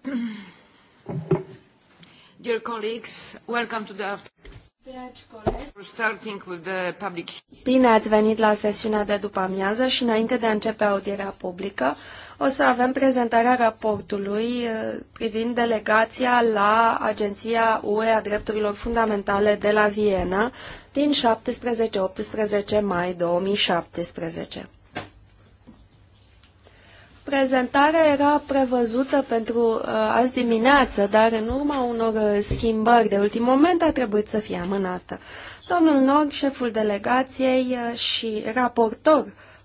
Dear colleagues, welcome to the Bine ați venit la sesiunea de după amiază și înainte de a începe audierea publică, o să avem prezentarea raportului eh, privind delegația la Agenția UE a Drepturilor Fundamentale de la Viena din 17-18 mai 2017. Prezentarea era prevăzută pentru uh, azi dimineață, dar în urma unor uh, schimbări de ultim moment a trebuit să fie amânată. Domnul Nog, șeful delegației uh, și raportor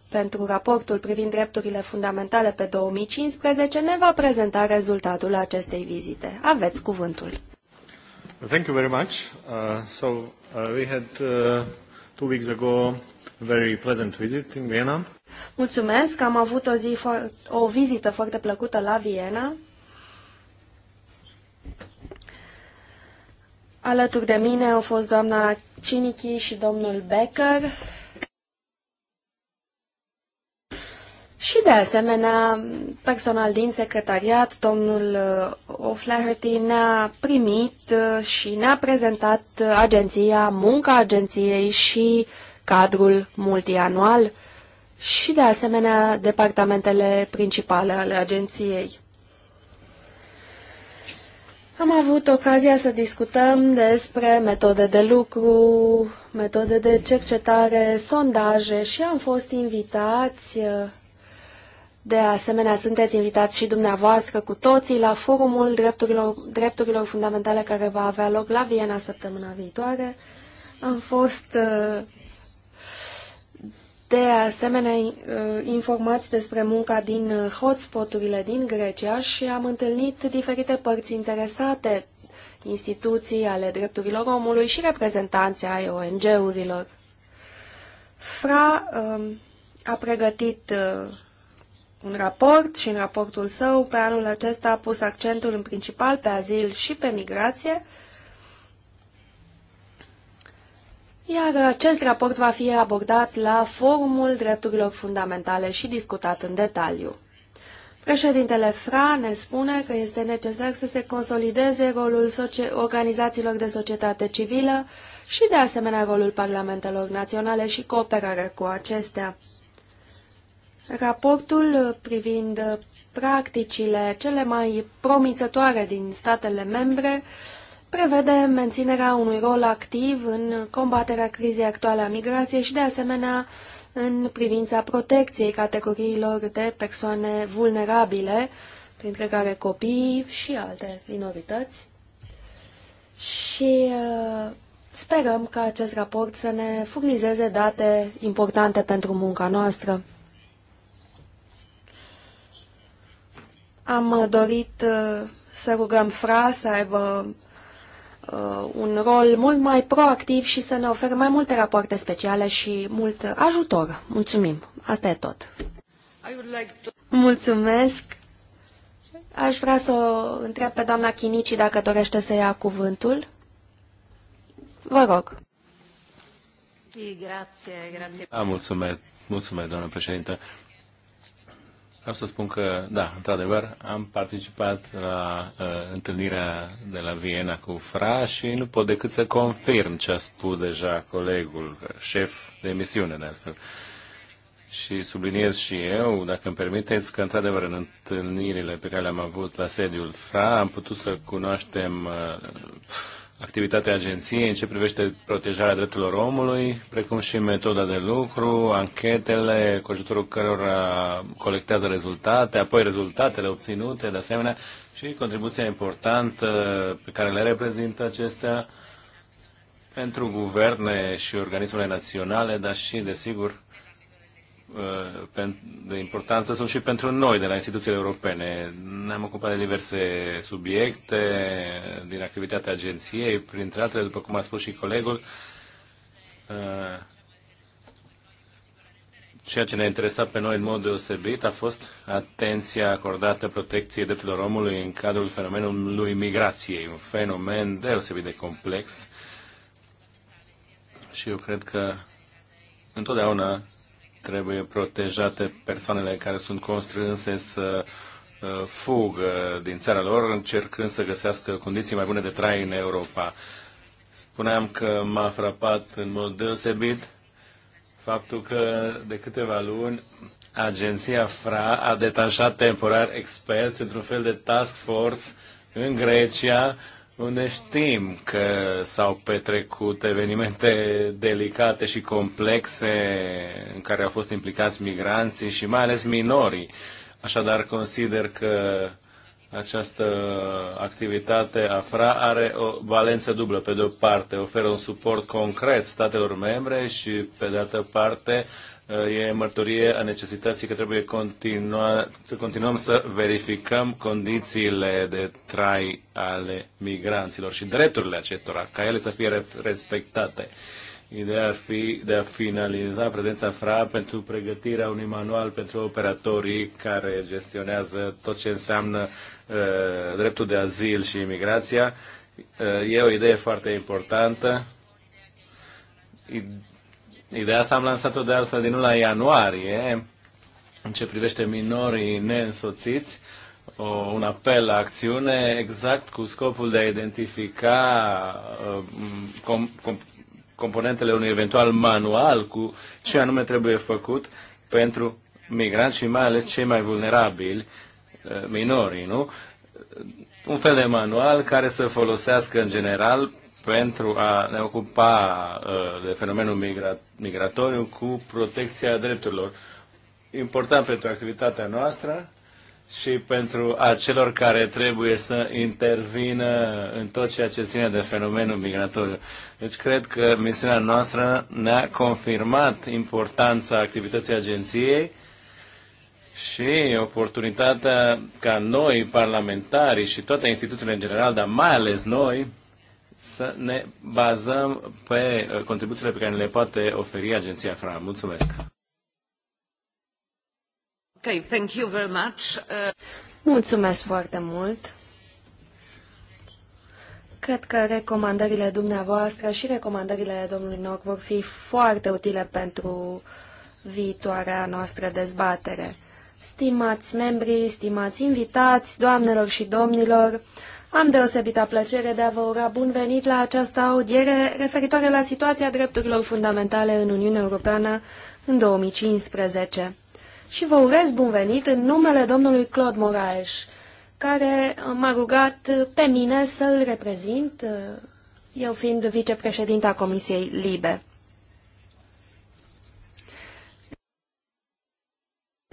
pentru raportul privind drepturile fundamentale pe 2015, ne va prezenta rezultatul acestei vizite. Aveți cuvântul. Thank you very much. Uh, so uh, we had uh, two weeks ago a very pleasant visit in Vienna. Mulțumesc, am avut o, zi, o vizită foarte plăcută la Viena. Alături de mine au fost doamna Cinichi și domnul Becker. Și de asemenea, personal din secretariat, domnul uh, O'Flaherty ne-a primit uh, și ne-a prezentat agenția, munca agenției și cadrul multianual și, de asemenea, departamentele principale ale agenției. Am avut ocazia să discutăm despre metode de lucru, metode de cercetare, sondaje și am fost invitați, de asemenea sunteți invitați și dumneavoastră cu toții la Forumul Drepturilor, Drepturilor Fundamentale care va avea loc la Viena săptămâna viitoare. Am fost uh, de asemenea uh, informați despre munca din uh, hotspoturile din Grecia și am întâlnit diferite părți interesate, instituții ale drepturilor omului și reprezentanții ai ONG-urilor. FRA um, a pregătit uh, un raport și în raportul său pe anul acesta a pus accentul în principal pe azil și pe migrație, iar acest raport va fi abordat la Forumul Drepturilor Fundamentale și discutat în detaliu. Președintele Fra ne spune că este necesar să se consolideze rolul organizațiilor de societate civilă și, de asemenea, rolul parlamentelor naționale și cooperarea cu acestea. Raportul privind practicile cele mai promițătoare din statele membre prevede menținerea unui rol activ în combaterea crizei actuale a migrației și, de asemenea, în privința protecției categoriilor de persoane vulnerabile, printre care copii și alte minorități. Și uh, sperăm că acest raport să ne furnizeze date importante pentru munca noastră. Am dorit uh, să rugăm FRA să aibă Uh, un rol mult mai proactiv și să ne ofere mai multe rapoarte speciale și mult ajutor. Mulțumim. Asta e tot. Mulțumesc. Aș vrea să o întreb pe doamna Chinici dacă dorește să ia cuvântul. Vă rog. Da, grazie, grazie. Da, mulțumesc, mulțumesc, doamnă președintă. Vreau să spun că, da, într-adevăr, am participat la uh, întâlnirea de la Viena cu Fra și nu pot decât să confirm ce a spus deja colegul, șef de emisiune, de altfel. Și subliniez și eu, dacă îmi permiteți, că, într-adevăr, în întâlnirile pe care le-am avut la sediul Fra, am putut să cunoaștem uh, activitatea agenției în ce privește protejarea drepturilor omului, precum și metoda de lucru, anchetele cu ajutorul cărora colectează rezultate, apoi rezultatele obținute, de asemenea, și contribuția importantă pe care le reprezintă acestea pentru guverne și organismele naționale, dar și, desigur, Uh, de importanță sunt și pentru noi de la instituțiile europene. Ne-am ocupat de diverse subiecte din activitatea agenției, printre altele, după cum a spus și colegul, uh, ceea ce ne-a interesat pe noi în mod deosebit a fost atenția acordată protecției drepturilor omului în cadrul fenomenului migrației, un fenomen deosebit de complex și eu cred că întotdeauna trebuie protejate persoanele care sunt constrânse să uh, fugă din țara lor, încercând să găsească condiții mai bune de trai în Europa. Spuneam că m-a frapat în mod deosebit faptul că de câteva luni agenția FRA a detașat temporar experți într-un fel de task force în Grecia unde știm că s-au petrecut evenimente delicate și complexe în care au fost implicați migranții și mai ales minorii. Așadar, consider că această activitate AFRA are o valență dublă. Pe de o parte, oferă un suport concret statelor membre și, pe de altă parte, Uh, e mărturie a necesității că trebuie continua, să continuăm să verificăm condițiile de trai ale migranților și drepturile acestora, ca ele să fie respectate. Ideea ar fi de a finaliza prezența FRA pentru pregătirea unui manual pentru operatorii care gestionează tot ce înseamnă uh, dreptul de azil și imigrația. Uh, e o idee foarte importantă Ideea asta am lansat-o de altfel din la ianuarie, în ce privește minorii neînsoțiți, o, un apel la acțiune exact cu scopul de a identifica uh, com, com, componentele unui eventual manual cu ce anume trebuie făcut pentru migranți și mai ales cei mai vulnerabili, uh, minorii, nu? Un fel de manual care să folosească în general pentru a ne ocupa uh, de fenomenul migra migratoriu cu protecția drepturilor. Important pentru activitatea noastră și pentru acelor care trebuie să intervină în tot ceea ce ține de fenomenul migratoriu. Deci cred că misiunea noastră ne-a confirmat importanța activității agenției și oportunitatea ca noi, parlamentarii și toate instituțiile în general, dar mai ales noi, să ne bazăm pe uh, contribuțiile pe care le poate oferi agenția FRA. Mulțumesc! Okay, thank you very much. Uh... Mulțumesc foarte mult! Cred că recomandările dumneavoastră și recomandările domnului Noc vor fi foarte utile pentru viitoarea noastră dezbatere. Stimați membri, stimați invitați, doamnelor și domnilor, am deosebită plăcere de a vă ura bun venit la această audiere referitoare la situația drepturilor fundamentale în Uniunea Europeană în 2015. Și vă urez bun venit în numele domnului Claude Moraes, care m-a rugat pe mine să îl reprezint, eu fiind vicepreședinta Comisiei Libe.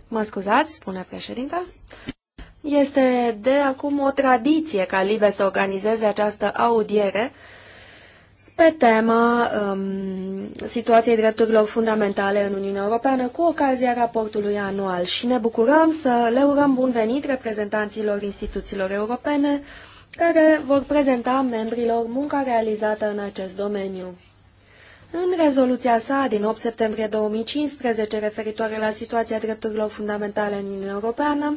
Mă scuzați, spune președinta. Este de acum o tradiție ca Libe să organizeze această audiere pe tema um, situației drepturilor fundamentale în Uniunea Europeană cu ocazia raportului anual și ne bucurăm să le urăm bun venit reprezentanților instituțiilor europene care vor prezenta membrilor munca realizată în acest domeniu. În rezoluția sa din 8 septembrie 2015 referitoare la situația drepturilor fundamentale în Uniunea Europeană,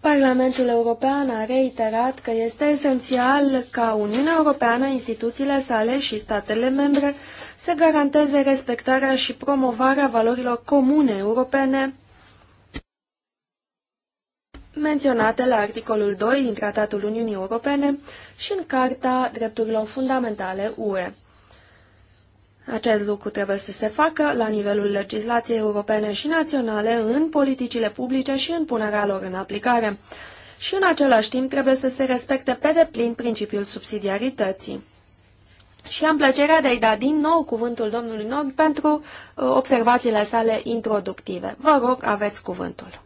Parlamentul European a reiterat că este esențial ca Uniunea Europeană, instituțiile sale și statele membre să garanteze respectarea și promovarea valorilor comune europene menționate la articolul 2 din Tratatul Uniunii Europene și în Carta Drepturilor Fundamentale UE. Acest lucru trebuie să se facă la nivelul legislației europene și naționale, în politicile publice și în punerea lor în aplicare. Și în același timp trebuie să se respecte pe deplin principiul subsidiarității. Și am plăcerea de a-i da din nou cuvântul domnului Nog pentru uh, observațiile sale introductive. Vă rog, aveți cuvântul.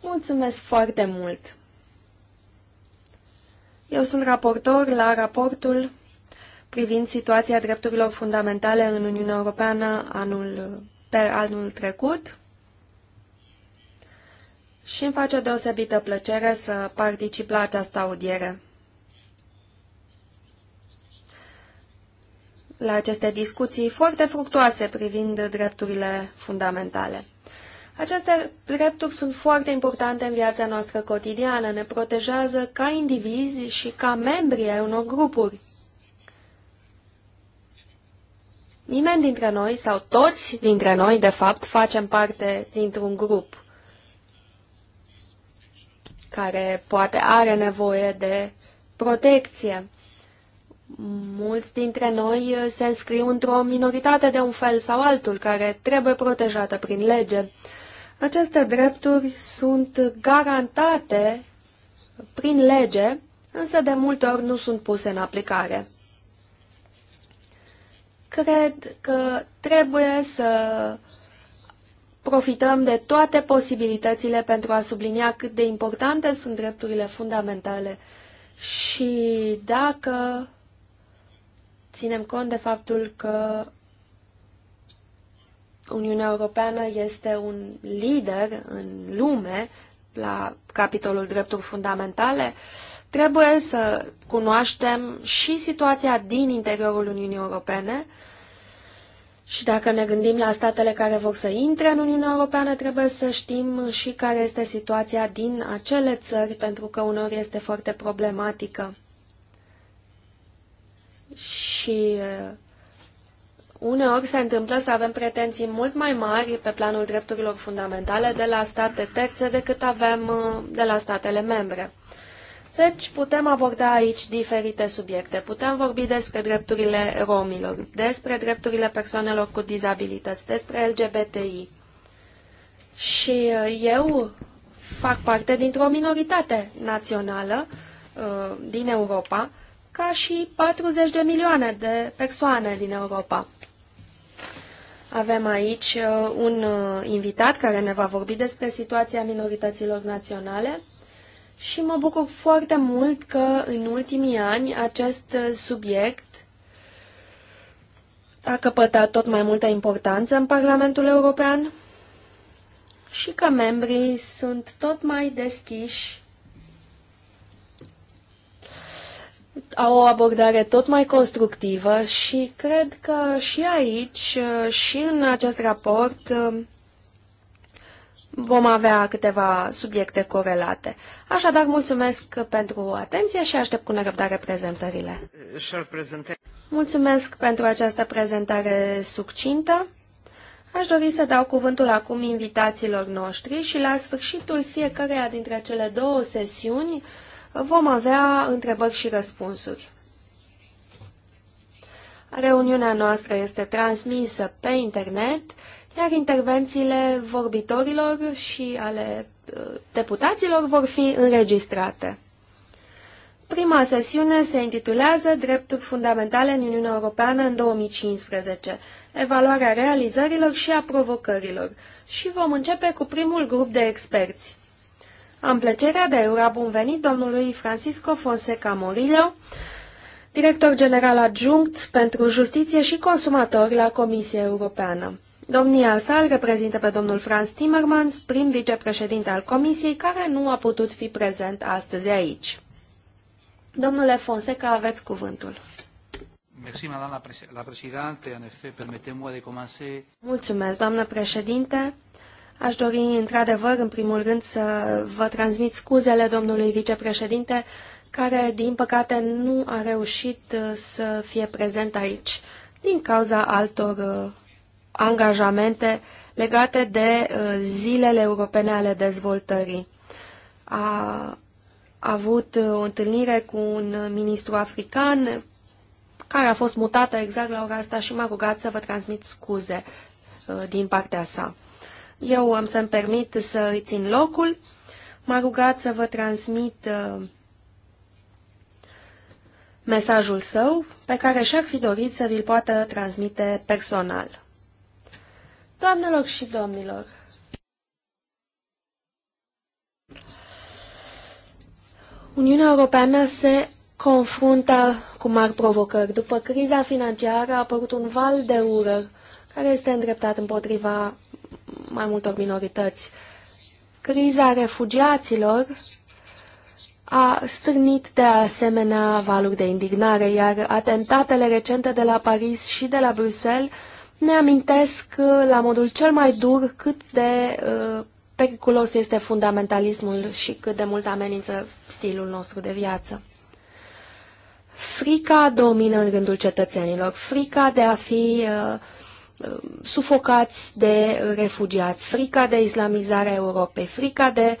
Mulțumesc foarte mult! Eu sunt raportor la raportul privind situația drepturilor fundamentale în Uniunea Europeană anul, pe anul trecut și îmi face o deosebită plăcere să particip la această audiere. la aceste discuții foarte fructoase privind drepturile fundamentale. Aceste drepturi sunt foarte importante în viața noastră cotidiană, ne protejează ca indivizi și ca membri ai unor grupuri. Nimeni dintre noi, sau toți dintre noi, de fapt, facem parte dintr-un grup care poate are nevoie de protecție. Mulți dintre noi uh, se înscriu într-o minoritate de un fel sau altul, care trebuie protejată prin lege. Aceste drepturi sunt garantate prin lege, însă de multe ori nu sunt puse în aplicare. Cred că trebuie să profităm de toate posibilitățile pentru a sublinia cât de importante sunt drepturile fundamentale și dacă ținem cont de faptul că Uniunea Europeană este un lider în lume la capitolul drepturi fundamentale, uh, Trebuie să cunoaștem și situația din interiorul Uniunii Europene și dacă ne gândim la statele care vor să intre în Uniunea Europeană, trebuie să știm și care este situația din acele țări, pentru că uneori este foarte problematică. Și uh, uneori se întâmplă să avem pretenții mult mai mari pe planul drepturilor fundamentale de la state terțe decât avem uh, de la statele membre. Deci putem aborda aici diferite subiecte. Putem vorbi despre drepturile romilor, despre drepturile persoanelor cu dizabilități, despre LGBTI. Și uh, eu fac parte dintr-o minoritate națională uh, din Europa, ca și 40 de milioane de persoane din Europa. Avem aici uh, un invitat care ne va vorbi despre situația minorităților naționale și mă bucur foarte mult că în ultimii ani acest subiect a căpătat tot mai multă importanță în Parlamentul European și că membrii sunt tot mai deschiși, au o abordare tot mai constructivă și cred că și aici, și în acest raport, vom avea câteva subiecte corelate. Așadar, mulțumesc pentru atenție și aștept cu nerăbdare prezentările. Mulțumesc pentru această prezentare succintă. Aș dori să dau cuvântul acum invitațiilor noștri și la sfârșitul fiecăreia dintre cele două sesiuni vom avea întrebări și răspunsuri. Reuniunea noastră este transmisă pe internet iar intervențiile vorbitorilor și ale uh, deputaților vor fi înregistrate. Prima sesiune se intitulează Drepturi fundamentale în Uniunea Europeană în 2015, evaluarea realizărilor și a provocărilor și vom începe cu primul grup de experți. Am plăcerea de a ura bun venit domnului Francisco Fonseca Morillo, director general adjunct pentru justiție și consumatori la Comisia Europeană. Domnia sa îl reprezintă pe domnul Franz Timmermans, prim vicepreședinte al Comisiei, care nu a putut fi prezent astăzi aici. Domnule Fonseca, aveți cuvântul. Mulțumesc, doamnă președinte. Aș dori, într-adevăr, în primul rând, să vă transmit scuzele domnului vicepreședinte, care, din păcate, nu a reușit uh, să fie prezent aici, din cauza altor uh, angajamente legate de uh, zilele europene ale dezvoltării. A avut uh, o întâlnire cu un ministru african care a fost mutată exact la ora asta și m-a rugat să vă transmit scuze uh, din partea sa. Eu am să-mi permit să îi țin locul. M-a rugat să vă transmit mesajul său pe care și-ar fi dorit să vi-l poată transmite personal. Doamnelor și domnilor, Uniunea Europeană se confruntă cu mari provocări. După criza financiară a apărut un val de ură care este îndreptat împotriva mai multor minorități. Criza refugiaților a strânit de asemenea valuri de indignare, iar atentatele recente de la Paris și de la Bruxelles ne amintesc uh, la modul cel mai dur cât de uh, periculos este fundamentalismul și cât de mult amenință stilul nostru de viață. Frica domină în rândul cetățenilor, frica de a fi uh, uh sufocați de refugiați, frica de islamizarea Europei, frica de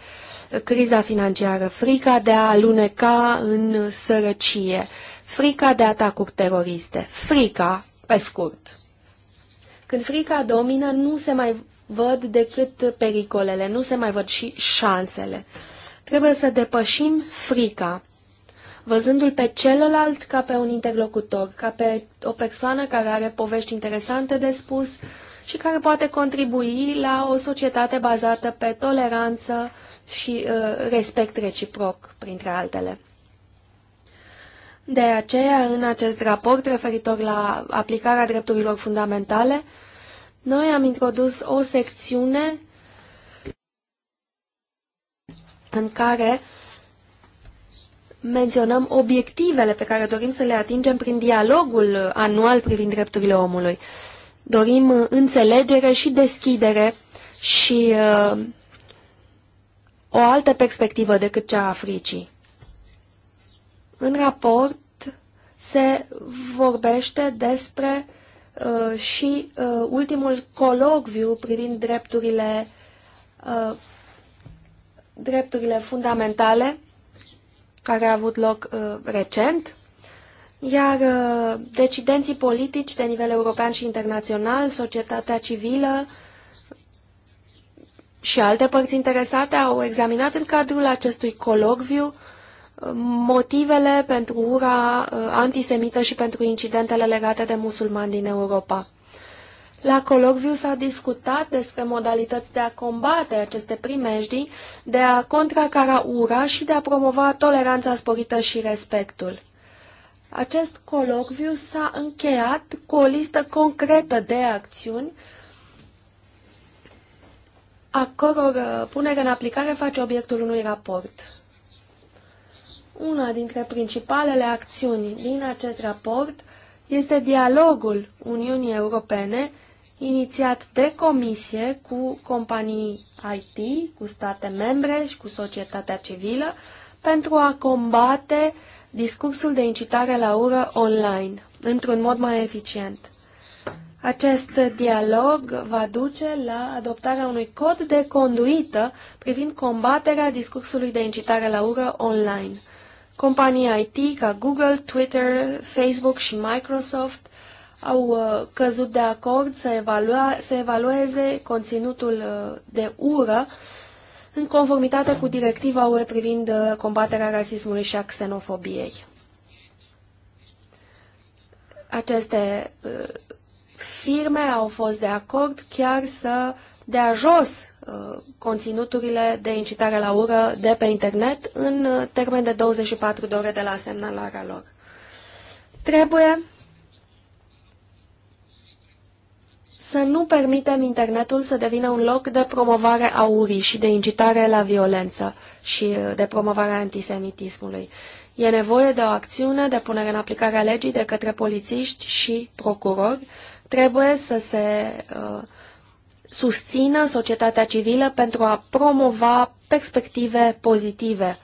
criza financiară, frica de a aluneca în sărăcie, frica de atacuri teroriste, frica, pe scurt. Când frica domină, nu se mai văd decât pericolele, nu se mai văd și șansele. Trebuie să depășim frica, văzându-l pe celălalt ca pe un interlocutor, ca pe o persoană care are povești interesante de spus și care poate contribui la o societate bazată pe toleranță și uh, respect reciproc, printre altele. De aceea, în acest raport referitor la aplicarea drepturilor fundamentale, noi am introdus o secțiune în care menționăm obiectivele pe care dorim să le atingem prin dialogul anual privind drepturile omului. Dorim înțelegere și deschidere și uh, o altă perspectivă decât cea a fricii. În raport se vorbește despre uh, și uh, ultimul colocviu privind drepturile, uh, drepturile fundamentale care a avut loc uh, recent, iar uh, decidenții politici de nivel european și internațional, societatea civilă și alte părți interesate au examinat în cadrul acestui colocviu uh, motivele pentru ura uh, antisemită și pentru incidentele legate de musulmani din Europa. La colocviu s-a discutat despre modalități de a combate aceste primejdii, de a contracara ura și de a promova toleranța sporită și respectul. Acest colocviu s-a încheiat cu o listă concretă de acțiuni a căror uh, punere în aplicare face obiectul unui raport. Una dintre principalele acțiuni din acest raport este dialogul Uniunii Europene inițiat de comisie cu companii IT, cu state membre și cu societatea civilă pentru a combate discursul de incitare la ură online într-un mod mai eficient. Acest dialog va duce la adoptarea unui cod de conduită privind combaterea discursului de incitare la ură online. Companii IT ca Google, Twitter, Facebook și Microsoft au uh, căzut de acord să, evalua, să evalueze conținutul uh, de ură în conformitate cu directiva UE privind uh, combaterea rasismului și a xenofobiei. Aceste firme au fost de acord chiar să dea jos Uh, conținuturile de incitare la ură de pe internet în uh, termen de 24 de ore de la semnalarea lor. Trebuie să nu permitem internetul să devină un loc de promovare a urii și de incitare la violență și uh, de promovare a antisemitismului. E nevoie de o acțiune de punere în aplicare a legii de către polițiști și procurori. Trebuie să se uh, susțină societatea civilă pentru a promova perspective pozitive.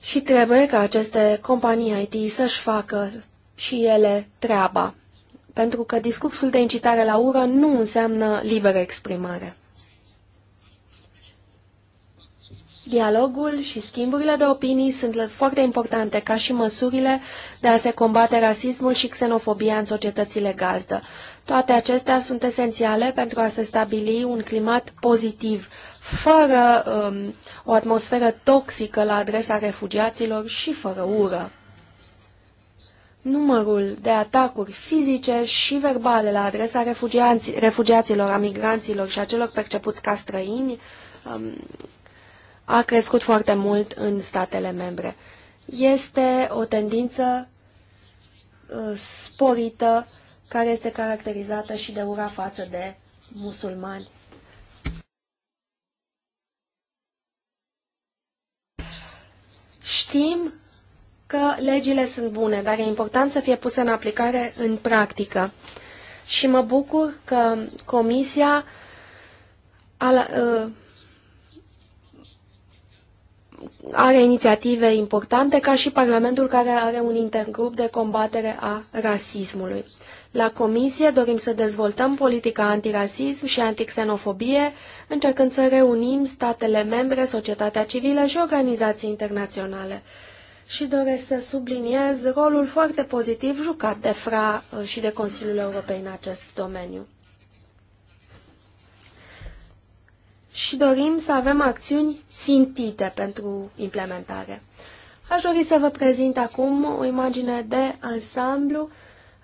Și trebuie ca aceste companii IT să-și facă și ele treaba, pentru că discursul de incitare la ură nu înseamnă liberă exprimare. Dialogul și schimburile de opinii sunt foarte importante, ca și măsurile de a se combate rasismul și xenofobia în societățile gazdă. Toate acestea sunt esențiale pentru a se stabili un climat pozitiv, fără um, o atmosferă toxică la adresa refugiaților și fără ură. Numărul de atacuri fizice și verbale la adresa refugiaților, a migranților și a celor percepuți ca străini um, a crescut foarte mult în statele membre. Este o tendință uh, sporită care este caracterizată și de ura față de musulmani. Știm că legile sunt bune, dar e important să fie puse în aplicare în practică. Și mă bucur că Comisia uh, are inițiative importante, ca și Parlamentul care are un intergrup de combatere a rasismului. La comisie dorim să dezvoltăm politica antirasism și antixenofobie, încercând să reunim statele membre, societatea civilă și organizații internaționale. Și doresc să subliniez rolul foarte pozitiv jucat de FRA uh, și de Consiliul Europei în acest domeniu. Și dorim să avem acțiuni țintite pentru implementare. Aș dori să vă prezint acum o imagine de ansamblu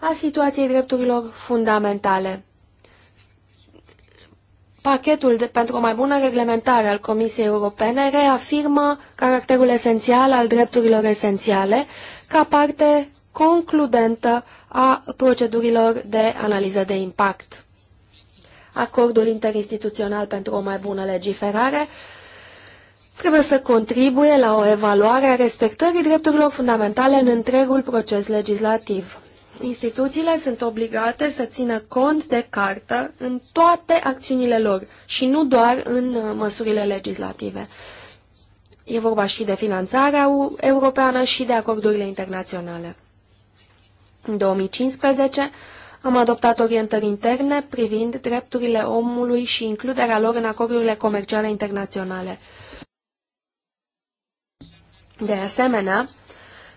a situației drepturilor fundamentale. Pachetul de, pentru o mai bună reglementare al Comisiei Europene reafirmă caracterul esențial al drepturilor esențiale ca parte concludentă a procedurilor de analiză de impact. Acordul interinstituțional pentru o mai bună legiferare trebuie să contribuie la o evaluare a respectării drepturilor fundamentale în întregul proces legislativ. Instituțiile sunt obligate să țină cont de cartă în toate acțiunile lor și nu doar în uh, măsurile legislative. E vorba și de finanțarea europeană și de acordurile internaționale. În 2015 am adoptat orientări interne privind drepturile omului și includerea lor în acordurile comerciale internaționale. De asemenea,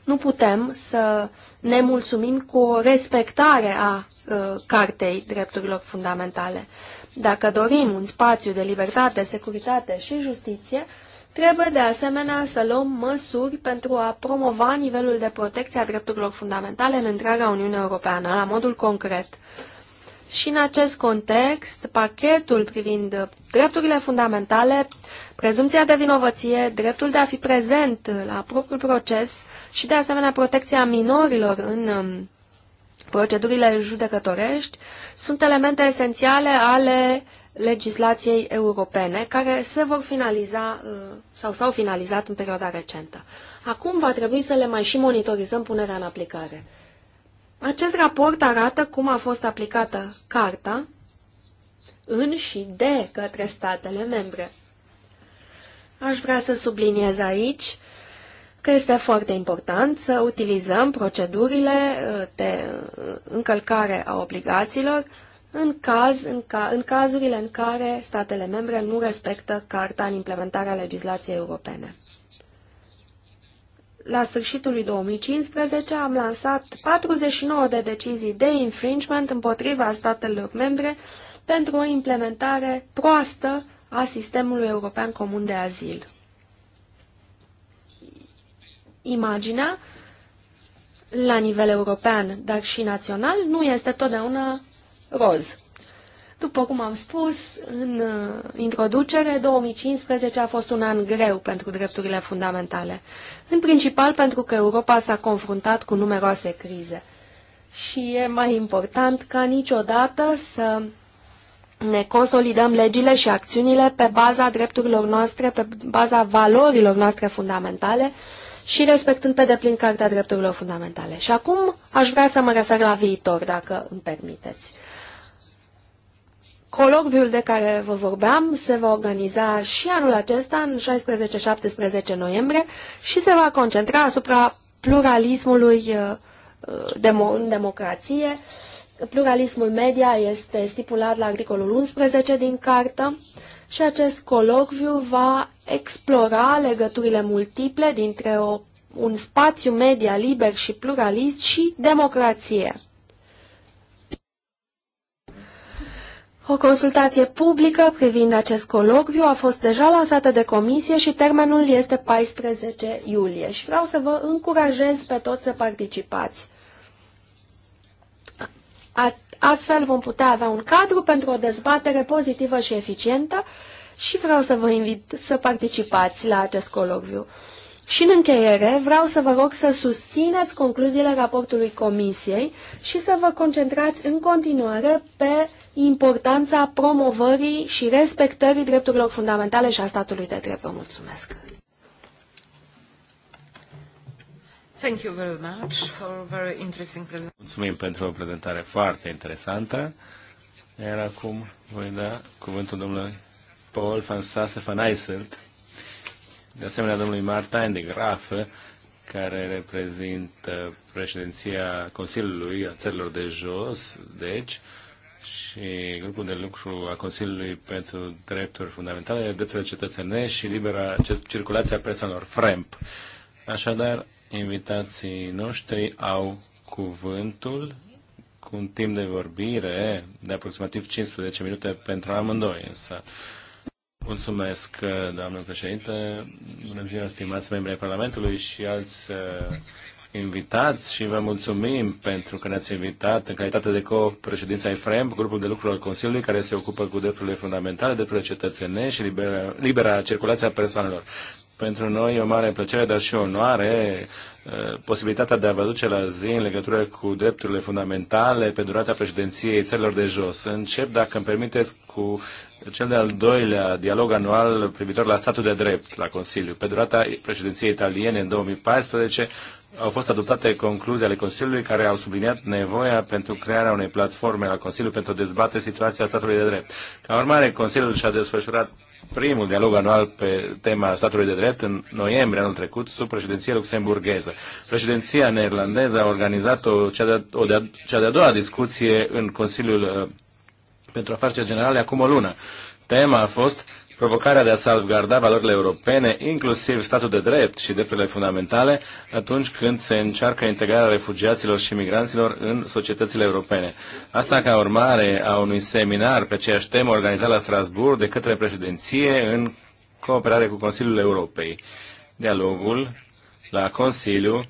nu putem să ne mulțumim cu o respectare a uh, Cartei Drepturilor Fundamentale. Dacă dorim un spațiu de libertate, securitate și justiție, trebuie de asemenea să luăm măsuri pentru a promova nivelul de protecție a drepturilor fundamentale în întreaga Uniune Europeană, la modul concret. Și în acest context, pachetul privind drepturile fundamentale, prezumția de vinovăție, dreptul de a fi prezent la propriul proces și, de asemenea, protecția minorilor în um, procedurile judecătorești, sunt elemente esențiale ale legislației europene, care se vor finaliza uh, sau s-au finalizat în perioada recentă. Acum va trebui să le mai și monitorizăm punerea în aplicare. Acest raport arată cum a fost aplicată carta în și de către statele membre. Aș vrea să subliniez aici că este foarte important să utilizăm procedurile uh, de uh, încălcare a obligațiilor în, caz, în, ca, în cazurile în care statele membre nu respectă carta în implementarea legislației europene la sfârșitul lui 2015 am lansat 49 de decizii de infringement împotriva statelor membre pentru o implementare proastă a sistemului european comun de azil. Imaginea, la nivel european, dar și național, nu este totdeauna roz. După cum am spus în uh, introducere, 2015 a fost un an greu pentru drepturile fundamentale, în principal pentru că Europa s-a confruntat cu numeroase crize. Și e mai important ca niciodată să ne consolidăm legile și acțiunile pe baza drepturilor noastre, pe baza valorilor noastre fundamentale și respectând pe deplin cartea Drepturilor Fundamentale. Și acum aș vrea să mă refer la viitor, dacă îmi permiteți. Colocviul de care vă vorbeam se va organiza și anul acesta, în 16-17 noiembrie, și se va concentra asupra pluralismului uh, uh, în democrație. Pluralismul media este stipulat la articolul 11 din cartă și acest colocviu va explora legăturile multiple dintre o, un spațiu media liber și pluralist și democrație. O consultație publică privind acest colocviu a fost deja lansată de comisie și termenul este 14 iulie și vreau să vă încurajez pe toți să participați. Astfel vom putea avea un cadru pentru o dezbatere pozitivă și eficientă și vreau să vă invit să participați la acest colocviu. Și în încheiere, vreau să vă rog să susțineți concluziile raportului Comisiei și să vă concentrați în continuare pe importanța promovării și respectării drepturilor fundamentale și a statului de drept. Vă mulțumesc! Thank you very much for very interesting Mulțumim pentru o prezentare foarte interesantă. Iar acum voi da cuvântul domnului Paul van Sasse van Eiselt, de asemenea domnului Martin de Graf, care reprezintă președinția Consiliului a țărilor de jos, deci, și grupul de lucru a Consiliului pentru Drepturi Fundamentale, Drepturile Cetățenești și Libera Circulația Persoanelor, FREMP. Așadar, invitații noștri au cuvântul cu un timp de vorbire de aproximativ 15 minute pentru amândoi, însă. Mulțumesc, doamnă președinte. Bună ziua, stimați membri ai Parlamentului și alți uh, invitați și vă mulțumim pentru că ne-ați invitat în calitate de co președința IFREM, grupul de lucru al Consiliului care se ocupă cu drepturile fundamentale, drepturile cetățenești și libera, libera circulația persoanelor. Pentru noi e o mare plăcere, dar și onoare uh, posibilitatea de a vă duce la zi în legătură cu drepturile fundamentale pe durata președinției țărilor de jos. Încep, dacă îmi permiteți, cu cel de-al doilea dialog anual privitor la statul de drept la Consiliu. Pe durata președinției italiene în 2014 au fost adoptate concluzii ale Consiliului care au subliniat nevoia pentru crearea unei platforme la Consiliu pentru a dezbate situația statului de drept. Ca urmare, Consiliul și-a desfășurat primul dialog anual pe tema statului de drept în noiembrie anul trecut sub președinția luxemburgheză. Președinția neerlandeză a organizat o, cea, de, o de, cea de-a doua discuție în Consiliul uh, pentru Afaceri Generale acum o lună. Tema a fost uh, provocarea de a salvgarda valorile europene, inclusiv statul de drept și drepturile fundamentale, atunci când se încearcă integrarea refugiaților și migranților în societățile europene. Asta ca urmare a unui seminar pe aceeași temă organizat la Strasbourg de către președinție în cooperare cu Consiliul Europei. Dialogul la Consiliu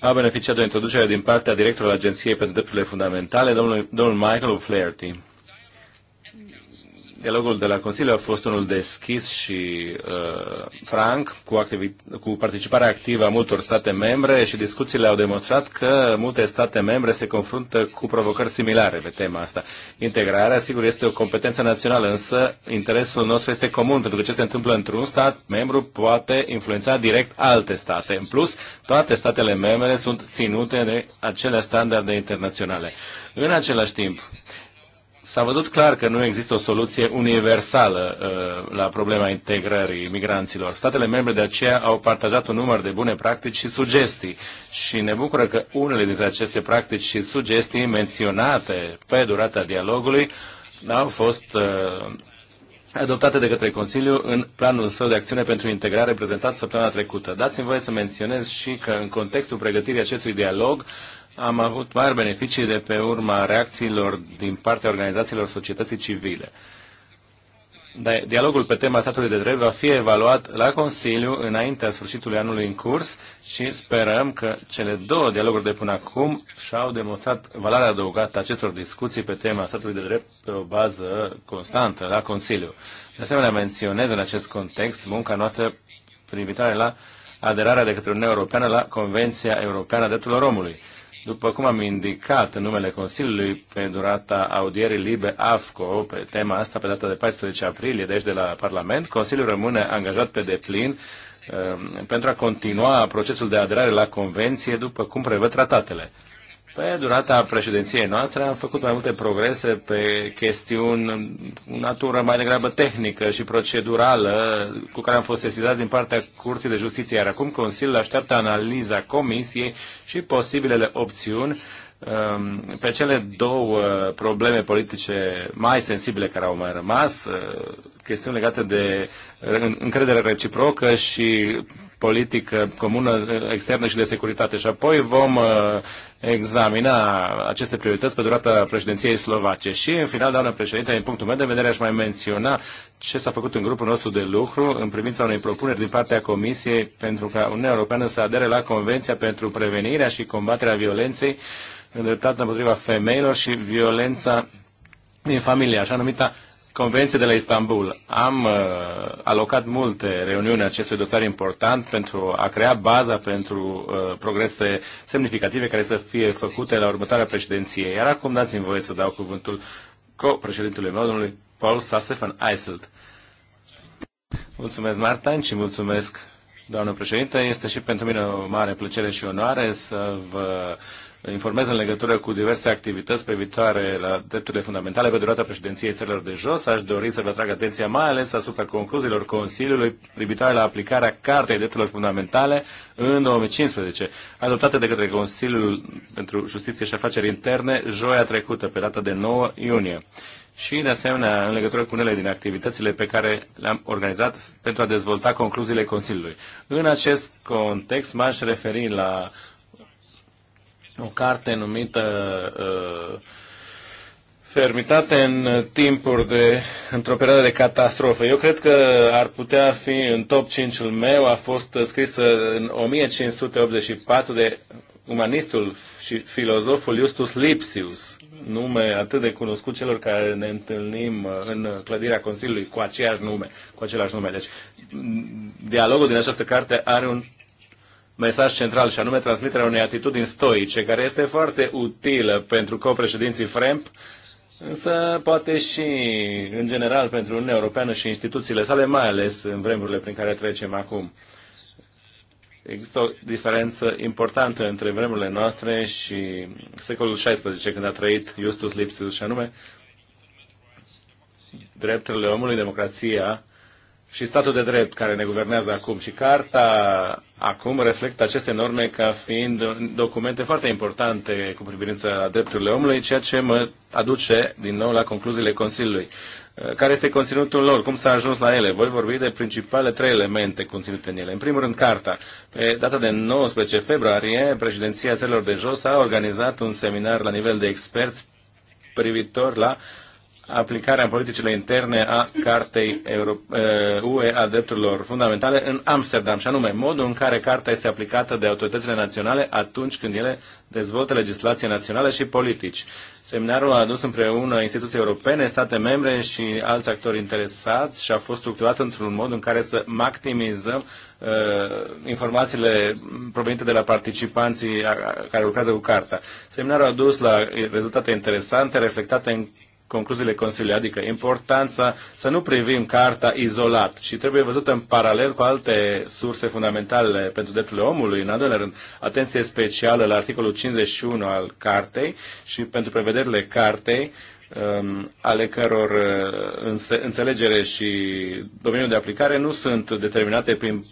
a beneficiat de o introducere din partea directorului Agenției pentru Drepturile Fundamentale, domnul, domnul Michael Flaherty dialogul de la Consiliu a fost unul deschis și uh, franc, cu, cu participarea activă a multor state membre și discuțiile au demonstrat că multe state membre se confruntă cu provocări similare pe tema asta. Integrarea, sigur, este o competență națională, însă interesul nostru este comun, pentru că ce se întâmplă într-un stat membru poate influența direct alte state. În plus, toate statele membre sunt ținute de acele standarde internaționale. În același timp, s-a văzut clar că nu există o soluție universală uh, la problema integrării migranților. Statele membre de aceea au partajat un număr de bune practici și sugestii și ne bucură că unele dintre aceste practici și sugestii menționate pe durata dialogului au fost uh, adoptate de către Consiliu în planul său de acțiune pentru integrare prezentat săptămâna trecută. Dați-mi voie să menționez și că în contextul pregătirii acestui dialog am avut mari beneficii de pe urma reacțiilor din partea organizațiilor societății civile. Dialogul pe tema statului de drept va fi evaluat la Consiliu înaintea sfârșitului anului în curs și sperăm că cele două dialoguri de până acum și-au demonstrat valoarea adăugată acestor discuții pe tema statului de drept pe o bază constantă la Consiliu. De asemenea, menționez în acest context munca noastră privitoare la aderarea de către Uniunea Europeană la Convenția Europeană a Drepturilor Omului după cum am indicat în numele Consiliului pe durata audierii libe AFCO pe tema asta pe data de 14 aprilie, deci de la Parlament, Consiliul rămâne angajat pe deplin um, pentru a continua procesul de aderare la Convenție după cum prevăd tratatele. Pe durata președinției noastre am făcut mai multe progrese pe chestiuni natură mai degrabă tehnică și procedurală cu care am fost sesizați din partea Curții de Justiție, iar acum Consiliul așteaptă analiza Comisiei și posibilele opțiuni um, pe cele două probleme politice mai sensibile care au mai rămas, uh, chestiuni legate de încredere reciprocă și politică comună uh, externă și de securitate. Și apoi vom uh, examina aceste priorități pe durata președinției slovace. Și, în final, doamnă președinte, din punctul meu de vedere, aș mai menționa ce s-a făcut în grupul nostru de lucru în privința unei propuneri din partea Comisiei pentru ca Uniunea Europeană să adere la Convenția pentru prevenirea și combaterea violenței îndreptată împotriva femeilor și violența din familie, așa numita Convenție de la Istanbul. Am uh, alocat multe reuniuni acestui dosar important pentru a crea baza pentru uh, progrese semnificative care să fie făcute la următoarea președinție. Iar acum dați-mi voie să dau cuvântul co-președintului meu, domnului Paul Sassefan Eiselt. Mulțumesc, Martin, și mulțumesc, doamnă președinte. Este și pentru mine o mare plăcere și onoare să vă uh, informez în legătură cu diverse activități viitoare la drepturile fundamentale pe durata președinției țărilor de jos. Aș dori să vă atrag atenția mai ales asupra concluziilor Consiliului privitoare la aplicarea Cartei Drepturilor Fundamentale în 2015, adoptate de către Consiliul pentru Justiție și Afaceri Interne joia trecută, pe data de 9 iunie și, de asemenea, în legătură cu unele din activitățile pe care le-am organizat pentru a dezvolta concluziile Consiliului. În acest context m-aș referi la o carte numită uh, Fermitate în timpuri de, într-o perioadă de catastrofă. Eu cred că ar putea fi în top 5-ul meu, a fost scrisă în 1584 de umanistul și filozoful Justus Lipsius, nume atât de cunoscut celor care ne întâlnim uh, în clădirea Consiliului cu aceeași nume, cu același nume. Deci, dialogul din această carte are un mesaj central și anume transmiterea unei atitudini stoice, care este foarte utilă pentru copreședinții FREMP, însă poate și în general pentru Uniunea Europeană și instituțiile sale, mai ales în vremurile prin care trecem acum. Există o diferență importantă între vremurile noastre și secolul XVI, când a trăit Justus Lipsius, și anume drepturile omului, democrația și statul de drept care ne guvernează acum și carta acum reflectă aceste norme ca fiind documente foarte importante cu privință la drepturile omului, ceea ce mă aduce din nou la concluziile Consiliului. Uh, care este conținutul lor? Cum s-a ajuns la ele? Voi vorbi de principale trei elemente conținute în ele. În primul rând, carta. Pe data de 19 februarie, președinția țărilor de jos a organizat un seminar la nivel de experți privitor la uh, aplicarea în politicile interne a Cartei eh, UE a drepturilor fundamentale în Amsterdam, și anume modul în care Carta este aplicată de autoritățile naționale atunci când ele dezvoltă legislație națională și politici. Seminarul a adus împreună instituții europene, state membre și alți actori interesați și a fost structurat într-un mod în care să maximizăm uh, informațiile provenite de la participanții care lucrează cu carta. Seminarul a dus la rezultate interesante, reflectate în concluziile Consiliului, adică importanța să nu privim carta izolat, ci trebuie văzută în paralel cu alte surse fundamentale pentru drepturile omului. În al doilea rând, atenție specială la articolul 51 al cartei și pentru prevederile cartei, um, ale căror uh, înțelegere și domeniul de aplicare nu sunt determinate prin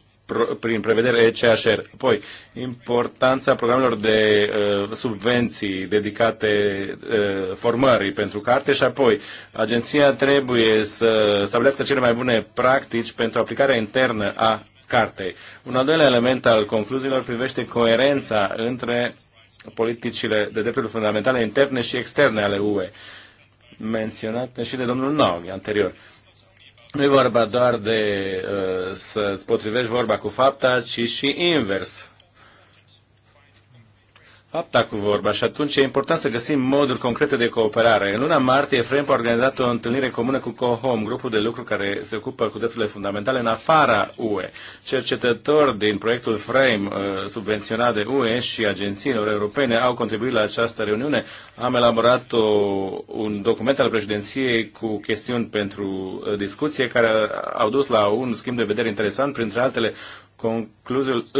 prin prevedere ECHR. Apoi, importanța programelor de uh, subvenții dedicate uh, formării pentru carte și apoi agenția trebuie să stabilească cele mai bune practici pentru aplicarea internă a cartei. Un al doilea element al concluziilor privește coerența între politicile de drepturi fundamentale interne și externe ale UE, menționate și de domnul Naughi anterior. Uh, nu e vorba doar de uh, să-ți potrivești vorba cu fapta, ci și invers fapta cu vorba și atunci e important să găsim moduri concrete de cooperare. În luna martie, Frempo a organizat o întâlnire comună cu COHOM, grupul de lucru care se ocupă cu drepturile fundamentale în afara UE. Cercetători din proiectul FRAME, uh, subvenționat de UE și agențiilor europene, au contribuit la această reuniune. Am elaborat o, un document al președinției cu chestiuni pentru uh, discuție care au dus la un schimb de vedere interesant, printre altele uh,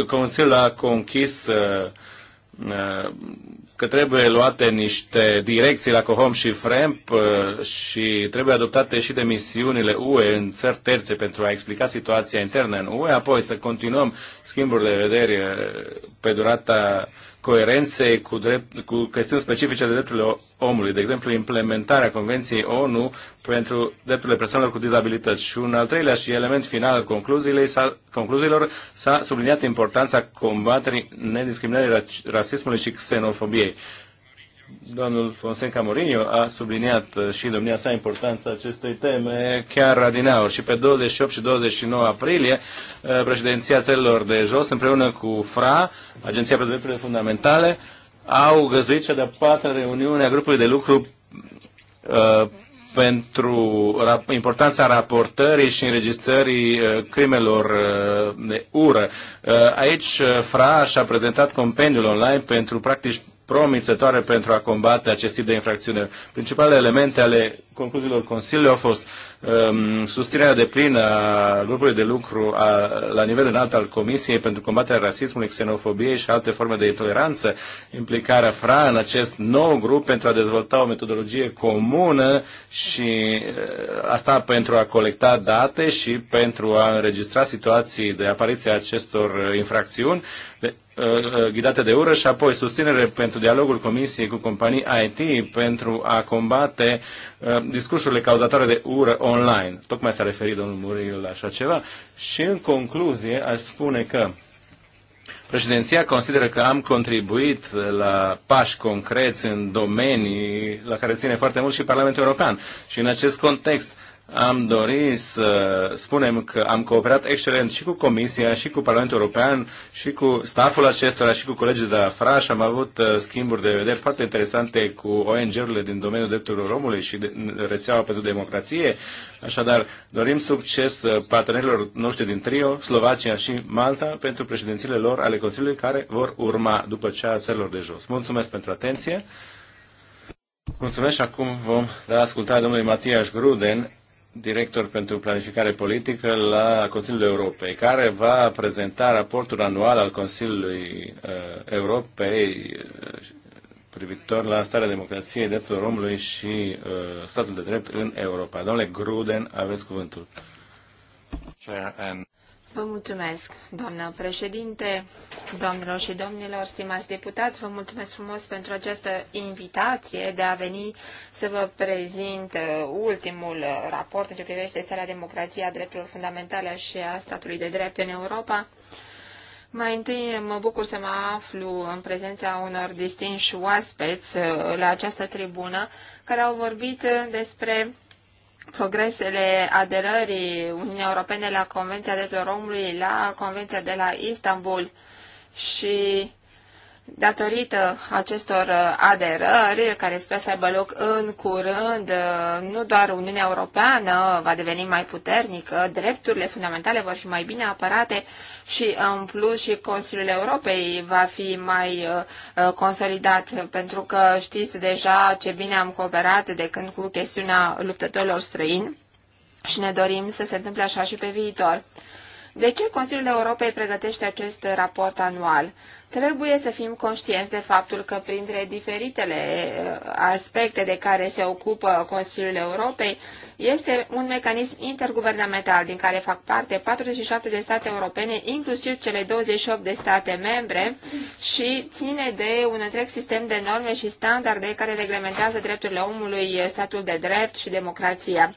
Consiliul a conchis uh, că trebuie luate niște direcții la COHOM și FREMP uh, și trebuie adoptate și de misiunile UE în țări terțe pentru a explica situația internă în UE, apoi să continuăm schimburile de vedere uh, pe durata Coerențe cu, drept, cu chestiuni specifice de drepturile omului, de exemplu implementarea Convenției ONU pentru drepturile persoanelor cu dizabilități. Și un al treilea și element final al concluziilor s-a subliniat importanța combaterii nediscriminării, rasismului și xenofobiei. Domnul Fonseca Mourinho a subliniat uh, și domnia sa importanța acestei teme chiar adinaur și pe 28 și 29 aprilie uh, președinția țărilor de jos împreună cu FRA, Agenția pentru Drepturile Fundamentale, au găzuit cea de-a patra reuniune a grupului de lucru uh, pentru importanța raportării și înregistrării uh, crimelor uh, de ură. Uh, aici FRA și-a prezentat compendiul online pentru practici promițătoare pentru a combate acest tip de infracțiune. Principalele elemente ale concluziilor Consiliului au fost um, susținerea de plină a grupului de lucru a, la nivel înalt al Comisiei pentru combaterea rasismului, xenofobiei și alte forme de intoleranță, implicarea FRA în acest nou grup pentru a dezvolta o metodologie comună și uh, asta pentru a colecta date și pentru a înregistra situații de apariție a acestor infracțiuni. De, uh, uh, ghidate de ură și apoi susținere pentru dialogul Comisiei cu companii IT pentru a combate uh, discursurile caudatoare de ură online. Tocmai s-a referit domnul Muril la așa ceva. Și în concluzie aș spune că Președinția consideră că am contribuit la pași concreți în domenii la care ține foarte mult și Parlamentul European. Și în acest context am dorit să spunem că am cooperat excelent și cu Comisia, și cu Parlamentul European, și cu staful acestora, și cu colegii de la FRAș. Am avut uh, schimburi de vedere foarte interesante cu ONG-urile din domeniul drepturilor omului și rețeaua pentru democrație. Așadar, dorim succes uh, partenerilor noștri din Trio, Slovacia și Malta pentru președințiile lor ale Consiliului care vor urma după cea a țărilor de jos. Mulțumesc pentru atenție! Mulțumesc și acum vom da ascultare domnului Matias Gruden, director pentru planificare politică la Consiliul Europei, care va prezenta raportul anual al Consiliului uh, Europei uh, privitor la starea democrației, drepturilor omului și uh, statul de drept în Europa. Domnule Gruden, aveți cuvântul. Vă mulțumesc, doamnă președinte, doamnelor și domnilor, stimați deputați, vă mulțumesc frumos pentru această invitație de a veni să vă prezint uh, ultimul uh, raport în ce privește starea democrației, a drepturilor fundamentale și a statului de drept în Europa. Mai întâi mă bucur să mă aflu în prezența unor distinși oaspeți uh, la această tribună care au vorbit despre progresele aderării Uniunii Europene la Convenția Drepturilor Omului, la Convenția de la Istanbul și datorită acestor aderări, care sper să aibă loc în curând, nu doar Uniunea Europeană va deveni mai puternică, drepturile fundamentale vor fi mai bine apărate, și în plus și Consiliul Europei va fi mai uh, uh, consolidat pentru că știți deja ce bine am cooperat de când cu chestiunea luptătorilor străini și ne dorim să se întâmple așa și pe viitor. De ce Consiliul Europei pregătește acest raport anual? Trebuie să fim conștienți de faptul că printre diferitele uh, aspecte de care se ocupă Consiliul Europei este un mecanism interguvernamental din care fac parte 47 de state europene, inclusiv cele 28 de state membre și ține de un întreg sistem de norme și standarde care reglementează drepturile omului, statul de drept și democrația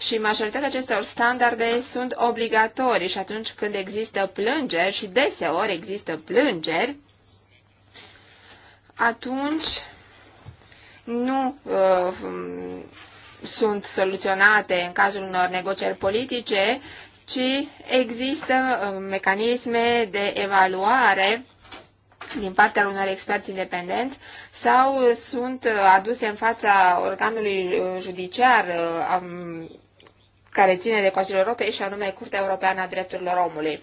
și majoritatea acestor standarde sunt obligatorii și atunci când există plângeri și deseori există plângeri, atunci nu uh, sunt soluționate în cazul unor negocieri politice, ci există uh, mecanisme de evaluare din partea unor experți independenți sau sunt uh, aduse în fața organului uh, judiciar care ține de Consiliul Europei și anume Curtea Europeană a Drepturilor Omului.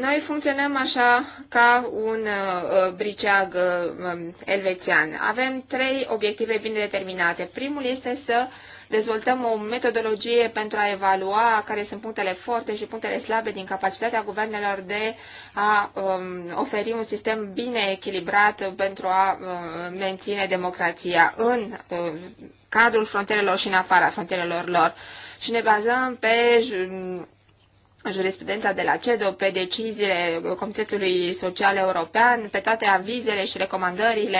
Noi funcționăm așa ca un uh, uh briceag uh, um, elvețian. Avem trei obiective bine determinate. Primul este să dezvoltăm o metodologie pentru a evalua care sunt punctele forte și punctele slabe din capacitatea guvernelor de a um, oferi un sistem bine echilibrat pentru a uh, menține democrația în uh, cadrul frontierelor și în afara frontierelor lor. Și ne bazăm pe jurisprudența de la CEDO, pe deciziile Comitetului Social European, pe toate avizele și recomandările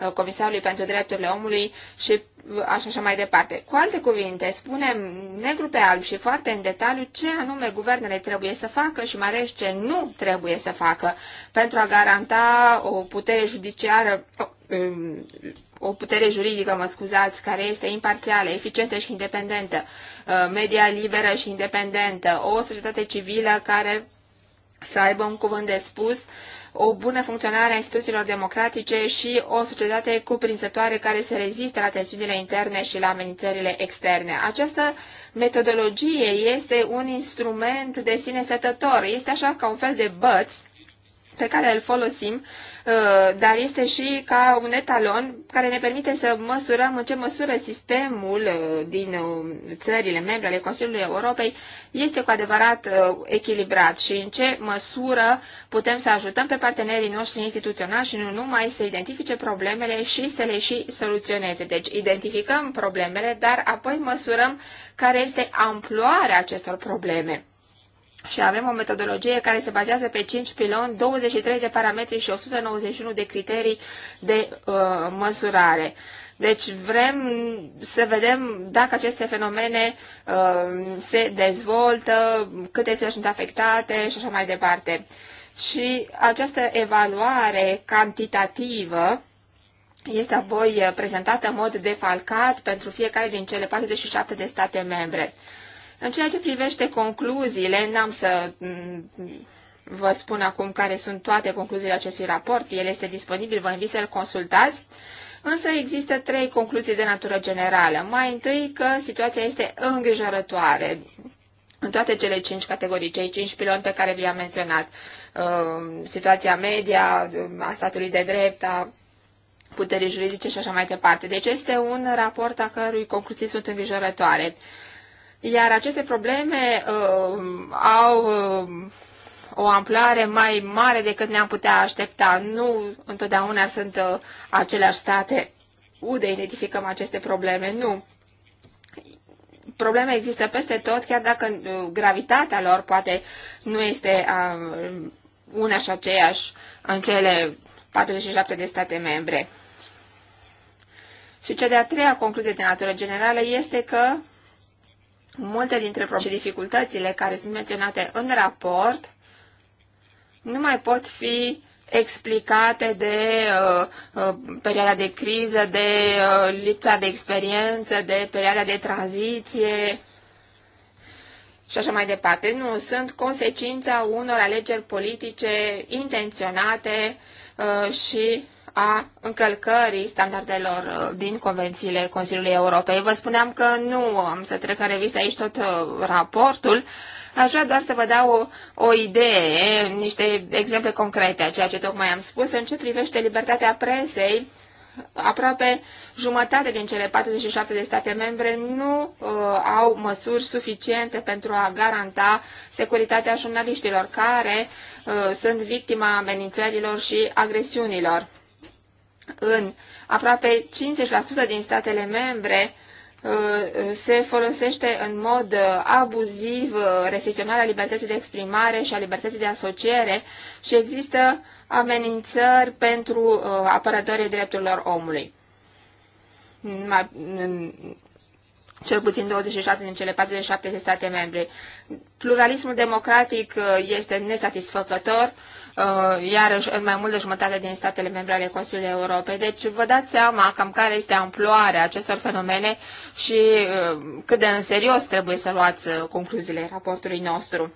uh, Comisarului pentru Drepturile Omului și uh, așa și mai departe. Cu alte cuvinte, spunem negru pe alb și foarte în detaliu ce anume guvernele trebuie să facă și mai ales ce nu trebuie să facă pentru a garanta o putere judiciară, uh, o putere juridică, mă scuzați, care este imparțială, eficientă și independentă, uh, media liberă și independentă, o societate civilă care să aibă un cuvânt de spus, o bună funcționare a instituțiilor democratice și o societate cuprinzătoare care să reziste la tensiunile interne și la amenințările externe. Această metodologie este un instrument de sine stătător, este așa ca un fel de băți pe care îl folosim, uh, dar este și ca un etalon care ne permite să măsurăm în ce măsură sistemul uh, din uh, țările membre ale Consiliului Europei este cu adevărat echilibrat și în ce măsură putem să ajutăm pe partenerii noștri instituționali și nu numai să identifice problemele și să le și soluționeze. Deci identificăm problemele, dar apoi măsurăm care este amploarea acestor probleme și avem o metodologie care se bazează pe 5 piloni, 23 de parametri și 191 de criterii de uh, măsurare. Deci vrem să vedem dacă aceste fenomene uh, se dezvoltă, câte țări sunt afectate și așa mai departe. Și această evaluare cantitativă este apoi prezentată în mod defalcat pentru fiecare din cele 47 de state membre. În ceea ce privește concluziile, n-am să mm, vă spun acum care sunt toate concluziile acestui raport, el este disponibil, vă invit să-l consultați, însă există trei concluzii de natură generală. Mai întâi că situația este îngrijorătoare în toate cele cinci categorii, cei cinci piloni pe care vi-am menționat, ehm, situația media, ehm, a statului de drept, a puterii juridice și așa mai departe. Deci este un raport a cărui concluzii sunt îngrijorătoare. Iar aceste probleme uh, au uh, o amploare mai mare decât ne-am putea aștepta. Nu întotdeauna sunt uh, aceleași state unde identificăm aceste probleme, nu. Problema există peste tot, chiar dacă uh, gravitatea lor poate nu este uh, una și aceeași în cele 47 de state membre. Și cea de-a treia concluzie de natură generală este că multe dintre probleme și dificultățile care sunt menționate în raport nu mai pot fi explicate de uh, uh, perioada de criză, de uh, lipsa de experiență, de perioada de tranziție și așa mai departe. Nu, sunt consecința unor alegeri politice intenționate uh, și a încălcării standardelor uh, din convențiile Consiliului Europei. Vă spuneam că nu am să trec în revistă aici tot uh, raportul. Aș vrea doar să vă dau o, o idee, niște exemple concrete a ceea ce tocmai am spus. În ce privește libertatea presei, aproape jumătate din cele 47 de state membre nu uh, au măsuri suficiente pentru a garanta securitatea jurnaliștilor care uh, sunt victima amenințărilor și agresiunilor în aproape 50% din statele membre uh, uh, se folosește în mod uh, abuziv restricționarea libertății de exprimare și a libertății de asociere și există amenințări pentru apărătorii drepturilor omului. Cel puțin 27 din cele 47 de state membre. Pluralismul democratic este nesatisfăcător Uh, iarăși în mai mult de jumătate din statele membre ale Consiliului Europei. Deci vă dați seama cam care este amploarea acestor fenomene și uh, cât de în serios trebuie să luați uh, concluziile raportului nostru.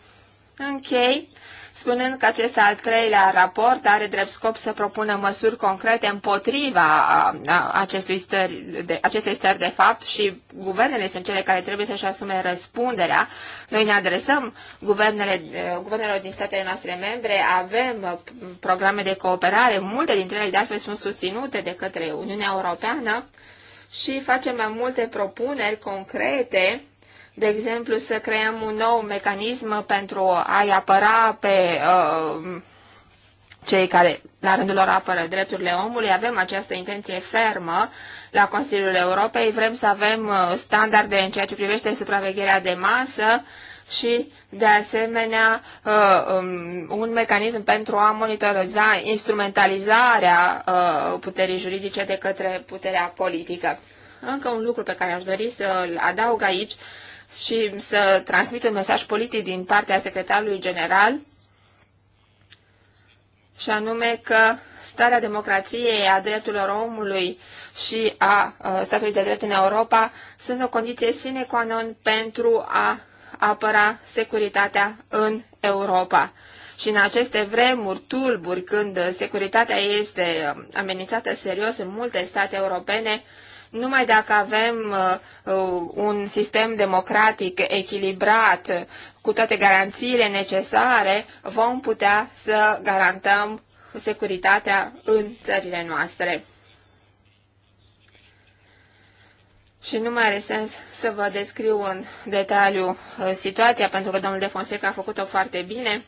Închei. Okay spunând că acest al treilea raport are drept scop să propună măsuri concrete împotriva acestui stări, de, acestei stări de fapt și guvernele sunt cele care trebuie să-și asume răspunderea. Noi ne adresăm guvernele, eh, guvernelor din statele noastre membre, avem eh, programe de cooperare, multe dintre ele de altfel sunt susținute de către Uniunea Europeană și facem mai multe propuneri concrete de exemplu, să creăm un nou mecanism pentru a-i apăra pe uh, cei care, la rândul lor, apără drepturile omului. Avem această intenție fermă la Consiliul Europei. Vrem să avem uh, standarde în ceea ce privește supravegherea de masă și, de asemenea, uh, um, un mecanism pentru a monitoriza instrumentalizarea uh, puterii juridice de către puterea politică. Încă un lucru pe care aș dori să-l adaug aici și să transmit un mesaj politic din partea secretarului general, și anume că starea democrației, a drepturilor omului și a uh, statului de drept în Europa sunt o condiție sine qua non pentru a apăra securitatea în Europa. Și în aceste vremuri tulburi, când securitatea este uh, amenințată serios în multe state europene, numai dacă avem uh, uh, un sistem democratic echilibrat, cu toate garanțiile necesare, vom putea să garantăm securitatea în țările noastre. Și nu mai are sens să vă descriu în detaliu uh, situația, pentru că domnul de Fonseca a făcut-o foarte bine,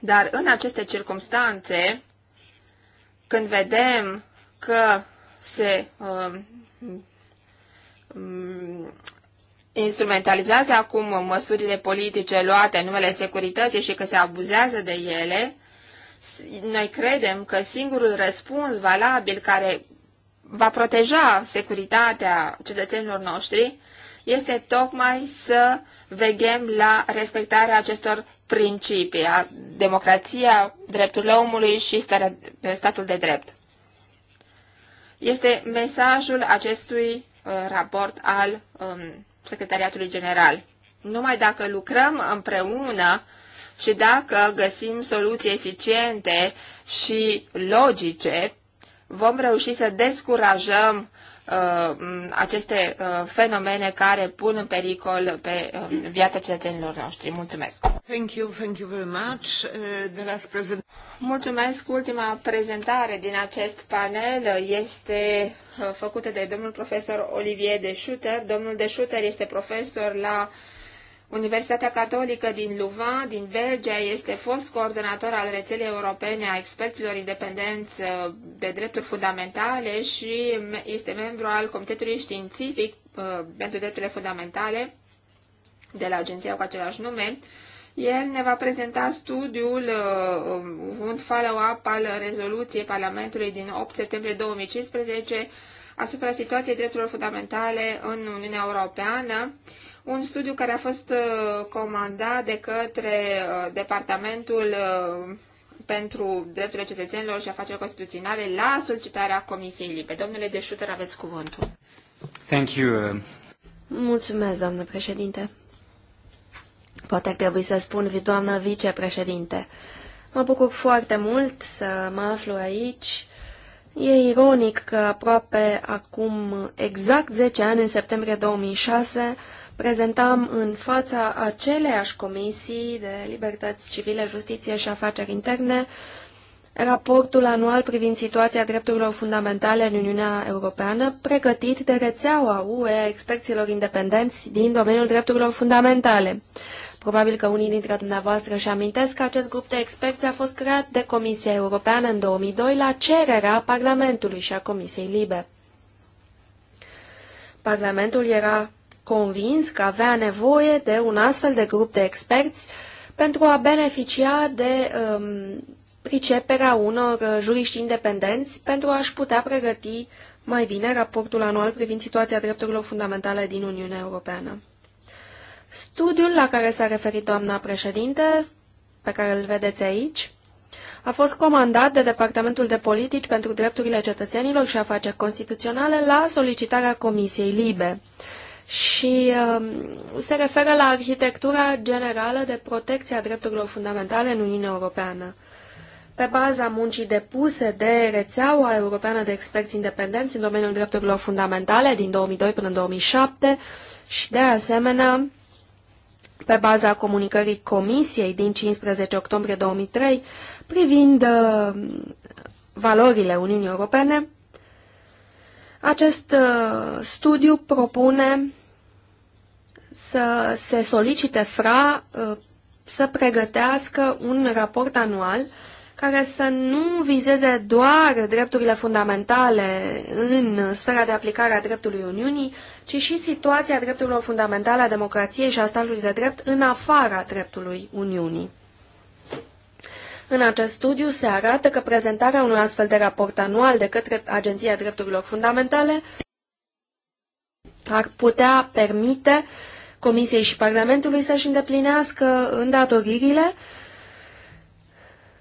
dar în aceste circumstanțe, când vedem că se uh, Mm. instrumentalizează acum măsurile politice luate în numele securității și că se abuzează de ele, noi credem că singurul răspuns valabil care va proteja securitatea cetățenilor noștri este tocmai să veghem la respectarea acestor principii, a democrația, drepturile omului și statul de drept este mesajul acestui uh, raport al um, Secretariatului General. Numai dacă lucrăm împreună și dacă găsim soluții eficiente și logice, vom reuși să descurajăm Uh, aceste uh, fenomene care pun în pericol pe uh, viața cetățenilor noștri. Mulțumesc! Thank you, thank you very much. The last present... Mulțumesc! Ultima prezentare din acest panel este făcută de domnul profesor Olivier de Schutter. Domnul de Schutter este profesor la Universitatea Catolică din Louvain, din Belgia, este fost coordonator al rețelei europene a experților independenți uh, pe drepturi fundamentale și este membru al Comitetului Științific uh, pentru Drepturile Fundamentale de la agenția cu același nume. El ne va prezenta studiul, uh, um, un follow-up al rezoluției Parlamentului din 8 septembrie 2015 asupra situației drepturilor fundamentale în Uniunea Europeană un studiu care a fost uh, comandat de către uh, Departamentul uh, pentru drepturile cetățenilor și afaceri constituționale la solicitarea Comisiei Libe. Domnule Deșuter, aveți cuvântul. Thank you. Mulțumesc, doamnă președinte. Poate ar trebui să spun, doamnă vicepreședinte. Mă bucur foarte mult să mă aflu aici. E ironic că aproape acum exact 10 ani, în septembrie 2006, prezentăm în fața aceleași comisii de libertăți civile, justiție și afaceri interne raportul anual privind situația drepturilor fundamentale în Uniunea Europeană, pregătit de rețeaua UE a experților independenți din domeniul drepturilor fundamentale. Probabil că unii dintre dumneavoastră își amintesc că acest grup de experți a fost creat de Comisia Europeană în 2002 la cererea Parlamentului și a Comisiei Libe. Parlamentul era convins că avea nevoie de un astfel de grup de experți pentru a beneficia de um, priceperea unor uh, juriști independenți pentru a-și putea pregăti mai bine raportul anual privind situația drepturilor fundamentale din Uniunea Europeană. Studiul la care s-a referit doamna președinte, pe care îl vedeți aici, a fost comandat de Departamentul de Politici pentru Drepturile Cetățenilor și Afaceri Constituționale la solicitarea Comisiei Libe și um, se referă la arhitectura generală de protecție a drepturilor fundamentale în Uniunea Europeană. Pe baza muncii depuse de rețeaua europeană de experți independenți în domeniul drepturilor fundamentale din 2002 până în 2007 și de asemenea pe baza comunicării Comisiei din 15 octombrie 2003 privind uh, valorile Uniunii Europene, acest uh, studiu propune să se solicite FRA uh, să pregătească un raport anual care să nu vizeze doar drepturile fundamentale în sfera de aplicare a dreptului Uniunii, ci și situația drepturilor fundamentale a democrației și a statului de drept în afara dreptului Uniunii. În acest studiu se arată că prezentarea unui astfel de raport anual de către Agenția Drepturilor Fundamentale ar putea permite Comisiei și Parlamentului să-și îndeplinească îndatoririle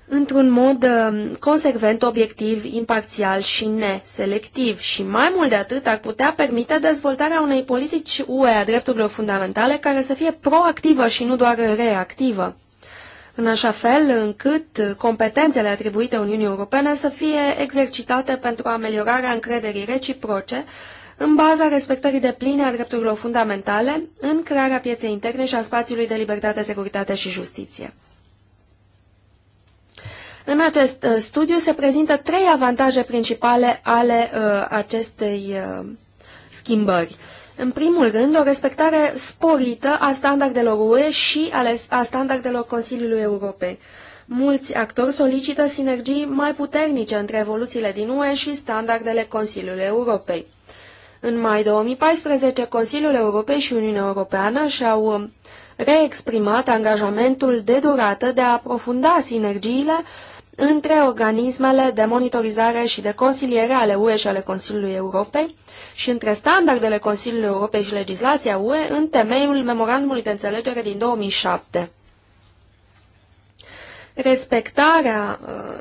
într-un mod uh, consecvent, obiectiv, imparțial și neselectiv. Și mai mult de atât ar putea permite dezvoltarea unei politici UE a drepturilor fundamentale care să fie proactivă și nu doar reactivă în așa fel încât competențele atribuite Uniunii Europene să fie exercitate pentru ameliorarea încrederii reciproce în baza respectării de pline a drepturilor fundamentale în crearea pieței interne și a spațiului de libertate, securitate și justiție. În acest uh, studiu se prezintă trei avantaje principale ale uh, acestei uh, schimbări. În primul rând, o respectare sporită a standardelor UE și a standardelor Consiliului Europei. Mulți actori solicită sinergii mai puternice între evoluțiile din UE și standardele Consiliului Europei. În mai 2014, Consiliul Europei și Uniunea Europeană și-au um, reexprimat angajamentul de durată de a aprofunda sinergiile între organismele de monitorizare și de consiliere ale UE și ale Consiliului Europei și între standardele Consiliului Europei și legislația UE în temeiul memorandumului de înțelegere din 2007. Respectarea uh,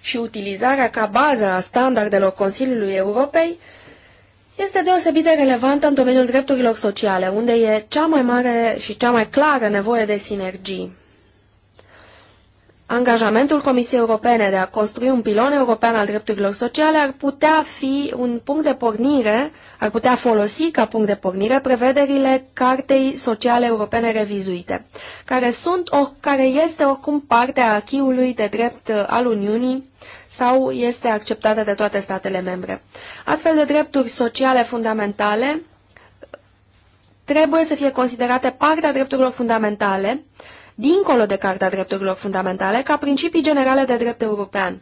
și utilizarea ca bază a standardelor Consiliului Europei este deosebit de relevantă în domeniul drepturilor sociale, unde e cea mai mare și cea mai clară nevoie de sinergii. Angajamentul Comisiei Europene de a construi un pilon european al drepturilor sociale ar putea fi un punct de pornire, ar putea folosi ca punct de pornire prevederile Cartei Sociale Europene revizuite, care, sunt, o, care este oricum parte a achiului de drept uh, al Uniunii sau este acceptată de toate statele membre. Astfel de drepturi sociale fundamentale trebuie să fie considerate parte a drepturilor fundamentale dincolo de Carta Drepturilor Fundamentale, ca principii generale de drept european.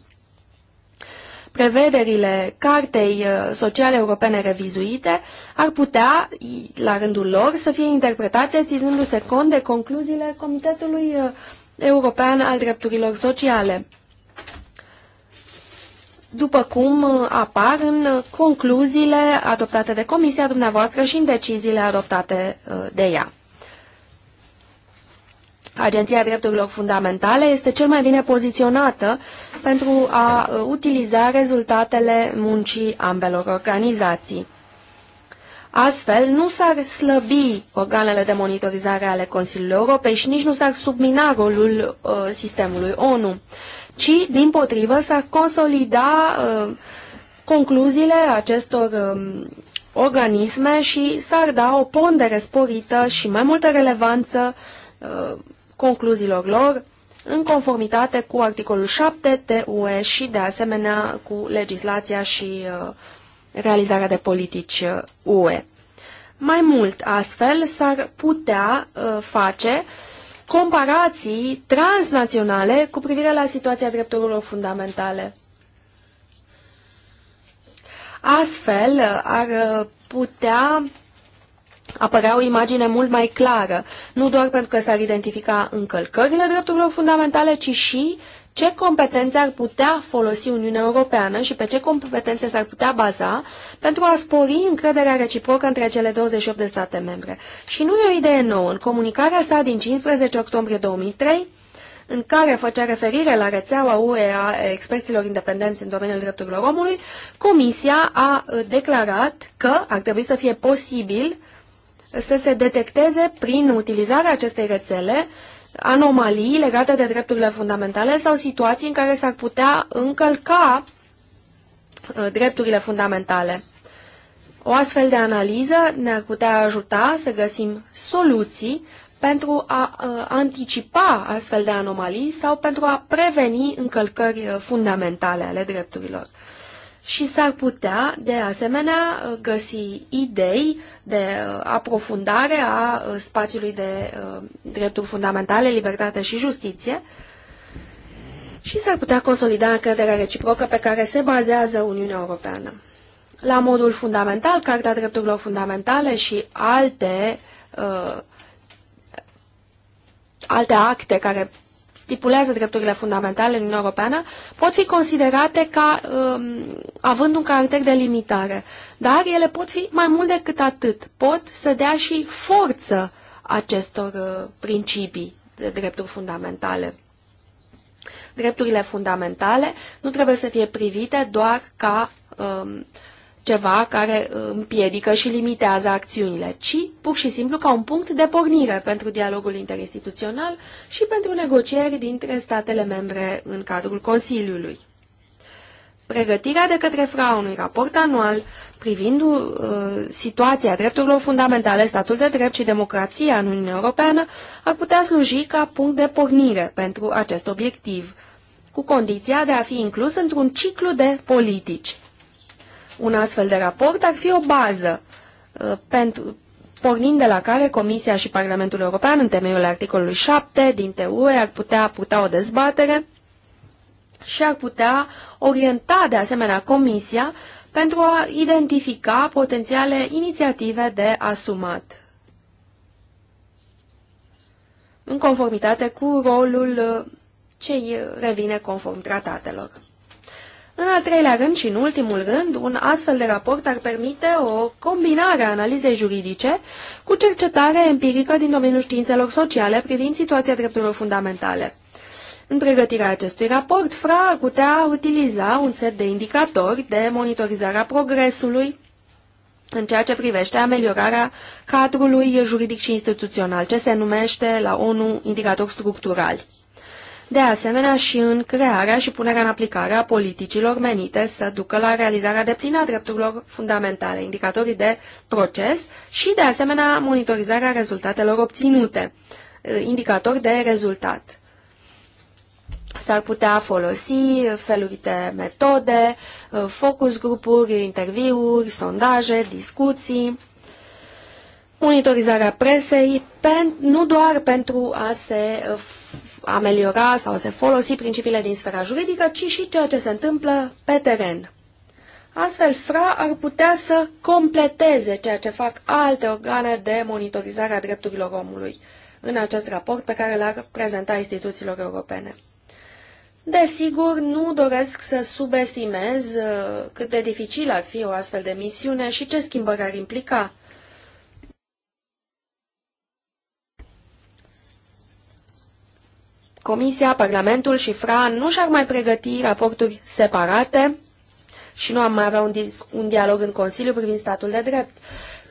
Prevederile Cartei uh, Sociale Europene revizuite ar putea, la rândul lor, să fie interpretate ținându-se cont de concluziile Comitetului uh, European al Drepturilor Sociale după cum uh, apar în concluziile adoptate de comisia dumneavoastră și în deciziile adoptate de ea. Agenția Drepturilor Fundamentale este cel mai bine poziționată pentru a uh, utiliza rezultatele muncii ambelor organizații. Astfel, nu s-ar slăbi organele de monitorizare ale Consiliului Europei și nici nu s-ar submina rolul uh, sistemului ONU, ci, din potrivă, s-ar consolida uh, concluziile acestor uh, organisme și s-ar da o pondere sporită și mai multă relevanță uh, concluziilor lor, în conformitate cu articolul 7 TUE și, de asemenea, cu legislația și uh, realizarea de politici uh, UE. Mai mult, astfel, s-ar putea uh, face comparații transnaționale cu privire la situația drepturilor fundamentale. Astfel, ar putea apărea o imagine mult mai clară, nu doar pentru că s-ar identifica încălcările drepturilor fundamentale, ci și ce competențe ar putea folosi Uniunea Europeană și pe ce competențe s-ar putea baza pentru a spori încrederea reciprocă între cele 28 de state membre. Și nu e o idee nouă. În comunicarea sa din 15 octombrie 2003, în care făcea referire la rețeaua UE a experților independenți în domeniul drepturilor omului, Comisia a uh, declarat că ar trebui să fie posibil să se detecteze prin utilizarea acestei rețele anomalii legate de drepturile fundamentale sau situații în care s-ar putea încălca uh, drepturile fundamentale. O astfel de analiză ne-ar putea ajuta să găsim soluții pentru a uh, anticipa astfel de anomalii sau pentru a preveni încălcări uh, fundamentale ale drepturilor și s-ar putea, de asemenea, găsi idei de uh, aprofundare a uh, spațiului de uh, drepturi fundamentale, libertate și justiție și s-ar putea consolida încrederea reciprocă pe care se bazează Uniunea Europeană. La modul fundamental, Carta Drepturilor Fundamentale și alte, uh, alte acte care stipulează drepturile fundamentale în Uniunea Europeană pot fi considerate ca um, având un caracter de limitare. Dar ele pot fi mai mult decât atât. Pot să dea și forță acestor uh, principii de drepturi fundamentale. Drepturile fundamentale nu trebuie să fie privite doar ca um, ceva care împiedică și limitează acțiunile, ci pur și simplu ca un punct de pornire pentru dialogul interinstituțional și pentru negocieri dintre statele membre în cadrul Consiliului. Pregătirea de către FRA unui raport anual privind uh, situația drepturilor fundamentale, statul de drept și democrația în Uniunea Europeană ar putea sluji ca punct de pornire pentru acest obiectiv, cu condiția de a fi inclus într-un ciclu de politici un astfel de raport ar fi o bază uh, pentru, pornind de la care Comisia și Parlamentul European, în temeiul articolului 7 din TUE, ar putea putea o dezbatere și ar putea orienta de asemenea Comisia pentru a identifica potențiale inițiative de asumat în conformitate cu rolul uh, ce revine conform tratatelor. În al treilea rând și în ultimul rând, un astfel de raport ar permite o combinare a analizei juridice cu cercetare empirică din domeniul științelor sociale privind situația drepturilor fundamentale. În pregătirea acestui raport, FRA ar putea utiliza un set de indicatori de monitorizare a progresului în ceea ce privește ameliorarea cadrului juridic și instituțional, ce se numește la ONU indicator structural de asemenea și în crearea și punerea în aplicare a politicilor menite să ducă la realizarea deplină a drepturilor fundamentale, indicatorii de proces și, de asemenea, monitorizarea rezultatelor obținute, eh, indicatori de rezultat. S-ar putea folosi feluri de metode, eh, focus grupuri, interviuri, sondaje, discuții, monitorizarea presei, nu doar pentru a se eh, ameliora sau se folosi principiile din sfera juridică, ci și ceea ce se întâmplă pe teren. Astfel, FRA ar putea să completeze ceea ce fac alte organe de monitorizare a drepturilor omului în acest raport pe care l-ar prezenta instituțiilor europene. Desigur, nu doresc să subestimez uh, cât de dificil ar fi o astfel de misiune și ce schimbări ar implica. Comisia, Parlamentul și FRA nu și-ar mai pregăti raporturi separate și nu am mai avea un, un dialog în Consiliu privind statul de drept,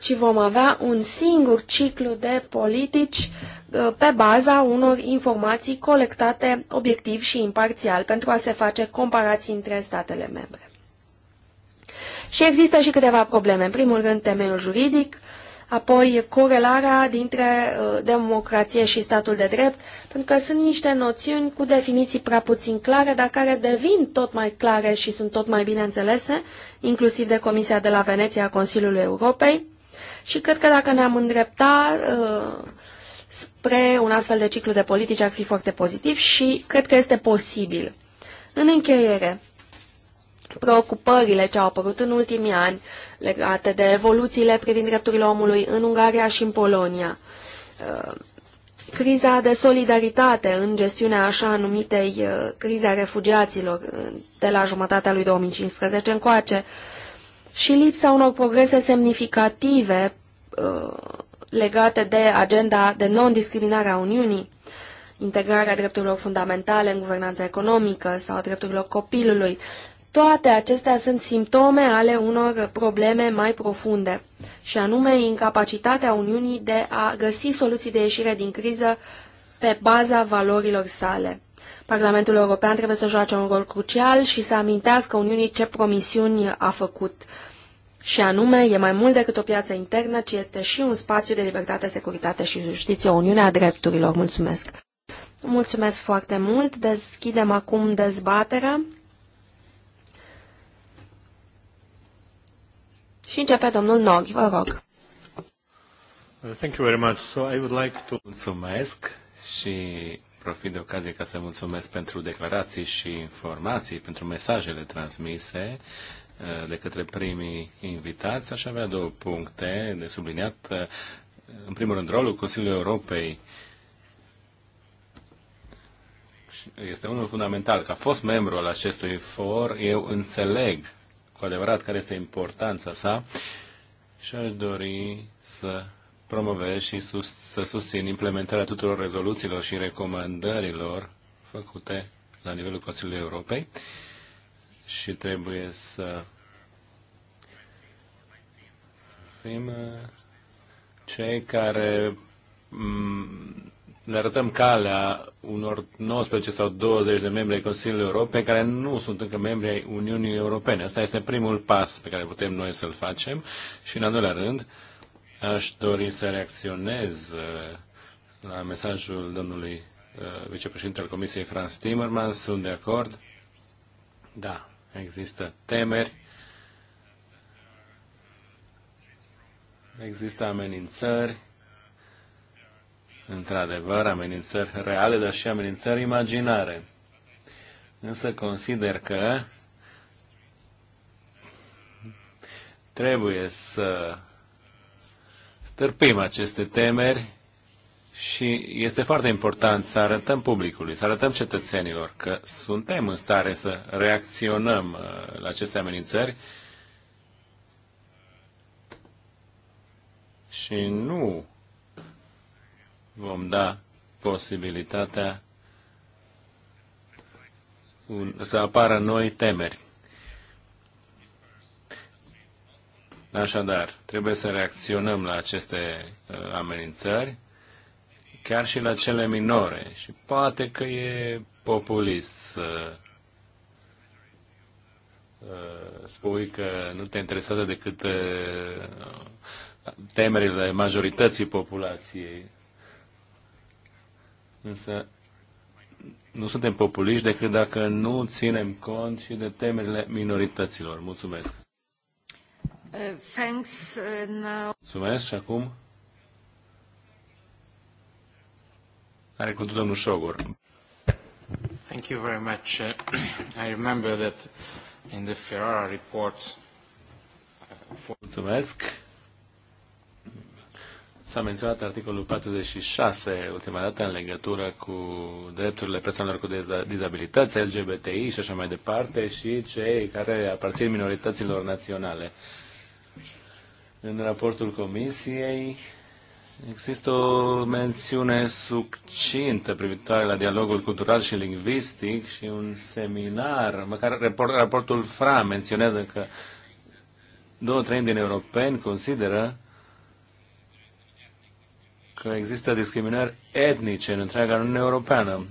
ci vom avea un singur ciclu de politici uh, pe baza unor informații colectate obiectiv și imparțial pentru a se face comparații între statele membre. Și există și câteva probleme. În primul rând, temeiul juridic apoi corelarea dintre uh, democrație și statul de drept, pentru că sunt niște noțiuni cu definiții prea puțin clare, dar care devin tot mai clare și sunt tot mai bine înțelese, inclusiv de Comisia de la Veneția a Consiliului Europei. Și cred că dacă ne-am îndrepta uh, spre un astfel de ciclu de politici ar fi foarte pozitiv și cred că este posibil. În încheiere, preocupările ce au apărut în ultimii ani legate de evoluțiile privind drepturile omului în Ungaria și în Polonia. Uh, criza de solidaritate în gestiunea așa numitei uh, crize a refugiaților uh, de la jumătatea lui 2015 încoace și lipsa unor progrese semnificative legate de agenda de non-discriminare a Uniunii, integrarea drepturilor fundamentale în guvernanța economică sau a drepturilor copilului, toate acestea sunt simptome ale unor probleme mai profunde, și anume incapacitatea Uniunii de a găsi soluții de ieșire din criză pe baza valorilor sale. Parlamentul European trebuie să joace un rol crucial și să amintească Uniunii ce promisiuni a făcut. Și anume, e mai mult decât o piață internă, ci este și un spațiu de libertate, securitate și justiție, Uniunea a drepturilor. Mulțumesc! Mulțumesc foarte mult! Deschidem acum dezbaterea. Și începe domnul Noghi, vă rog. Thank you very much. So I would like to... Mulțumesc și profit de ocazie ca să mulțumesc pentru declarații și informații, pentru mesajele transmise uh, de către primii invitați. Aș avea două puncte de subliniat. Uh, în primul rând, rolul Consiliului Europei este unul fundamental. Ca fost membru al acestui for, eu înțeleg cu adevărat care este importanța sa și aș dori să promovez și sus, să susțin implementarea tuturor rezoluțiilor și recomandărilor făcute la nivelul Consiliului Europei și trebuie să fim uh, cei care mm, ne arătăm calea unor 19 sau 20 de membri ai Consiliului Europei care nu sunt încă membri ai Uniunii Europene. Asta este primul pas pe care putem noi să-l facem și, în al doilea rând, aș dori să reacționez uh, la mesajul domnului uh, vicepreședinte al Comisiei, Franz Timmermans. Sunt de acord. Da, există temeri. Există amenințări într-adevăr, amenințări reale, dar și amenințări imaginare. Însă consider că trebuie să stârpim aceste temeri și este foarte important să arătăm publicului, să arătăm cetățenilor că suntem în stare să reacționăm uh, la aceste amenințări și nu vom da posibilitatea să apară noi temeri. Așadar, trebuie să reacționăm la aceste uh, amenințări, chiar și la cele minore. Și poate că e populist să uh, spui că nu te interesează decât uh, temerile majorității populației. Însă nu suntem populiști decât dacă nu ținem cont și de temerile minorităților. Mulțumesc! Uh, thanks, uh, now... Mulțumesc și acum are cuvântul domnul Șogor. Thank you very much. Uh, I remember that in the Ferrara report... Uh, for... Mulțumesc! S-a menționat articolul 46 ultima dată în legătură cu drepturile persoanelor cu dizabilități, LGBTI și așa mai departe și cei care aparțin minorităților naționale. În raportul comisiei există o mențiune succintă privitoare la dialogul cultural și lingvistic și un seminar, măcar raportul FRA menționează că două treimi din europeni consideră că există discriminări etnice în întreaga Uniune Europeană.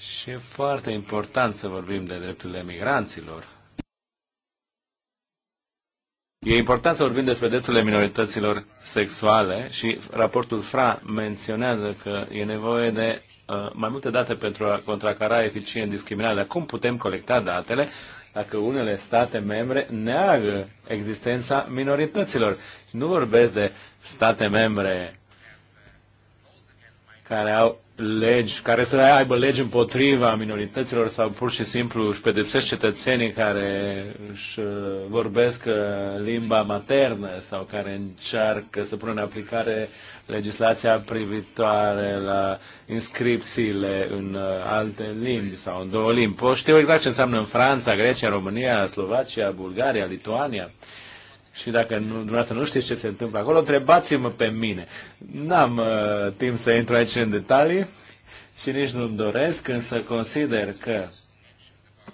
Și e foarte important să vorbim de drepturile migranților. E important să vorbim despre drepturile minorităților sexuale și raportul FRA menționează că e nevoie de uh, mai multe date pentru a contracara eficient discriminarea. Cum putem colecta datele dacă unele state membre neagă existența minorităților. Nu vorbesc de state membre care au legi, care să aibă legi împotriva minorităților sau pur și simplu își pedepsesc cetățenii care își uh, vorbesc uh, limba maternă sau care încearcă să pună în aplicare legislația privitoare la inscripțiile în uh, alte limbi sau în două limbi. Poți știu exact ce înseamnă în Franța, Grecia, România, Slovacia, Bulgaria, Lituania. Și dacă nu, dumneavoastră nu știți ce se întâmplă acolo, întrebați-mă pe mine. N-am uh, timp să intru aici în detalii și nici nu-mi doresc, însă consider că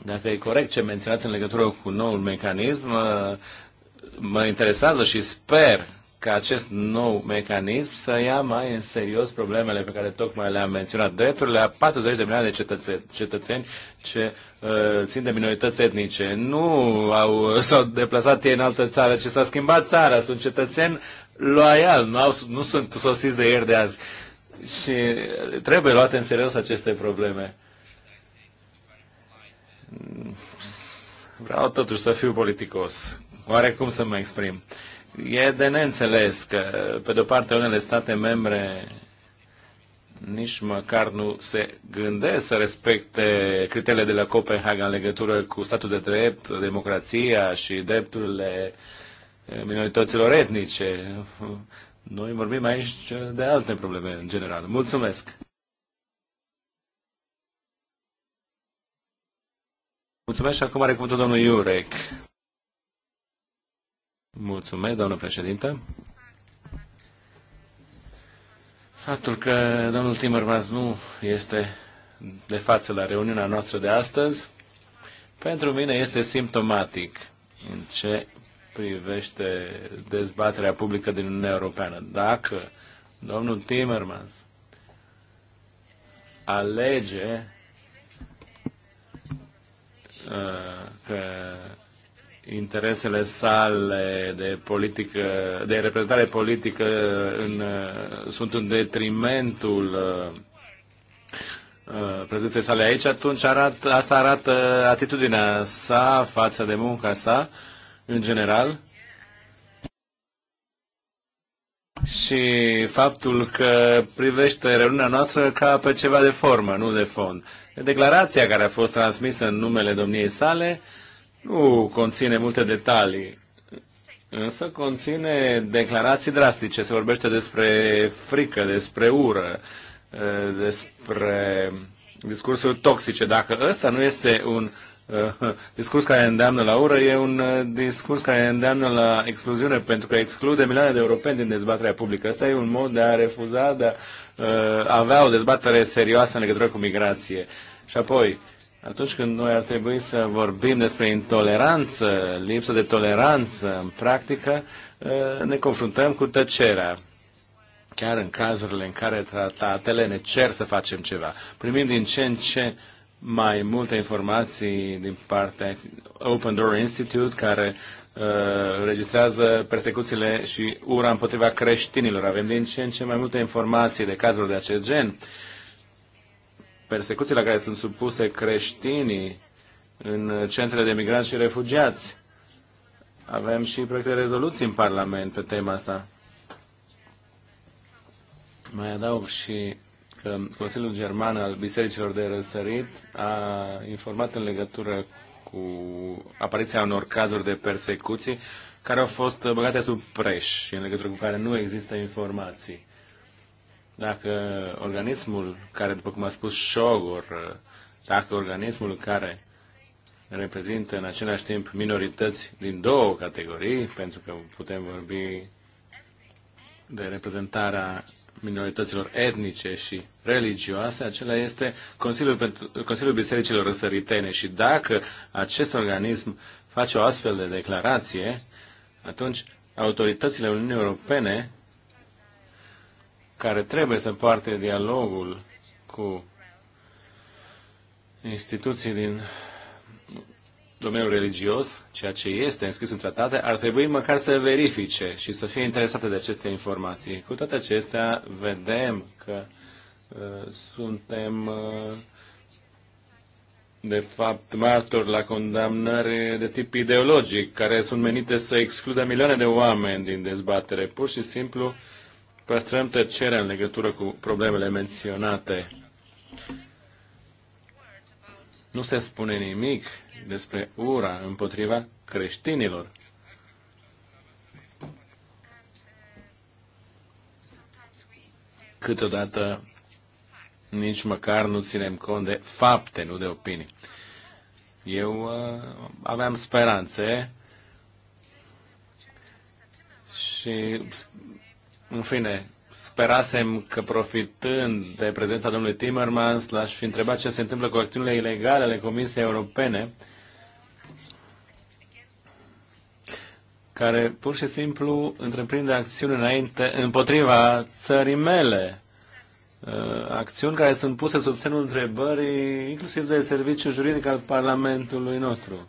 dacă e corect ce menționați în legătură cu noul mecanism, uh, mă interesează și sper ca acest nou mecanism să ia mai în serios problemele pe care tocmai le-am menționat. Drepturile a 40 de milioane de cetățeni, cetățeni ce uh, țin de minorități etnice. Nu au, s-au deplasat ei în altă țară, ci s-a schimbat țara. Sunt cetățeni loiali, nu, au, nu sunt sosiți de ieri de azi. Și trebuie luate în serios aceste probleme. Vreau totuși să fiu politicos. Oarecum să mă exprim. Uh, E de neînțeles că, pe de-o parte, unele state membre nici măcar nu se gândesc să respecte criteriile de la Copenhaga în legătură cu statul de drept, democrația și drepturile eh, minorităților etnice. Noi vorbim aici de alte probleme în general. Mulțumesc! Mulțumesc și acum are cuvântul domnul Iurec. Mulțumesc, doamnă președinte. Faptul că domnul Timmermans nu este de față la reuniunea noastră de astăzi, pentru mine este simptomatic în ce privește dezbaterea publică din Uniunea Europeană. Dacă domnul Timmermans alege uh, că interesele sale de politică, de reprezentare politică în, sunt în detrimentul uh, uh, prezenței sale aici, atunci arată, asta arată atitudinea sa față de munca sa, în general, și faptul că privește reuniunea noastră ca pe ceva de formă, nu de fond. Declarația care a fost transmisă în numele domniei sale uh, nu conține multe detalii, însă conține declarații drastice. Se vorbește despre frică, despre ură, eh, despre discursuri toxice. Dacă ăsta nu este un eh, discurs care îndeamnă la ură, e un eh, discurs care îndeamnă la excluziune, pentru că exclude milioane de europeni din dezbaterea publică. Asta e un mod de a refuza, de a avea o dezbatere serioasă în legătură cu migrație. Și apoi, atunci când noi ar trebui să vorbim despre intoleranță, lipsă de toleranță în practică, ă, ne confruntăm cu tăcerea. Chiar în cazurile în care tratatele ne cer să facem ceva. Primim din ce în ce mai multe informații din partea Open Door Institute, care ă, registrează persecuțiile și ura împotriva creștinilor. Avem din ce în ce mai multe informații de cazuri de acest gen. Uh, persecuții la care sunt supuse creștinii în centrele de migranți și refugiați. Avem și proiecte de rezoluții în Parlament pe tema asta. Mai adaug și că Consiliul German al Bisericilor de Răsărit a informat în legătură cu apariția unor cazuri de persecuții care au fost băgate sub preș și în legătură cu care nu există informații. Dacă organismul care, după cum a spus Șogor, dacă organismul care reprezintă în același timp minorități din două categorii, pentru că putem vorbi de reprezentarea minorităților etnice și religioase, acela este Consiliul, pentru, Consiliul Bisericilor Răsăritene și dacă acest organism face o astfel de declarație, atunci autoritățile Uniunii Europene care trebuie să poarte dialogul cu instituții din domeniul religios, ceea ce este înscris în tratate, ar trebui măcar să verifice și să fie interesate de aceste informații. Cu toate acestea, vedem că uh, suntem uh, de fapt martori la condamnări de tip ideologic, care sunt menite să excludă milioane de oameni din dezbatere. Pur și simplu păstrăm tăcerea în legătură cu problemele menționate. Nu se spune nimic despre ura împotriva creștinilor. Câteodată nici măcar nu ținem cont de fapte, nu de opinii. Eu uh, aveam speranțe și în fine, sperasem că profitând de prezența domnului Timmermans, l-aș fi întrebat ce se întâmplă cu acțiunile ilegale ale Comisiei Europene, care pur și simplu întreprinde acțiuni înainte, împotriva țării mele. Uh, acțiuni care sunt puse sub semnul întrebării, inclusiv de serviciul juridic al Parlamentului nostru.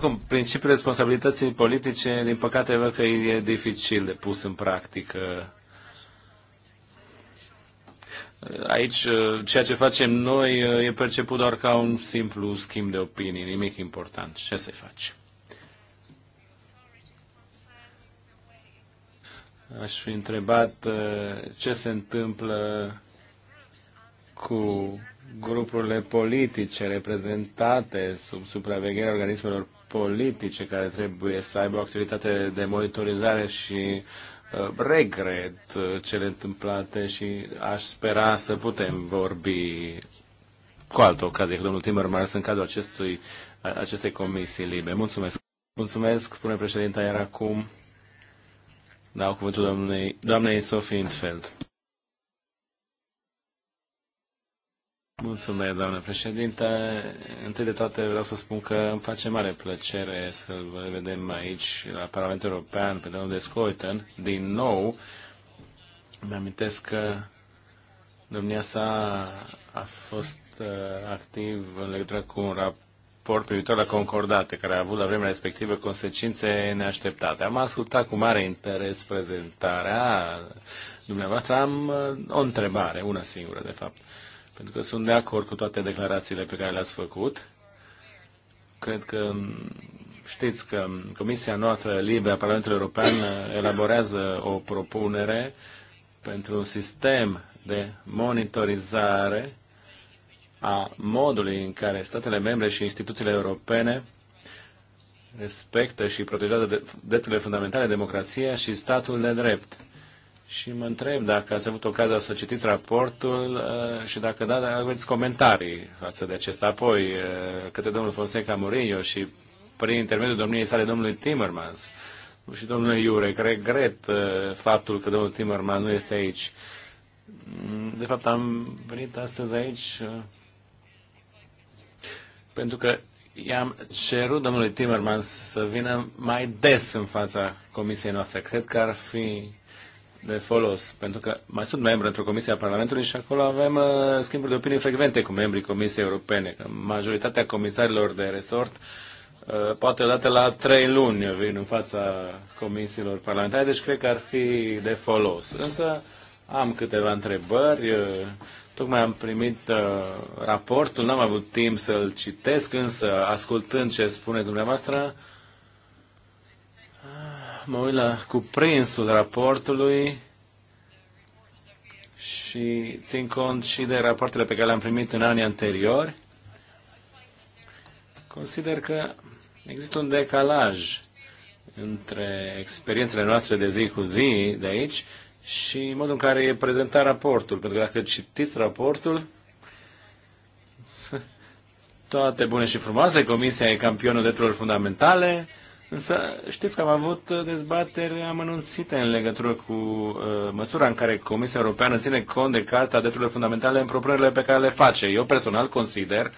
Oricum, principiul responsabilității politice, din păcate, văd că e dificil de pus în practică. Aici, uh, ceea ce facem noi uh, e perceput doar ca un simplu schimb de opinii, nimic important. Ce să-i faci? Aș fi întrebat uh, ce se întâmplă cu grupurile politice reprezentate sub supravegherea organismelor politice care trebuie să aibă o activitate de monitorizare și uh, regret uh, cele întâmplate și aș spera să putem vorbi cu altă ocazie cu domnul Timmermans în cadrul acestui, acestei comisii libe. Mulțumesc. Mulțumesc, spune președinta, iar acum dau cuvântul doamnei, doamnei Sofie Intfeld. Mulțumesc, doamnă președinte. Întâi de toate vreau să spun că îmi face mare plăcere să-l vedem aici la Parlamentul European pe domnul Scoiten, Din nou, mi-amintesc că domnia sa a fost uh, activ în legătură cu un raport privitor la concordate, care a avut la vremea respectivă consecințe neașteptate. Am ascultat cu mare interes prezentarea dumneavoastră. Am uh, o întrebare, una singură, de fapt pentru că sunt de acord cu toate declarațiile pe care le-ați făcut. Cred că mm, știți că mm, Comisia noastră Libe a Parlamentului European mm, elaborează o propunere pentru un sistem de monitorizare a modului în care statele membre și instituțiile europene respectă și protejează drepturile fundamentale, democrația și statul de drept și mă întreb dacă ați avut ocazia să citiți raportul uh, și dacă da, dacă aveți comentarii față de acest. Apoi, uh, către domnul Fonseca Mourinho și prin intermediul domniei sale domnului Timmermans și domnului Iurec, regret uh, faptul că domnul Timmermans nu este aici. Mm, de fapt, am venit astăzi aici pentru că i-am cerut domnului Timmermans să vină mai des în fața comisiei noastre. Cred că ar fi de folos, pentru că mai sunt membru într-o comisie a Parlamentului și acolo avem uh, schimburi de opinii frecvente cu membrii Comisiei Europene. Majoritatea comisarilor de resort uh, poate odată la trei luni vin în fața comisiilor parlamentare, deci cred că ar fi de folos. Însă am câteva întrebări. Uh, Tocmai am primit uh, raportul, n-am avut timp să-l citesc, însă ascultând ce spune dumneavoastră, uh, mă uit la cuprinsul raportului și țin cont și de rapoartele pe care le-am primit în anii anteriori. Consider că există un decalaj între experiențele noastre de zi cu zi de aici și modul în care e prezentat raportul. Pentru că dacă citiți raportul, toate bune și frumoase, Comisia e campionul drepturilor fundamentale, Însă știți că am avut dezbateri amănunțite în legătură cu uh, măsura în care Comisia Europeană ține cont de Carta Drepturilor Fundamentale în propunerile pe care le face. Eu personal consider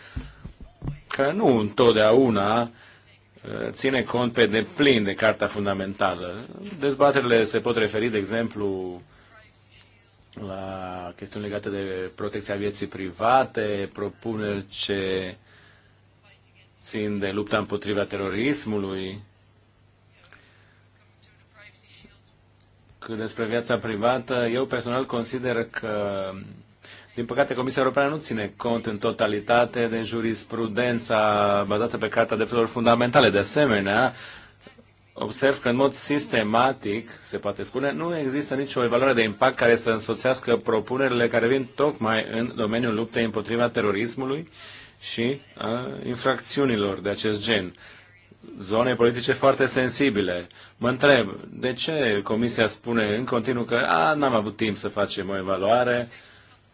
că nu întotdeauna uh, ține cont pe deplin de Carta Fundamentală. Dezbaterile se pot referi, de exemplu, la chestiuni legate de protecția vieții private, propuneri ce țin de lupta împotriva terorismului, despre viața privată, eu personal consider că, din păcate, Comisia Europeană nu ține cont în totalitate de jurisprudența bazată pe Carta Drepturilor Fundamentale. De asemenea, observ că în mod sistematic, se poate spune, nu există nicio evaluare de impact care să însoțească propunerile care vin tocmai în domeniul luptei împotriva terorismului și a infracțiunilor de acest gen zone politice foarte sensibile. Mă întreb, de ce Comisia spune în continuu că a, n-am avut timp să facem o evaluare,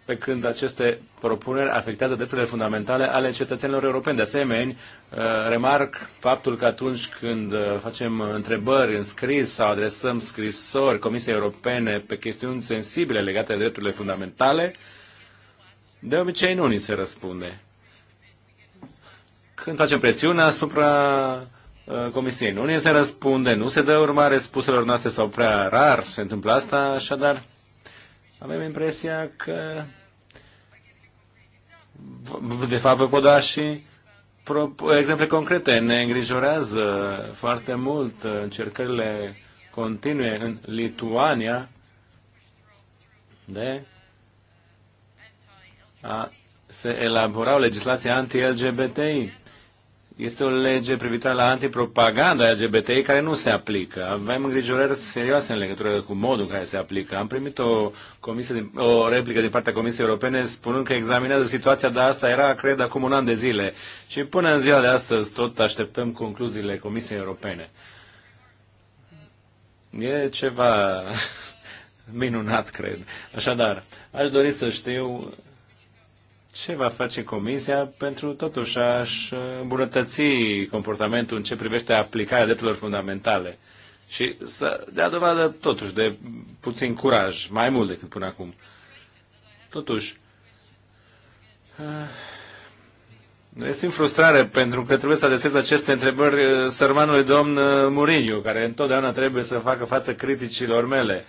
pe când aceste propuneri afectează drepturile fundamentale ale cetățenilor europeni. De asemenea, uh, remarc faptul că atunci când uh, facem întrebări în scris sau adresăm scrisori Comisiei Europene pe chestiuni sensibile legate de drepturile fundamentale, de obicei nu ni se răspunde. Când facem presiune asupra Uh, comisiei. Nu ne se răspunde, nu se dă urmare spuselor noastre sau prea rar se întâmplă asta, așadar avem impresia că de fapt vă pot da și exemple concrete. Ne îngrijorează foarte mult încercările continue în Lituania de a se elabora o legislație anti-LGBTI este o lege privitoare la antipropaganda LGBTI care nu se aplică. Avem îngrijorări serioase în legătură cu modul în care se aplică. Am primit o, comisie o replică din partea Comisiei Europene spunând că examinează situația, dar asta era, cred, acum un an de zile. Și până în ziua de astăzi tot așteptăm concluziile Comisiei Europene. E ceva minunat, cred. Așadar, aș dori să știu ce va face Comisia pentru totuși a-și îmbunătăți comportamentul în ce privește aplicarea drepturilor fundamentale și să dea dovadă totuși de puțin curaj, mai mult decât până acum. Totuși, eh, Simt frustrare pentru că trebuie să adresez aceste întrebări eh, sărmanului domn eh, Muriniu, care întotdeauna trebuie să facă față criticilor mele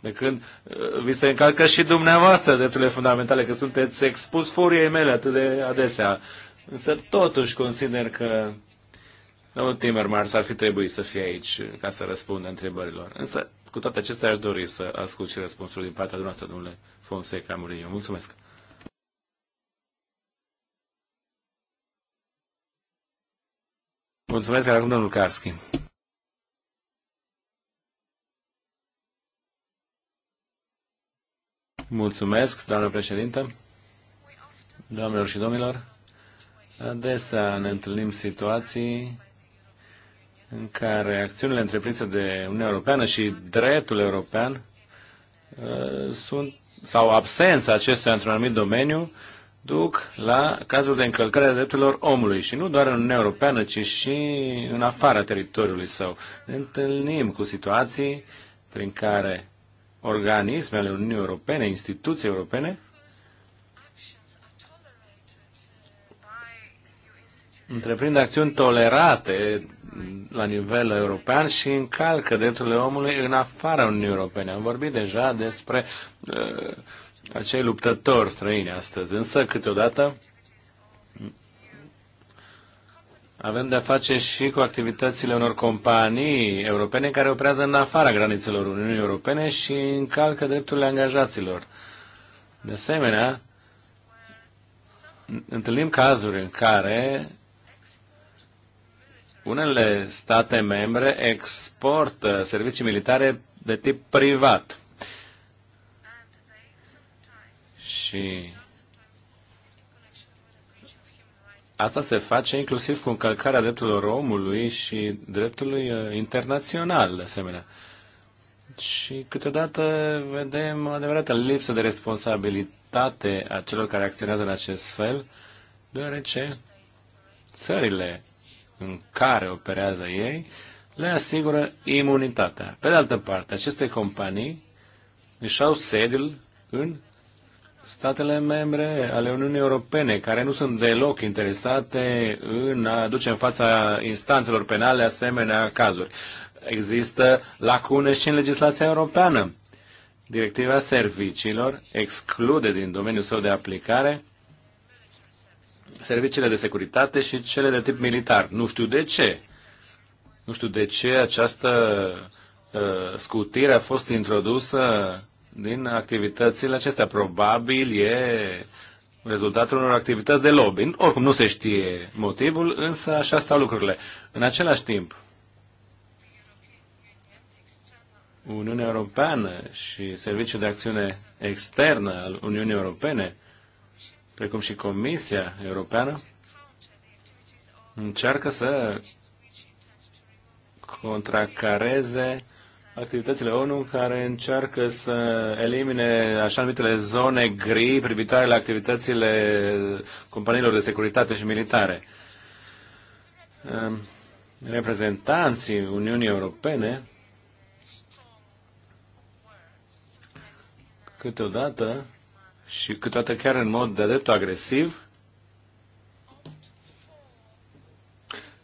de când uh, vi se încalcă și dumneavoastră drepturile fundamentale, că sunteți expus furiei mele atât de adesea. Însă totuși consider că domnul Timmermans ar fi trebuit să fie aici ca să răspundă întrebărilor. Însă, cu toate acestea, aș dori să ascult și răspunsul din partea dumneavoastră, domnule Fonseca Murillo. Mulțumesc! Mulțumesc, acum domnul Karski. Mulțumesc, doamnă președintă. Doamnelor și domnilor, adesea ne întâlnim situații în care acțiunile întreprinse de Uniunea Europeană și dreptul european uh, sunt, sau absența acestuia într-un anumit domeniu duc la cazul de încălcare a drepturilor omului și nu doar în Uniunea Europeană, ci și în afara teritoriului său. Ne întâlnim cu situații prin care organisme ale Uniunii Europene, instituții europene, întreprind acțiuni tolerate la nivel european și încalcă drepturile omului în afara Uniunii Europene. Am vorbit deja despre uh, acei luptători străini astăzi, însă câteodată Avem de-a face și cu activitățile unor companii europene care operează în afara granițelor Uniunii Europene și încalcă drepturile angajaților. De asemenea, întâlnim cazuri în care unele state membre exportă servicii militare de tip privat. Și Asta se face inclusiv cu încălcarea drepturilor omului și dreptului uh, internațional, de asemenea. Și câteodată vedem adevărată lipsă de responsabilitate a celor care acționează în acest fel, deoarece țările în care operează ei le asigură imunitatea. Pe de altă parte, aceste companii își au sediul în statele membre ale Uniunii Europene, care nu sunt deloc interesate în a duce în fața instanțelor penale asemenea cazuri. Există lacune și în legislația europeană. Directiva serviciilor exclude din domeniul său de aplicare serviciile de securitate și cele de tip militar. Nu știu de ce. Nu știu de ce această uh, scutire a fost introdusă din activitățile acestea. Probabil e rezultatul unor activități de lobby. Oricum nu se știe motivul, însă așa stau lucrurile. În același timp, Uniunea Europeană și Serviciul de Acțiune Externă al Uniunii Europene, precum și Comisia Europeană, încearcă să contracareze uh, activitățile ONU care încearcă să elimine așa numitele zone gri privitoare la activitățile companiilor de securitate și militare. Reprezentanții Uniunii Europene câteodată și câteodată chiar în mod de dreptul agresiv,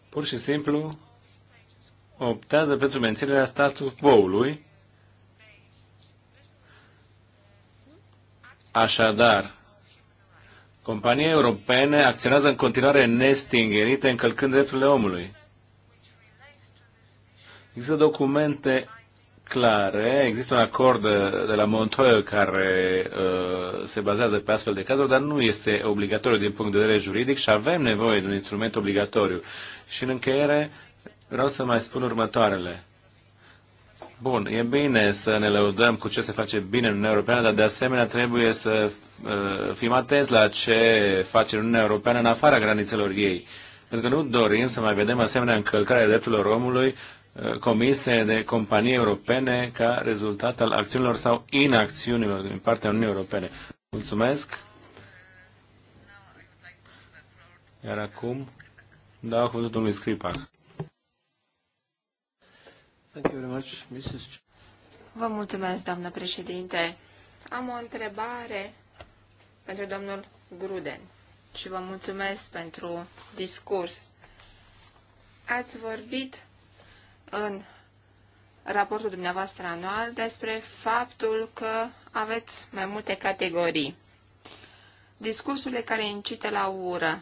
pur și simplu optează pentru menținerea status quo-ului. Așadar, companiile europene acționează în continuare nestingerite, încălcând drepturile omului. Există documente clare, există un acord de, de la Montreux care uh, se bazează pe astfel de cazuri, dar nu este obligatoriu din punct de vedere juridic și avem nevoie de un instrument obligatoriu. Și în încheiere, uh, Vreau să mai spun următoarele. Bun, e bine să ne lăudăm cu ce se face bine în Uniunea Europeană, dar de asemenea trebuie să uh, fim atenți la ce face Uniunea Europeană în afara granițelor ei. Pentru că nu dorim să mai vedem asemenea încălcare a drepturilor omului uh, comise de companii europene ca rezultat al acțiunilor sau inacțiunilor din partea Uniunii Europene. Mulțumesc! Iar acum dau cuvântul domnului Scripac. Vă mulțumesc, doamnă președinte. Am o întrebare pentru domnul Gruden și vă mulțumesc pentru discurs. Ați vorbit în raportul dumneavoastră anual despre faptul că aveți mai multe categorii. Discursurile care incită la ură.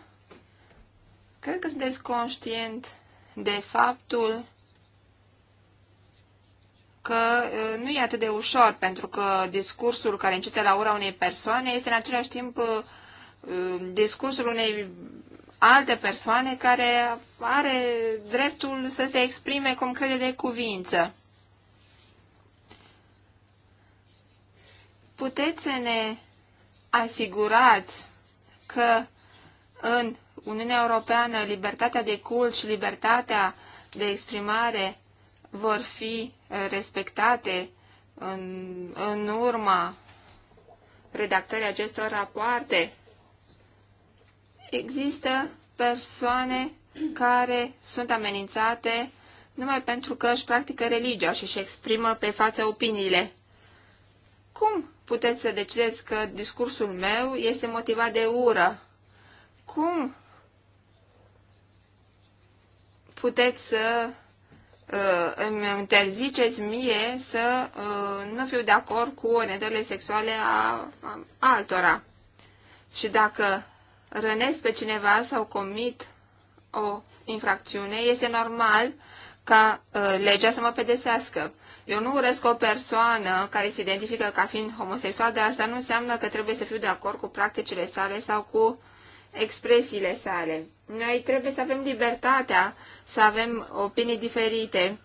Cred că sunteți conștient de faptul că nu e atât de ușor, pentru că discursul care începe la ura unei persoane este în același timp discursul unei alte persoane care are dreptul să se exprime cum crede de cuvință. Puteți să ne asigurați că în Uniunea Europeană libertatea de cult și libertatea de exprimare vor fi eh, respectate în, în urma redactării acestor rapoarte. Există persoane care sunt amenințate numai pentru că își practică religia și își exprimă pe față opiniile. Cum puteți să decideți că discursul meu este motivat de ură? Cum puteți să Uh, îmi interziceți mie să uh, nu fiu de acord cu orientările sexuale a altora. Și dacă rănesc pe cineva sau comit o infracțiune, este normal ca uh, legea să mă pedesească. Eu nu urăsc o persoană care se identifică ca fiind homosexual, dar asta nu înseamnă că trebuie să fiu de acord cu practicile sale sau cu expresiile sale. Noi trebuie să avem libertatea să avem opinii diferite.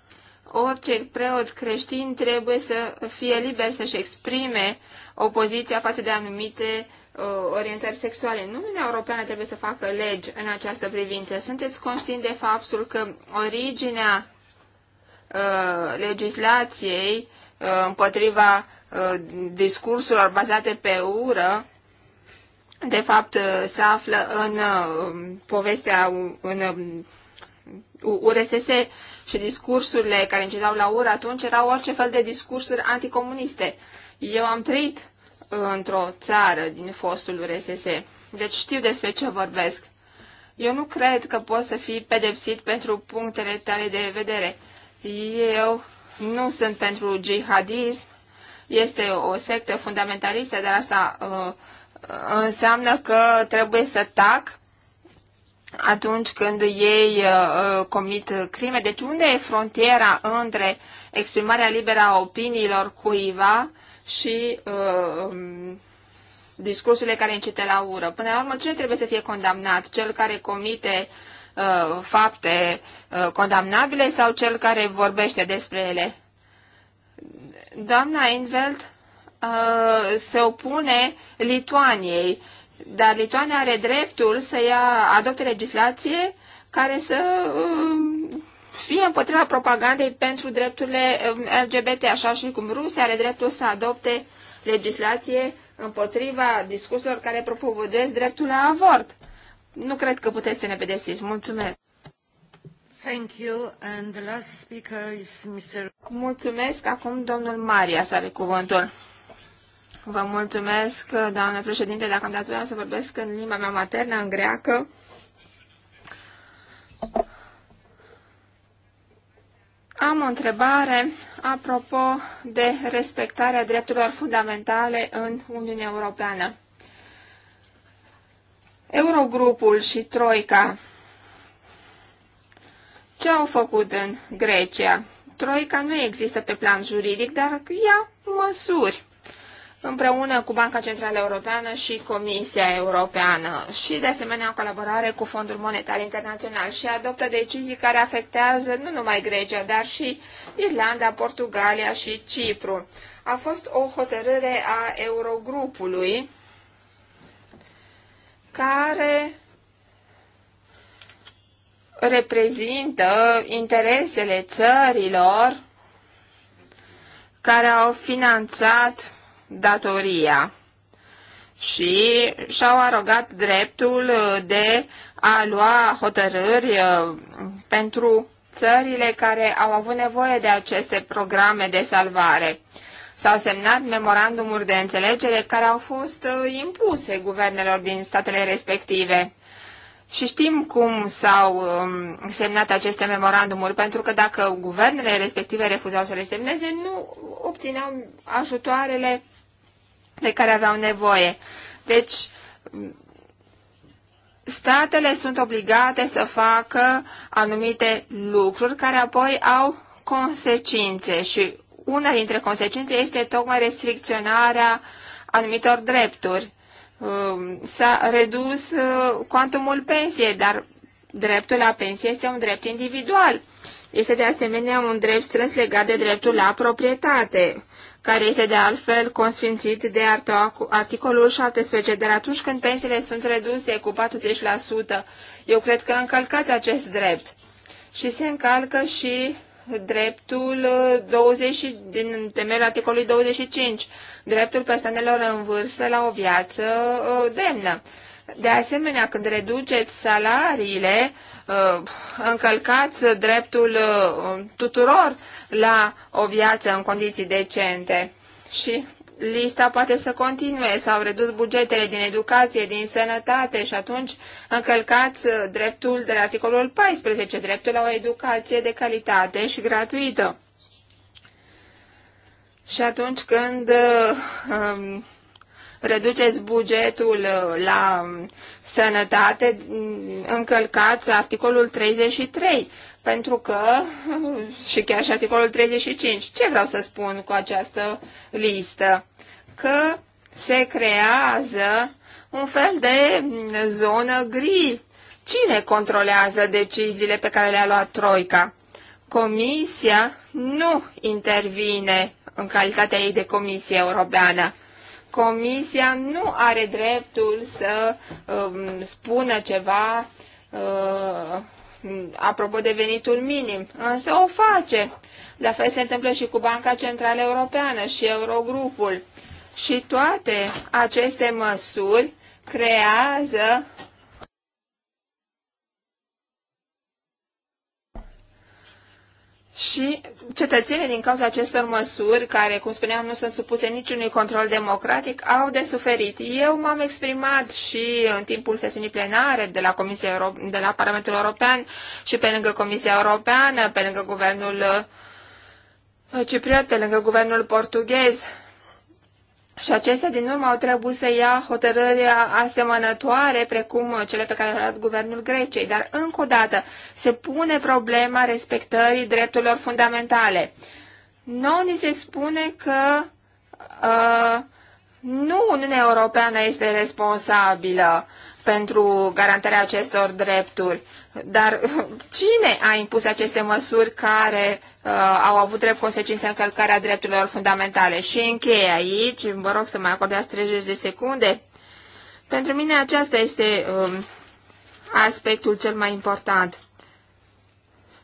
Orice preot creștin trebuie să fie liber să-și exprime opoziția față de anumite uh, orientări sexuale. Nu Uniunea Europeană trebuie să facă legi în această privință. Sunteți conștienti de faptul că originea uh, legislației uh, împotriva uh, discursurilor bazate pe ură de fapt uh, se află în uh, povestea, în URSS um, și discursurile care încetau la ură atunci erau orice fel de discursuri anticomuniste. Eu am trăit într-o țară din fostul URSS, deci știu despre ce vorbesc. Eu nu cred că pot să fii pedepsit pentru punctele tale de vedere. Eu nu sunt pentru jihadism, este o sectă fundamentalistă, dar asta uh, înseamnă că trebuie să tac atunci când ei uh, uh, comit crime. Deci unde e frontiera între exprimarea liberă a opiniilor cuiva și uh, um, discursurile care incită la ură? Până la urmă, cine trebuie să fie condamnat? Cel care comite uh, fapte uh, condamnabile sau cel care vorbește despre ele? Doamna Invelt Uh, se opune Lituaniei, dar Lituania are dreptul să ia, adopte legislație care să uh, fie împotriva propagandei pentru drepturile uh, LGBT, așa și cum Rusia are dreptul să adopte legislație împotriva discursurilor care propovăduiesc dreptul la avort. Nu cred că puteți să ne pedepsiți. Mulțumesc! Thank you. And the last speaker is Mr. Mulțumesc. Acum domnul Maria să are cuvântul. Vă mulțumesc, doamnă președinte, dacă am dat voia să vorbesc în limba mea maternă, în greacă. Am o întrebare apropo de respectarea drepturilor fundamentale în Uniunea Europeană. Eurogrupul și Troica. Ce au făcut în Grecia? Troica nu există pe plan juridic, dar ia măsuri împreună cu Banca Centrală Europeană și Comisia Europeană și, de asemenea, în colaborare cu Fondul Monetar Internațional și adoptă decizii care afectează nu numai Grecia, dar și Irlanda, Portugalia și Cipru. A fost o hotărâre a Eurogrupului care reprezintă interesele țărilor care au finanțat datoria și și-au arogat dreptul uh, de a lua hotărâri uh, pentru țările care au avut nevoie de aceste programe de salvare. S-au semnat memorandumuri de înțelegere care au fost uh, impuse guvernelor din statele respective. Și știm cum s-au um, semnat aceste memorandumuri, pentru că dacă guvernele respective refuzau să le semneze, nu obțineau ajutoarele de care aveau nevoie. Deci, statele sunt obligate să facă anumite lucruri care apoi au consecințe și una dintre consecințe este tocmai restricționarea anumitor drepturi. Um, s-a redus uh, cuantumul pensiei, dar dreptul la pensie este un drept individual. Este de asemenea un drept strâns legat de dreptul la proprietate care este de altfel consfințit de articolul 17. Dar atunci când pensiile sunt reduse cu 40%, eu cred că încălcați acest drept. Și se încalcă și dreptul 20, uh, din temelul articolului 25, dreptul persoanelor în vârstă la o viață uh, demnă. De asemenea, când reduceți salariile, uh, încălcați dreptul uh, tuturor la o viață în condiții decente. Și lista poate să continue. S-au redus bugetele din educație, din sănătate și atunci încălcați uh, dreptul de la articolul 14, dreptul la o educație de calitate și gratuită. Și atunci când uh, um, reduceți bugetul uh, la um, sănătate, mm, încălcați articolul 33, pentru că, și chiar și articolul 35, ce vreau să spun cu această listă? Că se creează un fel de mm, zonă gri. Cine controlează deciziile pe care le-a luat Troica? Comisia nu intervine în calitatea ei de Comisie Europeană. Comisia nu are dreptul să uh, spună ceva uh, apropo de venitul minim, însă o face. La fel se întâmplă și cu Banca Centrală Europeană și Eurogrupul. Și toate aceste măsuri creează și cetățenii din cauza acestor măsuri, care, cum spuneam, nu sunt supuse niciunui control democratic, au de suferit. Eu m-am exprimat și în timpul sesiunii plenare de la, Comisia Euro- de la Parlamentul European și pe lângă Comisia Europeană, pe lângă Guvernul uh, Cipriot, pe lângă Guvernul Portughez și acestea din urmă au trebuit să ia hotărâri asemănătoare precum cele pe care le-a luat guvernul Greciei. Dar încă o dată se pune problema respectării drepturilor fundamentale. Nu ni se spune că uh, nu Uniunea Europeană este responsabilă pentru garantarea acestor drepturi. Dar cine a impus aceste măsuri care uh, au avut drept consecință încălcarea drepturilor fundamentale? Și încheie aici, vă rog să mai acordați 30 de secunde. Pentru mine acesta este uh, aspectul cel mai important.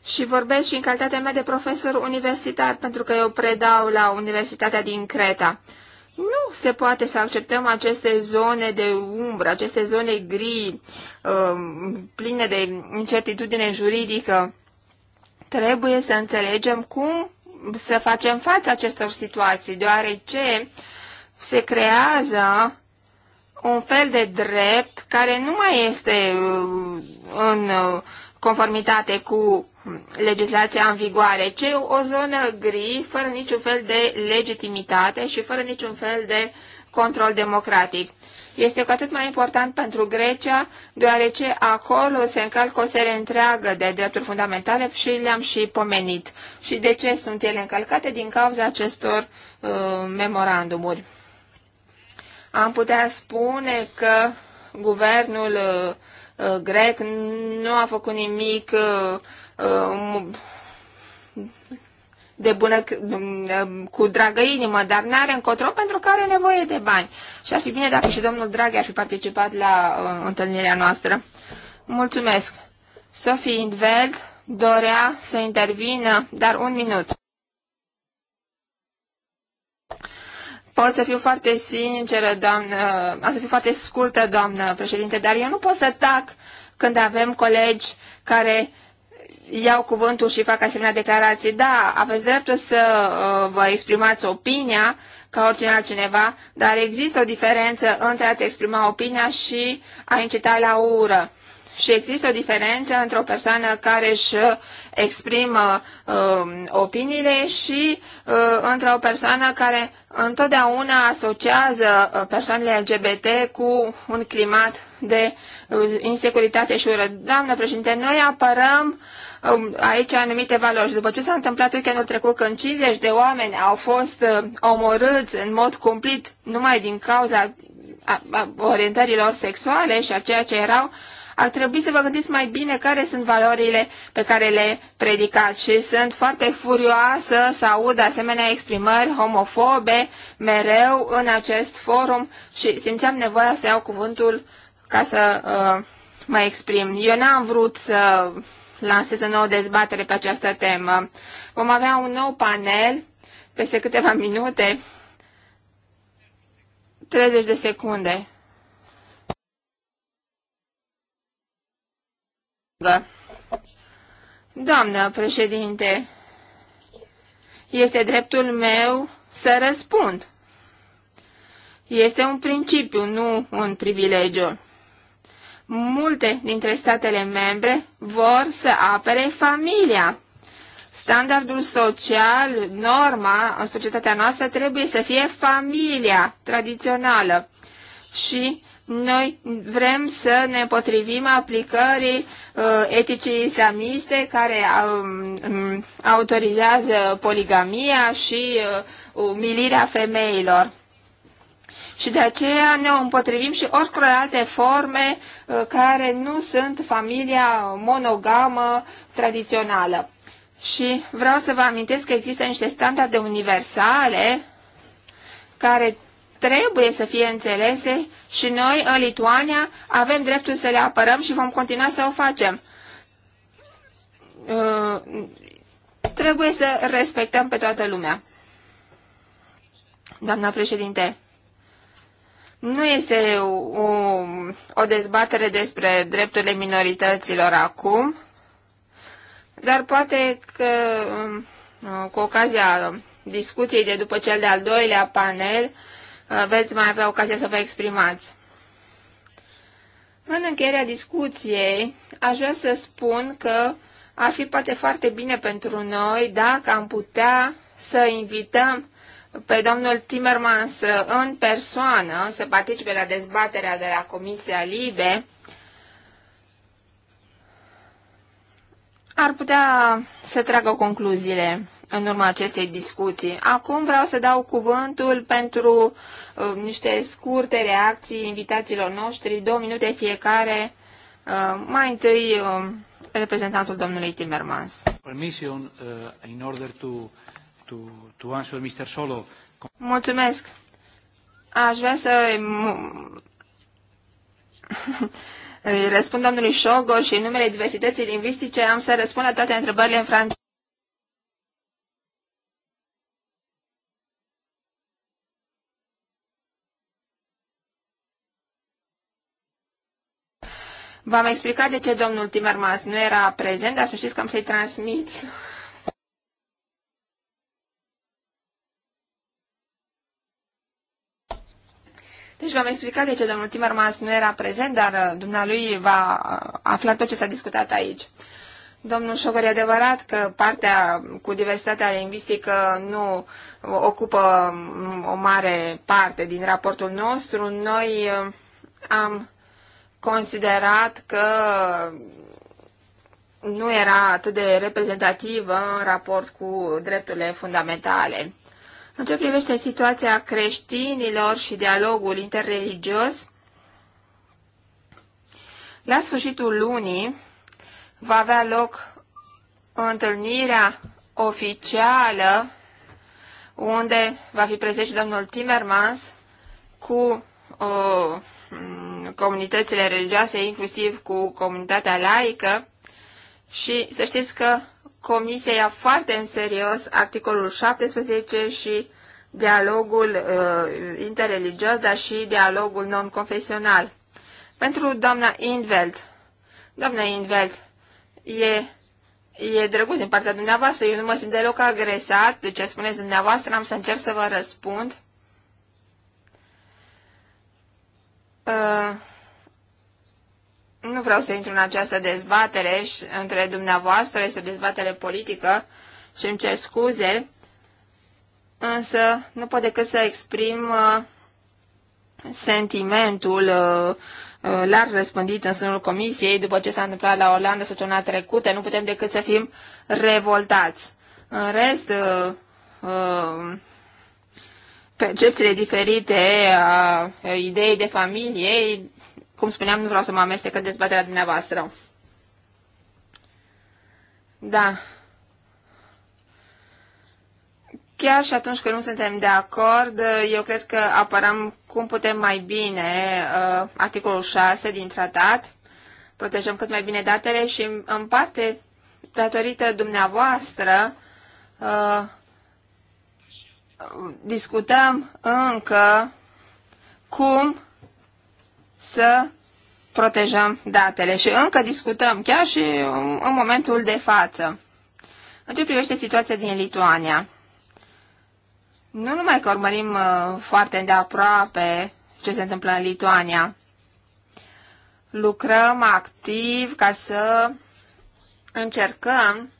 Și vorbesc și în calitatea mea de profesor universitar, pentru că eu predau la Universitatea din Creta. Nu se poate să acceptăm aceste zone de umbră, aceste zone gri, um, pline de incertitudine juridică. Trebuie să înțelegem cum să facem față acestor situații, deoarece se creează un fel de drept care nu mai este uh, în uh, conformitate cu legislația în vigoare, ci o zonă gri, fără niciun fel de legitimitate și fără niciun fel de control democratic. Este cu atât mai important pentru Grecia, deoarece acolo se încalcă o serie întreagă de drepturi fundamentale și le-am și pomenit. Și de ce sunt ele încălcate? Din cauza acestor uh, memorandumuri. Am putea spune că guvernul uh, uh grec nu a făcut nimic uh, de bună, cu dragă inimă, dar n-are încotro pentru că are nevoie de bani. Și ar fi bine dacă și domnul Draghi ar fi participat la uh, întâlnirea noastră. Mulțumesc. Sophie Indveld dorea să intervină, dar un minut. Pot să fiu foarte sinceră, doamnă, am să fiu foarte scurtă, doamnă președinte, dar eu nu pot să tac când avem colegi care uh, iau cuvântul și fac asemenea declarații. Da, aveți dreptul să uh, vă exprimați opinia ca oricine altcineva, dar există o diferență între a-ți exprima opinia și a incita la ură. Și există o diferență între o persoană care își exprimă uh, opiniile și uh, între o persoană care întotdeauna asociază uh, persoanele LGBT cu un climat de uh, insecuritate și ură. Doamnă președinte, noi apărăm aici anumite valori. Și după ce s-a întâmplat weekendul trecut când 50 de oameni au fost uh, omorâți în mod cumplit numai din cauza orientărilor sexuale și a ceea ce erau, ar trebui să vă gândiți mai bine care sunt valorile pe care le predicați și sunt foarte furioasă să aud asemenea exprimări homofobe mereu în acest forum și simțeam nevoia să iau cuvântul ca să uh, mă exprim. Eu n-am vrut să lansez o nouă dezbatere pe această temă. Vom avea un nou panel peste câteva minute, 30 de secunde. Doamnă președinte, este dreptul meu să răspund. Este un principiu, nu un privilegiu. Multe dintre statele membre vor să apere familia. Standardul social, norma în societatea noastră trebuie să fie familia tradițională. Și noi vrem să ne potrivim aplicării uh, eticii islamiste care um, um autorizează poligamia și uh, umilirea femeilor și de aceea ne împotrivim și oricăror alte forme uh, care nu sunt familia monogamă tradițională. Și vreau să vă amintesc că există niște standarde universale care trebuie să fie înțelese și noi, în Lituania, avem dreptul să le apărăm și vom continua să o facem. Uh, trebuie să respectăm pe toată lumea. Doamna președinte, nu este o, o dezbatere despre drepturile minorităților acum, dar poate că um, cu ocazia discuției de după cel de-al doilea panel uh, veți mai avea ocazia să vă exprimați. În încheierea discuției, aș vrea să spun că ar fi poate foarte bine pentru noi dacă am putea să invităm pe domnul Timmermans în persoană să participe la dezbaterea de la Comisia Libe, ar putea să tragă concluziile în urma acestei discuții. Acum vreau să dau cuvântul pentru uh, niște scurte reacții invitațiilor noștri, două minute fiecare. Uh, mai întâi, uh, reprezentantul domnului Timmermans. Permission, uh, in order to, to to answer Mr. Solo. Mulțumesc. Aș vrea să îi răspund domnului Șogo și în numele diversității lingvistice am să răspund la toate întrebările în franceză. V-am explicat de ce domnul Timmermans nu era prezent, dar să știți că am să-i transmit Deci v-am explicat de ce domnul Timmermans nu era prezent, dar uh, dumnealui va uh, afla tot ce s-a discutat aici. Domnul Șogor, e adevărat că partea cu diversitatea lingvistică nu ocupă mm, o mare parte din raportul nostru. Noi uh, am considerat că nu era atât de reprezentativă în raport cu drepturile fundamentale. În ce privește situația creștinilor și dialogul interreligios, la sfârșitul lunii va avea loc întâlnirea oficială unde va fi prezent și domnul Timmermans cu uh, comunitățile religioase, inclusiv cu comunitatea laică și să știți că Comisia ia foarte în serios articolul 17 și dialogul uh, interreligios, dar și dialogul non-confesional. Pentru doamna Inveld, doamna Inveld, e, e drăguț din partea dumneavoastră, eu nu mă simt deloc agresat de ce spuneți dumneavoastră, am să încerc să vă răspund. Uh, vreau să intru în această dezbatere între dumneavoastră, este o dezbatere politică și îmi cer scuze, însă nu pot decât să exprim uh, sentimentul uh, uh, larg răspândit în sânul comisiei după ce s-a întâmplat la Olanda săptămâna trecută. Nu putem decât să fim revoltați. În rest, percepțiile diferite a ideii de familie cum spuneam, nu vreau să mă amestec în dezbaterea dumneavoastră. Da. Chiar și atunci când nu suntem de acord, eu cred că apărăm cum putem mai bine uh, articolul 6 din tratat, protejăm cât mai bine datele și în parte, datorită dumneavoastră, uh, discutăm încă cum să protejăm datele și încă discutăm chiar și în momentul de față. În ce privește situația din Lituania, nu numai că urmărim uh, foarte îndeaproape ce se întâmplă în Lituania, lucrăm activ ca să încercăm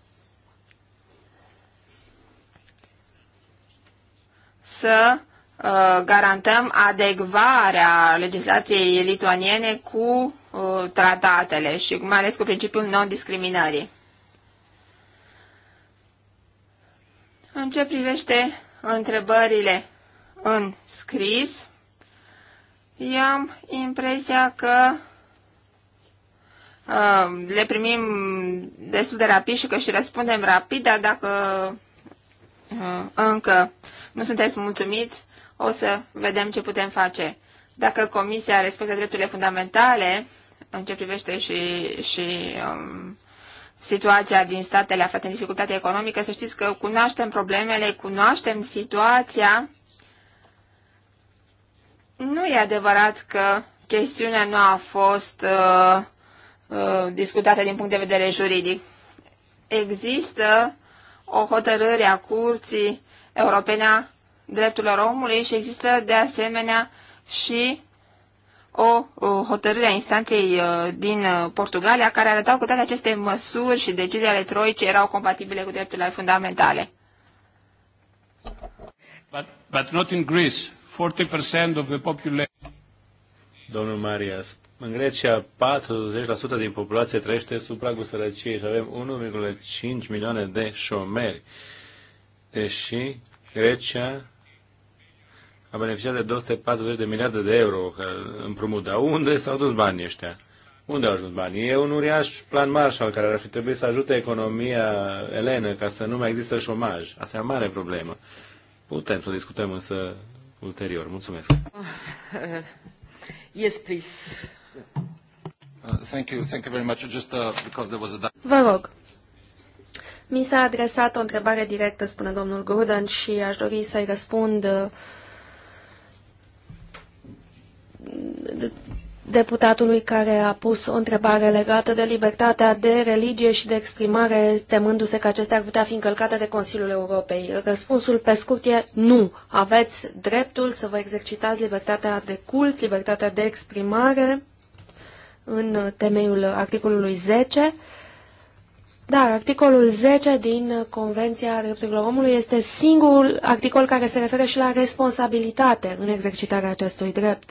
să Uh, garantăm adecvarea legislației lituaniene cu uh, tratatele și mai ales cu principiul non-discriminării. În ce privește întrebările în scris, eu am impresia că uh, le primim destul de rapid și că și răspundem rapid, dar dacă uh, încă nu sunteți mulțumiți, o să vedem ce putem face. Dacă Comisia respectă drepturile fundamentale în ce privește și, și um, situația din statele aflate în dificultate economică, să știți că cunoaștem problemele, cunoaștem situația. Nu e adevărat că chestiunea nu a fost uh, uh, discutată din punct de vedere juridic. Există o hotărâre a Curții Europene a drepturilor omului și există de asemenea și o hotărâre a instanței uh, din uh, Portugalia care arătau că toate aceste măsuri și decizii ale troice erau compatibile cu drepturile fundamentale. But, but not in Greece. 40% of the population... Domnul Marias, în Grecia 40% din populație trăiește sub pragul sărăciei și avem 1,5 milioane de șomeri. Deși Grecia a beneficiat de 240 de miliarde de euro împrumut. Dar unde s-au dus banii ăștia? Unde au ajuns banii? E un uriaș plan Marshall care ar fi trebuit să ajute economia elenă ca să nu mai există șomaj. Asta e o mare problemă. Putem să discutăm însă ulterior. Mulțumesc. Uh, yes, please. Uh, thank you. Thank you very much. Just uh, because there was a... Vă rog. Mi s-a adresat o întrebare directă, spune domnul Gordon, și aș dori să-i răspund uh, deputatului care a pus o întrebare legată de libertatea de religie și de exprimare, temându-se că acestea ar putea fi încălcate de Consiliul Europei. Răspunsul pe scurt e nu. Aveți dreptul să vă exercitați libertatea de cult, libertatea de exprimare în temeiul articolului 10. Dar articolul 10 din Convenția Drepturilor Omului este singurul articol care se referă și la responsabilitate în exercitarea acestui drept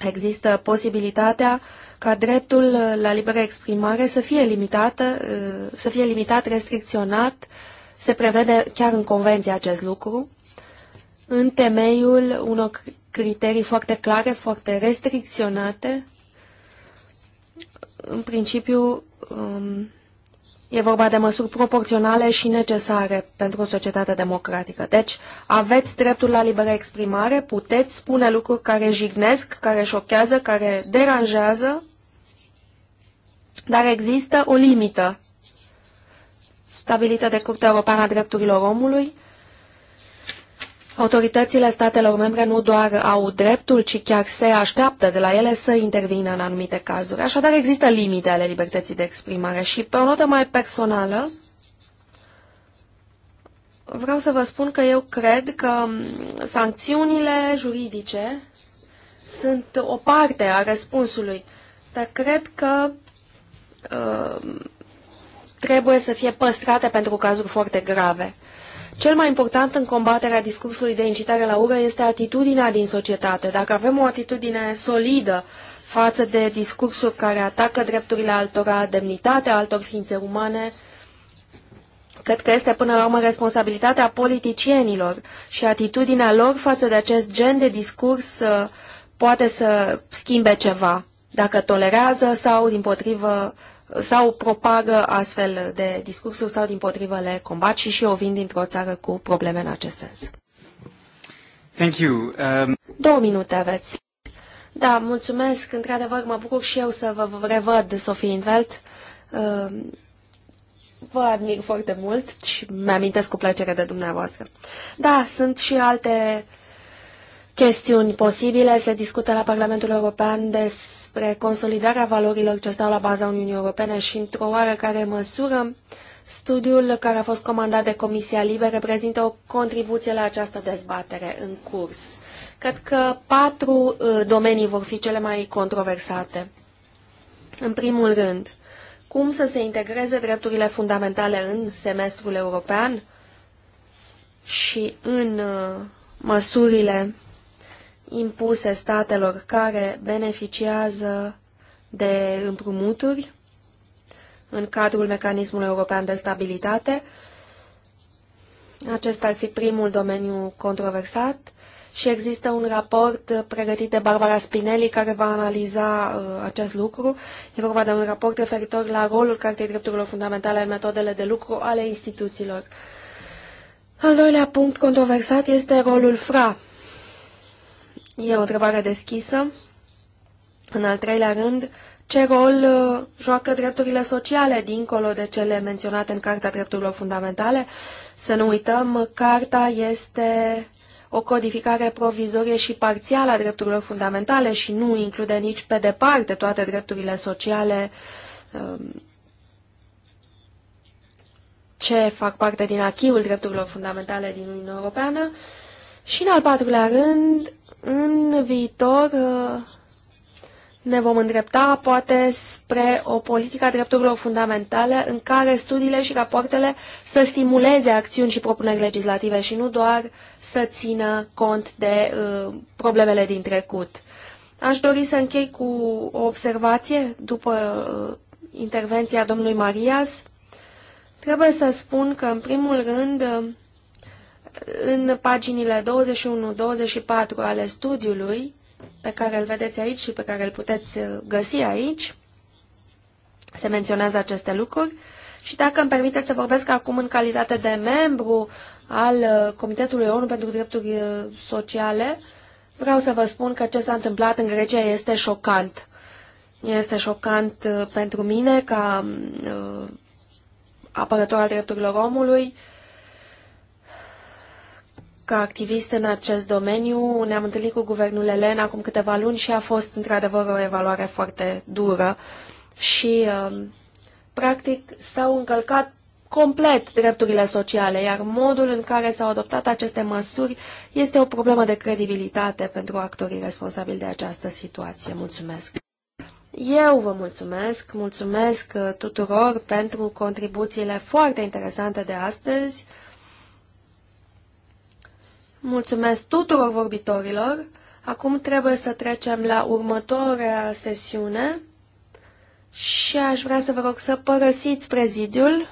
există posibilitatea ca dreptul la liberă exprimare să fie limitată, uh, să fie limitat, restricționat, se prevede chiar în convenție acest lucru, în temeiul unor criterii foarte clare, foarte restricționate. În principiu, um, E vorba de măsuri proporționale și necesare pentru o societate democratică. Deci, aveți dreptul la liberă exprimare, puteți spune lucruri care jignesc, care șochează, care deranjează, dar există o limită stabilită de Curtea Europeană a Drepturilor Omului Autoritățile statelor membre nu doar au dreptul, ci chiar se așteaptă de la ele să intervină în anumite cazuri. Așadar, există limite ale libertății de exprimare și pe o notă mai personală, vreau să vă spun că eu cred că sancțiunile juridice sunt o parte a răspunsului, dar cred că uh, trebuie să fie păstrate pentru cazuri foarte grave. Uh, cel mai important în combaterea discursului de incitare la ură este atitudinea din societate. Dacă avem o atitudine solidă față de discursuri care atacă drepturile altora, demnitatea altor ființe umane, Cred că este până la urmă responsabilitatea politicienilor și atitudinea lor față de acest gen de discurs uh, poate să schimbe ceva, dacă tolerează sau, din potrivă, sau propagă astfel de discursuri sau din potrivă le combat și și eu vin dintr-o țară cu probleme în acest sens. Thank you. Um... Două minute aveți. Da, mulțumesc. Într-adevăr, mă bucur și eu să vă revăd, Sofie Invelt. Um, vă admir foarte mult și mi-amintesc cu plăcere de dumneavoastră. Da, sunt și alte chestiuni posibile. Se discută la Parlamentul European des spre consolidarea valorilor ce stau la baza Uniunii Europene și, într-o oarecare măsură, studiul care a fost comandat de Comisia Libe reprezintă o contribuție la această dezbatere în curs. Cred că patru uh, domenii vor fi cele mai controversate. În primul rând, cum să se integreze drepturile fundamentale în semestrul european și în uh, măsurile impuse statelor care beneficiază de împrumuturi în cadrul mecanismului european de stabilitate. Acesta ar fi primul domeniu controversat și există un raport pregătit de Barbara Spinelli care va analiza uh, acest lucru. E vorba de un raport referitor la rolul Cartei Drepturilor Fundamentale în metodele de lucru ale instituțiilor. Al doilea punct controversat este rolul FRA, E o întrebare deschisă. În al treilea rând, ce rol uh, joacă drepturile sociale dincolo de cele menționate în Carta Drepturilor Fundamentale? Să nu uităm, Carta este o codificare provizorie și parțială a drepturilor fundamentale și nu include nici pe departe toate drepturile sociale um, ce fac parte din achiul drepturilor fundamentale din Uniunea Europeană. Și în al patrulea rând, în viitor uh, ne vom îndrepta poate spre o politică a drepturilor fundamentale în care studiile și rapoartele să stimuleze acțiuni și propuneri legislative și nu doar să țină cont de uh, problemele din trecut. Aș dori să închei cu o observație după uh, intervenția domnului Marias. Trebuie să spun că, în primul rând, uh, în paginile 21-24 ale studiului, pe care îl vedeți aici și pe care îl puteți uh, găsi aici, se menționează aceste lucruri. Și dacă îmi permiteți să vorbesc acum în calitate de membru al uh, Comitetului ONU pentru Drepturi uh, Sociale, vreau să vă spun că ce s-a întâmplat în Grecia este șocant. Este șocant pentru mine ca apărător al drepturilor omului, ca activist în acest domeniu. Ne-am întâlnit cu guvernul elen acum câteva luni și a fost într-adevăr o evaluare foarte dură și um, practic s-au încălcat complet drepturile sociale, iar modul în care s-au adoptat aceste măsuri este o problemă de credibilitate pentru actorii responsabili de această situație. Mulțumesc! Eu vă mulțumesc, mulțumesc uh, tuturor pentru contribuțiile foarte interesante de astăzi. Mulțumesc tuturor vorbitorilor. Acum trebuie să trecem la următoarea sesiune și aș vrea să vă rog să părăsiți prezidiul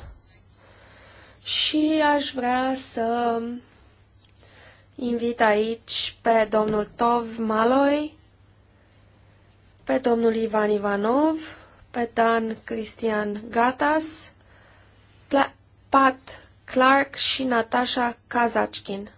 și aș vrea să invit aici pe domnul Tov Maloi, pe domnul Ivan Ivanov, pe Dan Cristian Gatas, Pat Clark și Natasha Kazachkin.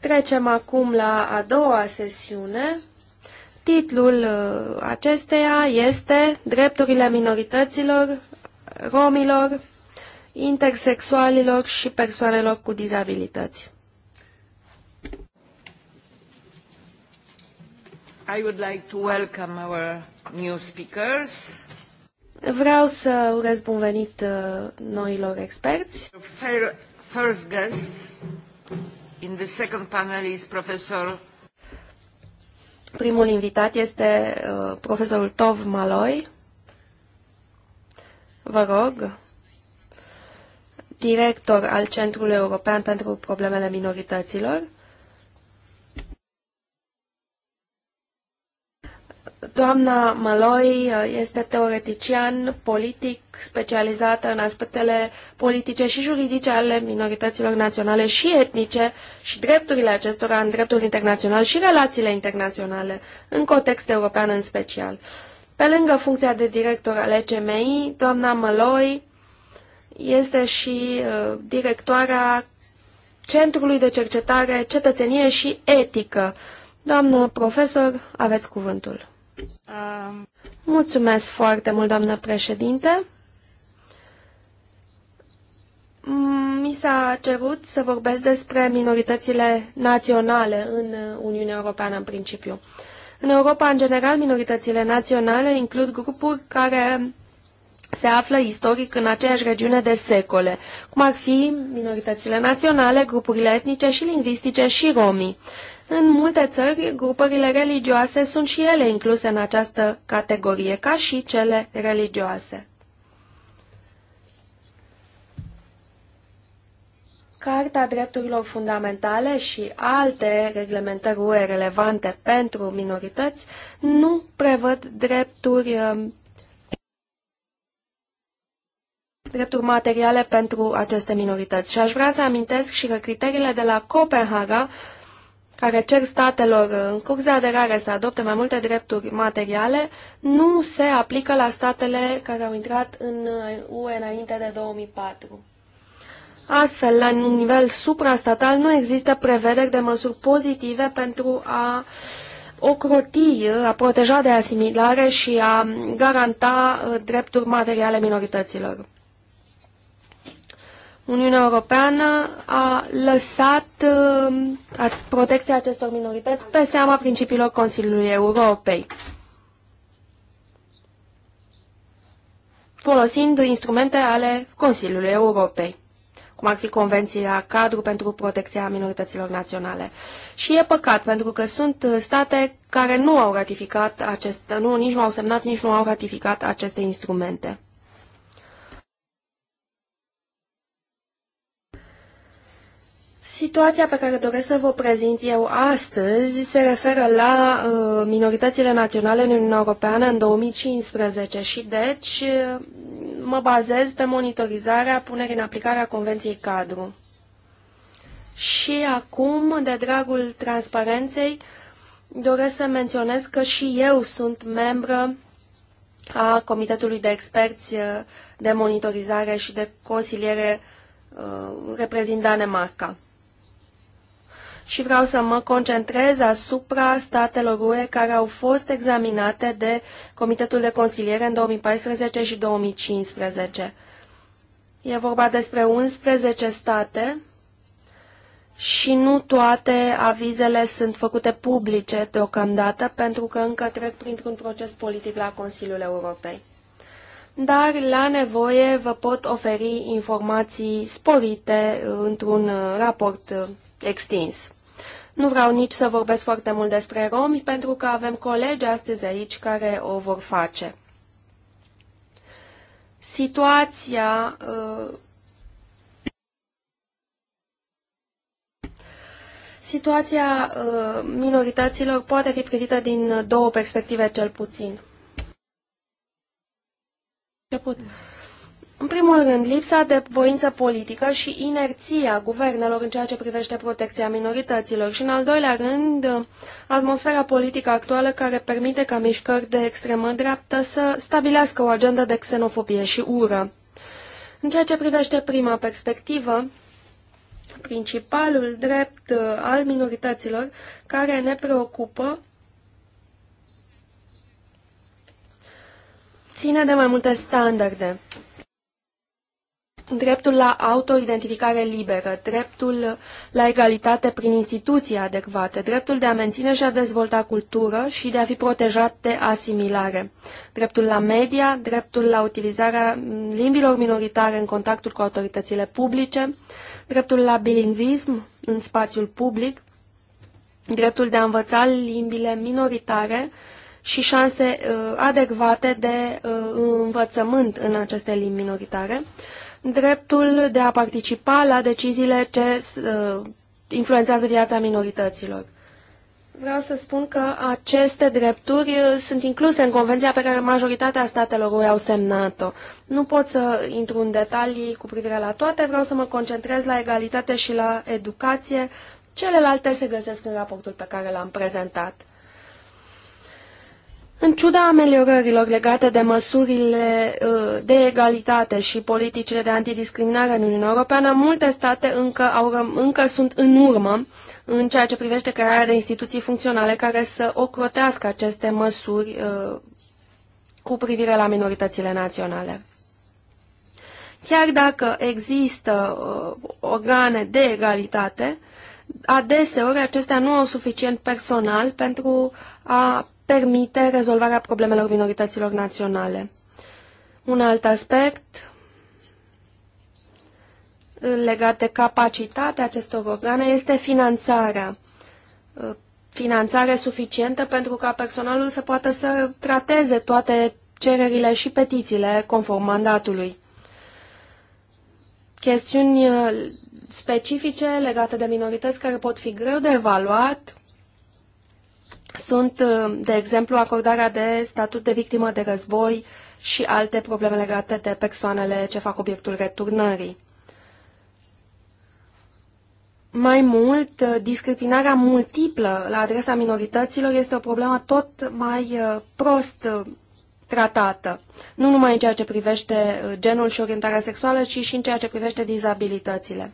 Trecem acum la a doua sesiune. Titlul uh, acesteia este Drepturile minorităților, romilor, intersexualilor și persoanelor cu dizabilități. I would like to welcome our new speakers. Vreau să urez bun venit uh, noilor experți first guest in the second panel is Professor Primul invitat este uh, profesorul Tov Maloi. Vă rog, director al Centrului European pentru Problemele Minorităților Doamna Maloi uh, este teoretician politic specializată în aspectele politice și juridice ale minorităților naționale și etnice și drepturile acestora în dreptul internațional și relațiile internaționale, în context european în special. Pe lângă funcția de director al ECMI, doamna Maloi este și uh, directoarea Centrului de Cercetare Cetățenie și Etică. Doamnă profesor, aveți cuvântul. Um, Mulțumesc foarte mult, doamnă președinte. Mm, mi s-a cerut să vorbesc despre minoritățile naționale în Uniunea Europeană în principiu. În Europa, în general, minoritățile naționale includ grupuri care se află istoric în aceeași regiune de secole, cum ar fi minoritățile naționale, grupurile etnice și lingvistice și romii. În multe țări, grupările religioase sunt și ele incluse în această categorie, ca și cele religioase. Carta Drepturilor Fundamentale și alte reglementări UE relevante pentru minorități nu prevăd drepturi, um, drepturi materiale pentru aceste minorități. Și aș vrea să amintesc și că criteriile de la Copenhaga care cer statelor în curs de aderare să adopte mai multe drepturi materiale, nu se aplică la statele care au intrat în UE înainte de 2004. Astfel, la un nivel suprastatal nu există prevederi de măsuri pozitive pentru a ocroti, a proteja de asimilare și a garanta uh, drepturi materiale minorităților. Uniunea Europeană a lăsat uh, protecția acestor minorități pe seama principiilor Consiliului Europei, folosind instrumente ale Consiliului Europei cum ar fi Convenția Cadru pentru Protecția Minorităților Naționale. Și e păcat, pentru că sunt uh, state care nu au ratificat acest, nu, nici nu au semnat, nici nu au ratificat aceste instrumente. Situația pe care doresc să vă prezint eu astăzi se referă la uh, minoritățile naționale în Uniunea Europeană în 2015 și deci uh, mă bazez pe monitorizarea punerii în aplicare a Convenției Cadru. Și acum, de dragul transparenței, doresc să menționez că și eu sunt membră a Comitetului de Experți uh, de Monitorizare și de Consiliere uh, reprezint Danemarca și vreau să mă concentrez asupra statelor UE care au fost examinate de Comitetul de Consiliere în 2014 și 2015. E vorba despre 11 state și nu toate avizele sunt făcute publice deocamdată pentru că încă trec printr-un proces politic la Consiliul Europei. Dar la nevoie vă pot oferi informații sporite într-un raport extins. Nu vreau nici să vorbesc foarte mult despre romi, pentru că avem colegi astăzi aici care o vor face. Situația uh, Situația uh, minorităților poate fi privită din două perspective cel puțin. pot? În primul rând, lipsa de voință politică și inerția guvernelor în ceea ce privește protecția minorităților și, în al doilea rând, atmosfera politică actuală care permite ca mișcări de extremă dreaptă să stabilească o agendă de xenofobie și ură. În ceea ce privește prima perspectivă, principalul drept uh, al minorităților care ne preocupă ține de mai multe standarde dreptul la autoidentificare liberă, dreptul la egalitate prin instituții adecvate, dreptul de a menține și a dezvolta cultură și de a fi protejat de asimilare, dreptul la media, dreptul la utilizarea limbilor minoritare în contactul cu autoritățile publice, dreptul la bilingvism în spațiul public, dreptul de a învăța limbile minoritare și șanse uh, adecvate de uh, învățământ în aceste limbi minoritare, dreptul de a participa la deciziile ce uh, influențează viața minorităților. Vreau să spun că aceste drepturi uh, sunt incluse în convenția pe care majoritatea statelor UE au semnat-o. Nu pot să intru în detalii cu privire la toate, vreau să mă concentrez la egalitate și la educație. Celelalte se găsesc în raportul pe care l-am prezentat. În ciuda ameliorărilor legate de măsurile uh, de egalitate și politicile de antidiscriminare în Uniunea Europeană, multe state încă, au, încă sunt în urmă în ceea ce privește crearea de instituții funcționale care să ocrotească aceste măsuri uh, cu privire la minoritățile naționale. Chiar dacă există uh, organe de egalitate, adeseori acestea nu au suficient personal pentru a permite rezolvarea problemelor minorităților naționale. Un alt aspect legat de capacitatea acestor organe este finanțarea. Finanțare suficientă pentru ca personalul să poată să trateze toate cererile și petițiile conform mandatului. Chestiuni uh, specifice legate de minorități care pot fi greu de evaluat sunt, uh, de exemplu, acordarea de statut de victimă de război și alte probleme legate de persoanele ce fac obiectul returnării. Mai mult, uh, discriminarea multiplă la adresa minorităților este o problemă tot mai uh, prost tratată, nu numai în ceea ce privește genul și orientarea sexuală, ci și în ceea ce privește dizabilitățile.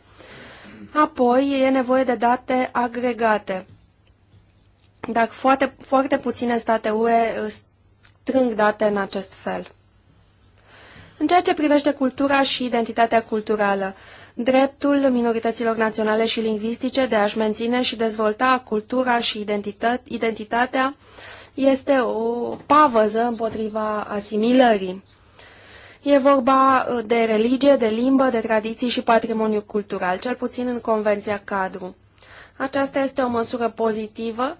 Apoi, e nevoie de date agregate dar foarte, foarte puține state UE uh, strâng date în acest fel. În ceea ce privește cultura și identitatea culturală, dreptul minorităților naționale și lingvistice de a-și menține și dezvolta cultura și identitatea este o pavăză împotriva asimilării. E vorba uh, de religie, de limbă, de tradiții și patrimoniu cultural, cel puțin în Convenția Cadru. Aceasta este o măsură pozitivă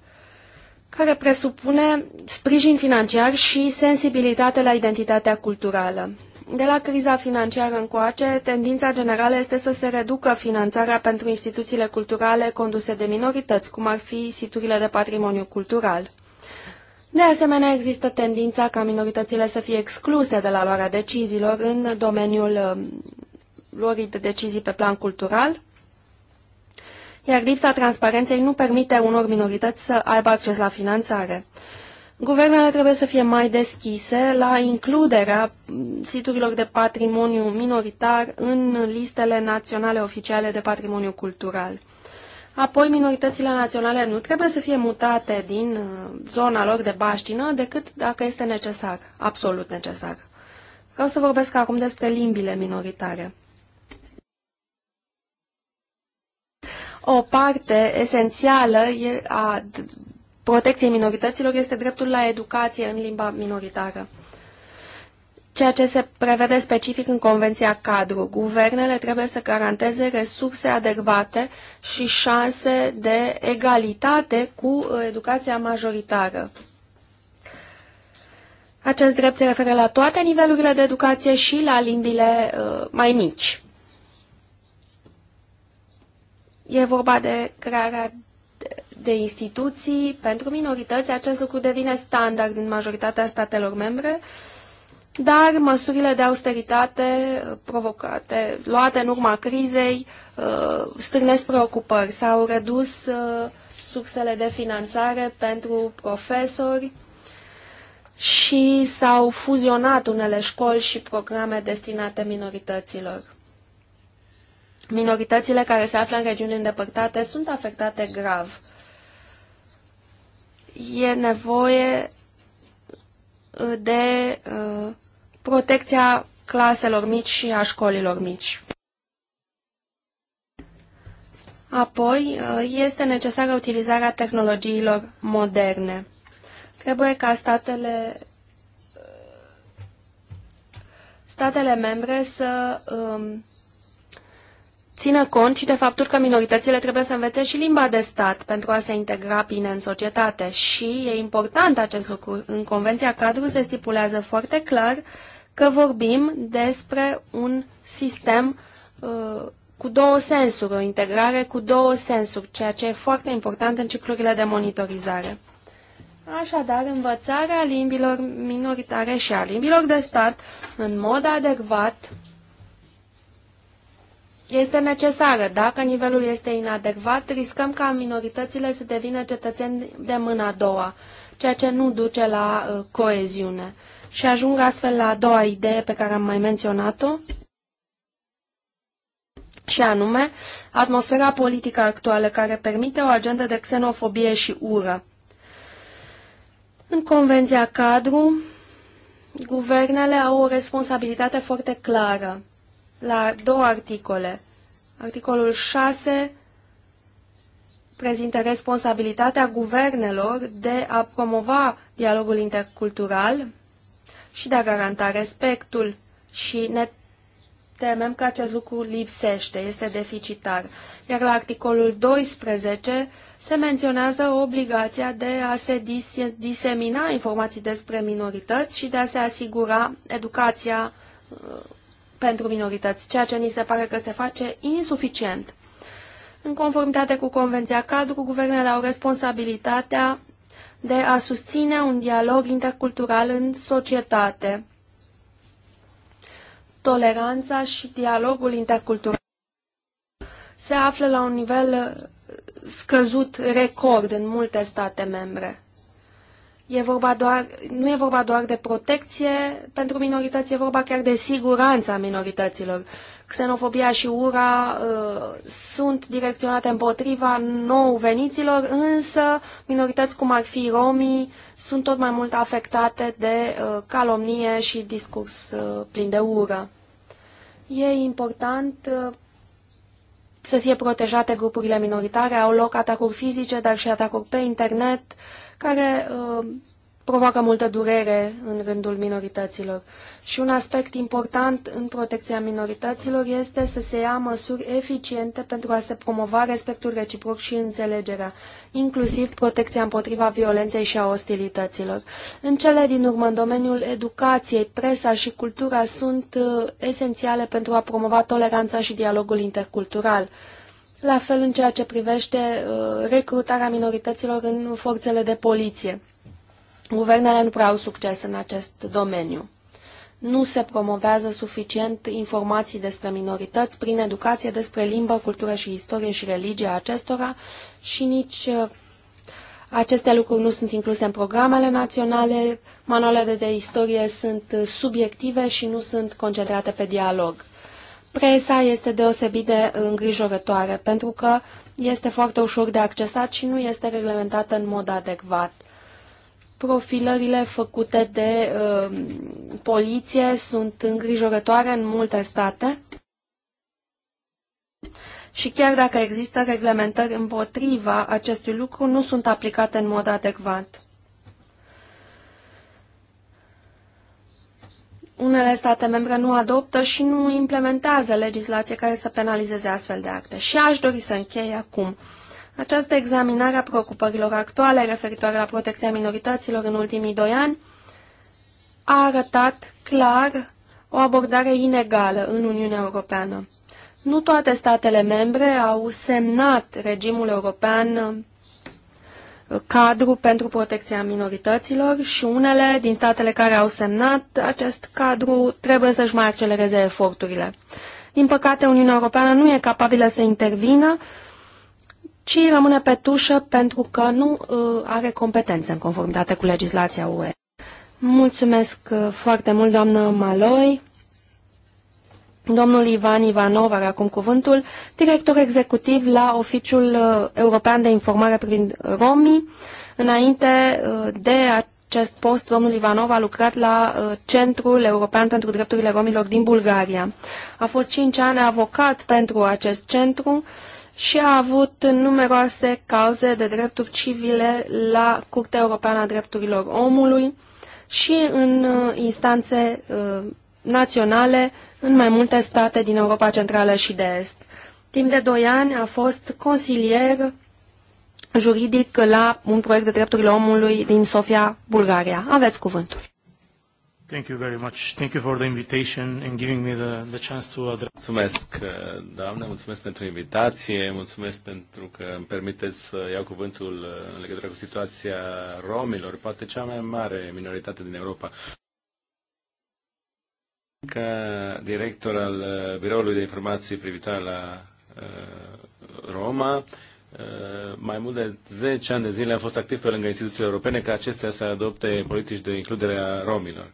care presupune sprijin financiar și sensibilitate la identitatea culturală. De la criza financiară încoace, tendința generală este să se reducă finanțarea pentru instituțiile culturale conduse de minorități, cum ar fi siturile de patrimoniu cultural. De asemenea, există tendința ca minoritățile să fie excluse de la luarea deciziilor în domeniul um, luării de decizii pe plan cultural, iar lipsa transparenței nu permite unor minorități să aibă acces la finanțare. Guvernele trebuie să fie mai deschise la includerea siturilor de patrimoniu minoritar în listele naționale oficiale de patrimoniu cultural. Apoi, minoritățile naționale nu trebuie să fie mutate din uh, zona lor de baștină decât dacă este necesar, absolut necesar. Vreau să vorbesc acum despre limbile minoritare. O parte esențială a protecției minorităților este dreptul la educație în limba minoritară ceea ce se prevede specific în Convenția Cadru. Guvernele trebuie să garanteze resurse adecvate și șanse de egalitate cu uh, educația majoritară. Acest drept se referă la toate nivelurile de educație și la limbile uh, mai mici. E vorba de crearea de instituții pentru minorități. Acest lucru devine standard în majoritatea statelor membre, dar măsurile de austeritate uh, provocate, luate în urma crizei, uh, strânesc preocupări. S-au redus uh, sursele de finanțare pentru profesori și s-au fuzionat unele școli și programe destinate minorităților minoritățile care se află în regiuni îndepărtate sunt afectate grav. E nevoie uh, de uh, protecția claselor mici și a școlilor mici. Apoi, uh, este necesară utilizarea tehnologiilor moderne. Trebuie ca statele, statele membre să um, țină cont și de faptul că minoritățile trebuie să învețe și limba de stat pentru a se integra bine în societate. Și e important acest lucru. În Convenția Cadru se stipulează foarte clar că vorbim despre un sistem uh, cu două sensuri, o integrare cu două sensuri, ceea ce e foarte important în ciclurile de monitorizare. Așadar, învățarea limbilor minoritare și a limbilor de stat în mod adecvat este necesară. Dacă nivelul este inadecvat, riscăm ca minoritățile să devină cetățeni de mâna a doua, ceea ce nu duce la uh, coeziune. Și ajung astfel la a doua idee pe care am mai menționat-o, și anume atmosfera politică actuală care permite o agendă de xenofobie și ură. În Convenția Cadru, guvernele au o responsabilitate foarte clară la două articole. Articolul 6 prezintă responsabilitatea guvernelor de a promova dialogul intercultural și de a garanta respectul și ne temem că acest lucru lipsește, este deficitar. Iar la articolul 12 se menționează obligația de a se dis disemina informații despre minorități și de a se asigura educația uh, pentru minorități, ceea ce ni se pare că se face insuficient. În conformitate cu Convenția Cadru, guvernele au responsabilitatea de a susține un dialog intercultural în societate. Toleranța și dialogul intercultural se află la un nivel scăzut record în multe state membre. E vorba doar, nu e vorba doar de protecție pentru minorități, e vorba chiar de siguranța minorităților. Xenofobia și ura uh, sunt direcționate împotriva nou veniților, însă minorități cum ar fi romii sunt tot mai mult afectate de uh, calomnie și discurs uh, plin de ură. E important uh, să fie protejate grupurile minoritare, au loc atacuri fizice, dar și atacuri pe internet, uh, care uh, provoacă multă durere în rândul minorităților. Și un aspect important în protecția minorităților este să se ia măsuri eficiente pentru a se promova respectul reciproc și înțelegerea, inclusiv protecția împotriva violenței și a ostilităților. În cele din urmă, în domeniul educației, presa și cultura sunt uh, esențiale pentru a promova toleranța și dialogul intercultural la fel în ceea ce privește uh, recrutarea minorităților în forțele de poliție. Guvernele nu prea au succes în acest domeniu. Nu se promovează suficient informații despre minorități prin educație despre limbă, cultură și istorie și a acestora și nici uh, aceste lucruri nu sunt incluse în programele naționale, manualele de istorie sunt uh, subiective și nu sunt concentrate pe dialog. Presa este deosebit de îngrijorătoare pentru că este foarte ușor de accesat și nu este reglementată în mod adecvat. Profilările făcute de uh, poliție sunt îngrijorătoare în multe state și chiar dacă există reglementări împotriva acestui lucru, nu sunt aplicate în mod adecvat. Unele state membre nu adoptă și nu implementează legislație care să penalizeze astfel de acte. Și aș dori să închei acum. Această examinare a preocupărilor actuale referitoare la protecția minorităților în ultimii doi ani a arătat clar o abordare inegală în Uniunea Europeană. Nu toate statele membre au semnat regimul european cadru pentru protecția minorităților și unele din statele care au semnat acest cadru trebuie să-și mai accelereze eforturile. Din păcate, Uniunea Europeană nu e capabilă să intervină, ci rămâne pe tușă pentru că nu uh, are competențe în conformitate cu legislația UE. Mulțumesc uh, foarte mult, doamnă Maloi. Domnul Ivan Ivanov are acum cuvântul, director executiv la Oficiul uh, European de Informare privind uh, Romii. Înainte uh, de acest post, domnul Ivanov a lucrat la Centrul European pentru Drepturile Romilor din Bulgaria. A fost cinci ani avocat pentru acest centru și a avut numeroase cauze de drepturi civile la Curtea Europeană a Drepturilor Omului și în instanțe naționale în mai multe state din Europa Centrală și de Est. Timp de doi ani a fost consilier juridic la un proiect de drepturile omului din Sofia, Bulgaria. Aveți cuvântul. Thank you very much. Thank you for the invitation and giving me the, the chance to address. Mulțumesc, uh, doamne, mulțumesc pentru invitație, mulțumesc pentru că îmi permiteți să iau cuvântul uh, în legătură cu situația romilor, poate cea mai mare minoritate din Europa. Ca director al uh, Biroului de Informații Privitare la uh, Roma, uh, mai mult de 10 ani de zile am fost activ pe lângă instituțiile europene ca acestea să adopte politici de includere a romilor.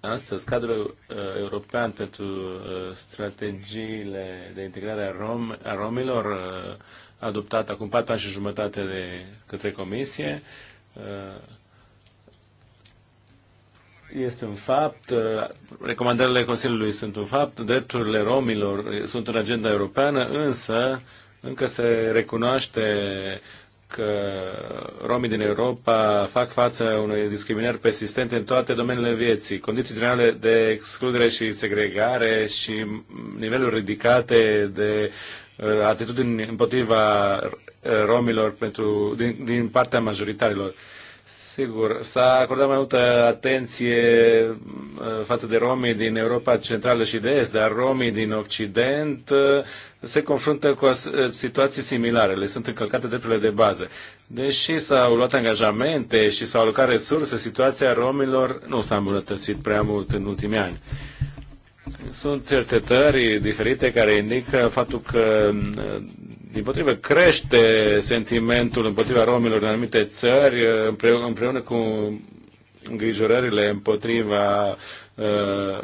Astăzi, cadrul uh, european pentru uh, strategiile de integrare a, rom, a romilor, uh, adoptat acum 4 ani și jumătate de către Comisie, uh, este un fapt, uh, recomandările Consiliului sunt un fapt, drepturile romilor sunt în agenda europeană, însă încă se recunoaște că romii din Europa fac față unei discriminări persistente în toate domeniile vieții. Condiții generale de excludere și segregare și niveluri ridicate de uh, atitudini împotriva romilor pentru, din, din partea majoritarilor. Uh, Sigur, s-a acordat mai multă atenție uh, față de romii din Europa Centrală și de Est, dar romii din Occident uh, se confruntă cu uh, situații similare, le sunt încălcate drepturile de bază. Deși s-au luat angajamente și s-au alocat resurse, situația romilor nu s-a îmbunătățit prea mult în ultimii ani. Sunt cercetări diferite care indică faptul că din potrivă, crește sentimentul împotriva romilor în anumite țări, uh, împreună cu îngrijorările împotriva uh,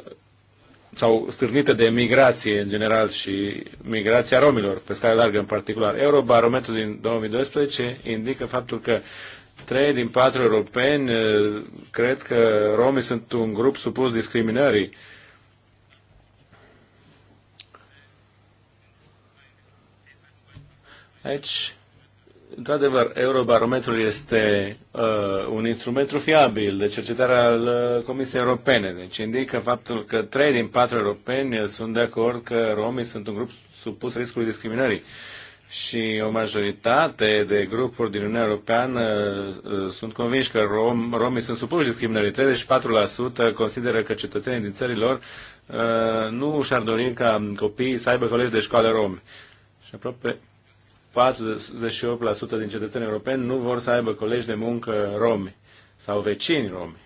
sau stârnite de migrație în general și migrația romilor, pe scară largă în particular. Eurobarometrul din 2012 indică faptul că trei din patru europeni uh, cred că romii sunt un grup supus discriminării Aici, într-adevăr, Eurobarometrul este uh, un instrument fiabil de cercetare al uh, Comisiei Europene. Deci indică faptul că trei din patru europeni sunt de acord că romii sunt un grup supus riscului discriminării. Și o majoritate de grupuri din Uniunea Europeană uh, sunt convinși că rom, romii sunt supuși discriminării. 34% consideră că cetățenii din țărilor uh, nu și-ar dori ca copiii să aibă colegi de școală romi. Și aproape 48% din cetățenii europeni nu vor să aibă colegi de muncă romi sau vecini romi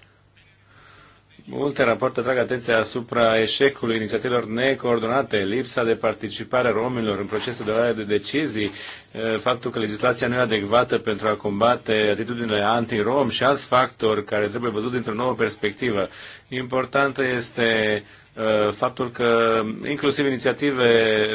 multe rapoarte atrag atenția asupra eșecului inițiativelor necoordonate, lipsa de participare a romilor în procesul de luare de decizii, eh, faptul că legislația nu e adecvată pentru a combate atitudinile anti-rom și alți factori care trebuie văzut dintr-o nouă perspectivă. Importantă este eh, faptul că inclusiv inițiative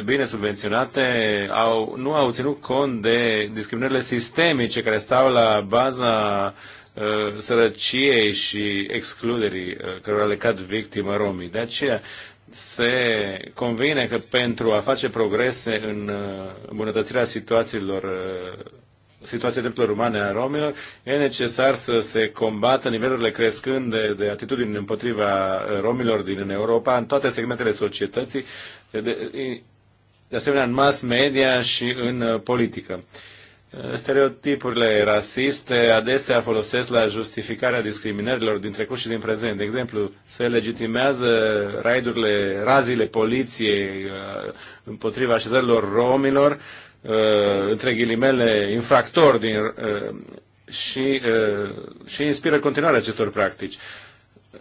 bine subvenționate au, nu au ținut cont de discriminările sistemice care stau la baza uh, Uh, sărăciei și excluderii uh, cărora le cad victimă romii. De aceea se convine că pentru a face progrese în uh, îmbunătățirea situațiilor situația drepturilor umane a romilor, e necesar să se combată nivelurile crescând de, de atitudini împotriva romilor din Europa, în toate segmentele societății, de, de, de asemenea în mass media și în politică. Stereotipurile rasiste adesea folosesc la justificarea discriminărilor din trecut și din prezent. De exemplu, se legitimează raidurile, razile poliției uh, împotriva așezărilor romilor, uh, între ghilimele, infractori din, uh, și, și inspiră continuarea acestor practici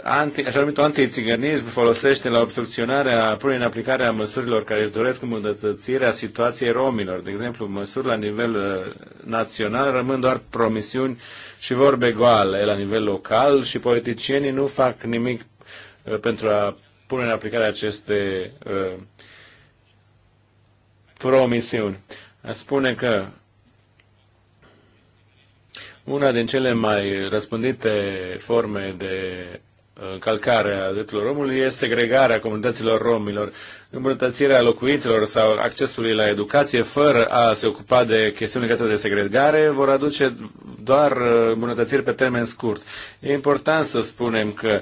anti, așa numitul antițiganism folosește la obstrucționarea punerii în aplicare a măsurilor care își doresc îmbunătățirea situației romilor. De exemplu, măsuri la nivel uh, național rămân doar promisiuni și vorbe goale la nivel local și politicienii nu fac nimic uh, pentru a pune în aplicare aceste uh, promisiuni. spune că una din cele mai răspândite forme de încălcarea drepturilor omului e segregarea comunităților romilor, îmbunătățirea locuințelor sau accesului la educație fără a se ocupa de chestiuni legate de segregare vor aduce doar uh, îmbunătățiri pe termen scurt. E important să spunem că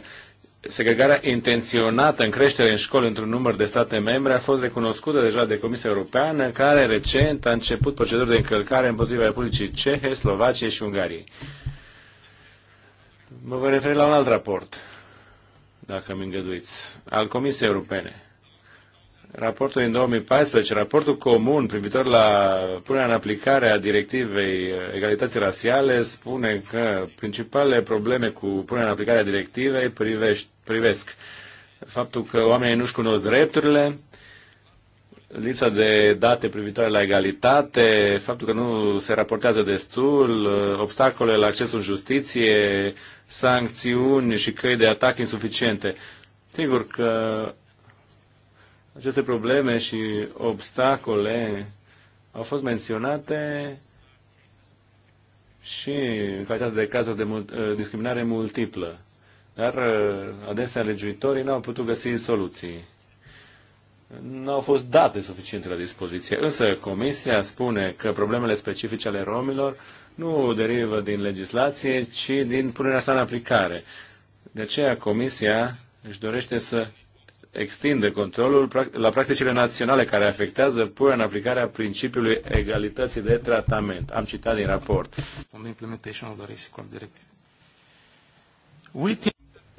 segregarea intenționată în creștere în școli într-un număr de state membre a fost recunoscută deja de Comisia Europeană, care recent a început proceduri de încălcare împotriva Republicii Cehe, Slovaciei și Ungariei. Mă voi referi la un alt raport dacă mi îngăduiți, al Comisiei Europene. Raportul din 2014, raportul comun privitor la punerea în aplicare a directivei uh, egalității rasiale, spune că principalele probleme cu punerea în aplicare a directivei privești, privesc faptul că oamenii nu-și cunosc drepturile, lipsa de date privitoare la egalitate, faptul că nu se raportează destul, uh, obstacole la accesul justiție, sancțiuni și căi de atac insuficiente. Sigur că aceste probleme și obstacole au fost menționate și în calitate de cazuri de uh, discriminare multiplă. Dar uh, adesea legiuitorii nu au putut găsi soluții nu au fost date suficiente la dispoziție. Însă Comisia spune că problemele specifice ale romilor nu derivă din legislație, ci din punerea sa în aplicare. De aceea Comisia își dorește să extinde controlul la practicile naționale care afectează punerea în aplicare a principiului egalității de tratament. Am citat din raport. On the implementation of the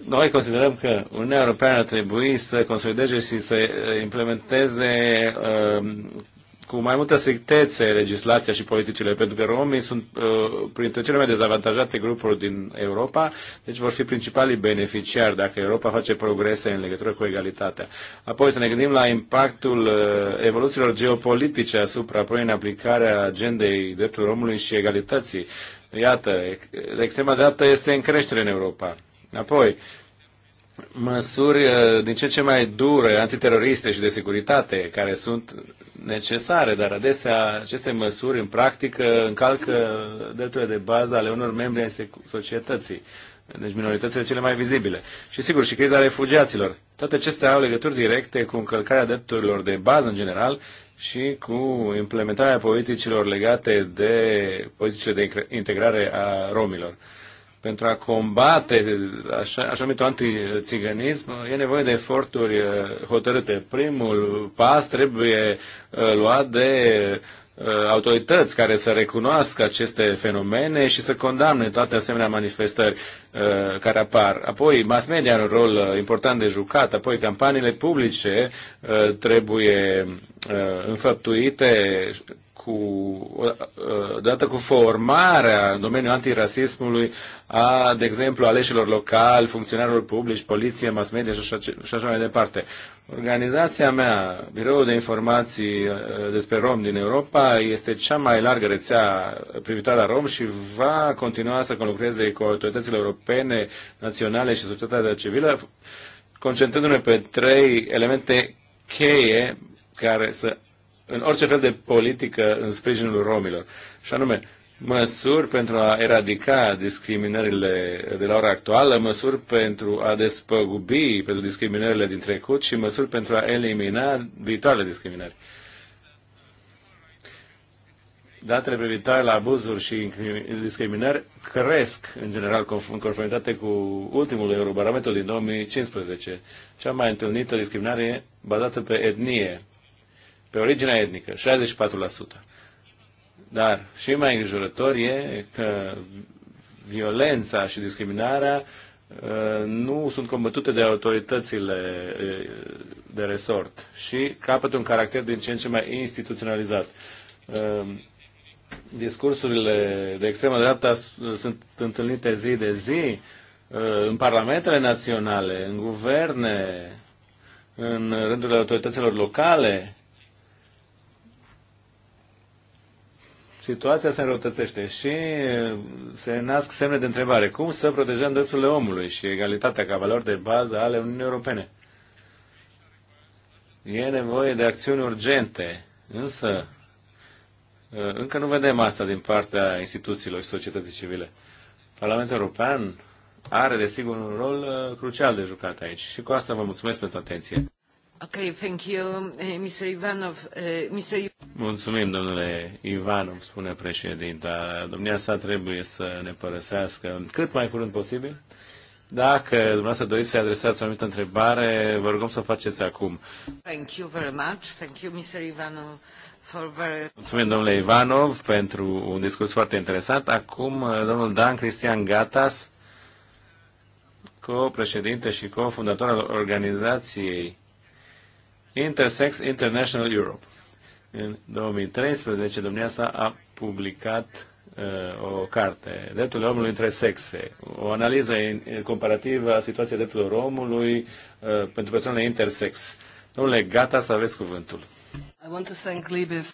noi considerăm că Uniunea Europeană ar trebui să consolideze și să uh, implementeze uh, cu mai multă strictețe legislația și politicile, pentru că romii sunt uh, printre cele mai dezavantajate grupuri din Europa, deci vor fi principalii beneficiari dacă Europa face progrese în legătură cu egalitatea. Apoi să ne gândim la impactul uh, evoluțiilor geopolitice asupra apoi în aplicarea agendei dreptului omului și egalității. Iată, extrema dreaptă este în creștere în Europa. Apoi, măsuri uh, din ce ce mai dure, antiteroriste și de securitate, care sunt necesare, dar adesea aceste măsuri în practică încalcă drepturile de bază ale unor membri ai societății, deci minoritățile cele mai vizibile. Și sigur, și criza refugiaților. Toate acestea au legături directe cu încălcarea drepturilor de bază în general și cu implementarea politicilor legate de politicile de integrare a romilor pentru a combate așa, numitul antiziganism, e nevoie de eforturi hotărâte. Primul pas trebuie luat de autorități care să recunoască aceste fenomene și să condamne toate asemenea manifestări care apar. Apoi, mass media are un rol important de jucat, apoi campaniile publice trebuie înfăptuite cu, odată cu formarea în domeniul antirasismului a, de exemplu, aleșilor locali, funcționarilor publici, poliție, mass media și așa, și așa mai departe. Organizația mea, Biroul de Informații uh, despre Rom din Europa, este cea mai largă rețea privitoare la rom și va continua să conlucreze cu autoritățile europene, naționale și societatea civilă, concentrându-ne pe trei elemente cheie care să în orice fel de politică în sprijinul romilor. Și anume, măsuri pentru a eradica discriminările de la ora actuală, măsuri pentru a despăgubi pentru discriminările din trecut și măsuri pentru a elimina viitoarele discriminări. Datele privitoare la abuzuri și discriminări cresc, în general, în conformitate cu ultimul eurobarometru din 2015. Cea mai întâlnită discriminare bazată pe etnie, pe originea etnică, 64%. Dar și mai îngrijorător e că violența și discriminarea uh, nu sunt combătute de autoritățile uh, de resort și capătă un caracter din ce în ce mai instituționalizat. Uh, discursurile de extremă dreapta sunt întâlnite zi de zi în parlamentele naționale, în guverne, în rândurile autorităților locale situația se înrăutățește și eh, se nasc semne de întrebare. Cum să protejăm drepturile omului și egalitatea ca valori de bază ale Uniunii Europene? E nevoie de acțiuni urgente, însă eh, încă nu vedem asta din partea instituțiilor și societății civile. Parlamentul European are, desigur, un rol eh, crucial de jucat aici și cu asta vă mulțumesc pentru atenție. Okay, thank you, eh, Mr. Ivanov. Eh, Mr. Mulțumim, domnule Ivanov, spune președinta. Domnia sa trebuie să ne părăsească cât mai curând posibil. Dacă dumneavoastră doriți să adresați o anumită întrebare, vă rugăm să o faceți acum. Thank you very much. Thank you, Mr. Ivanov. For very... Mulțumim, domnule Ivanov, pentru un discurs foarte interesant. Acum, eh, domnul Dan Cristian Gatas, co-președinte și co-fondator al organizației Intersex International Europe. În 2013, sa a publicat uh, o carte, Drepturile omului între sexe, o analiză comparativă a situației drepturilor omului uh, pentru persoanele intersex. Domnule, gata să aveți cuvântul. I want to thank Libe.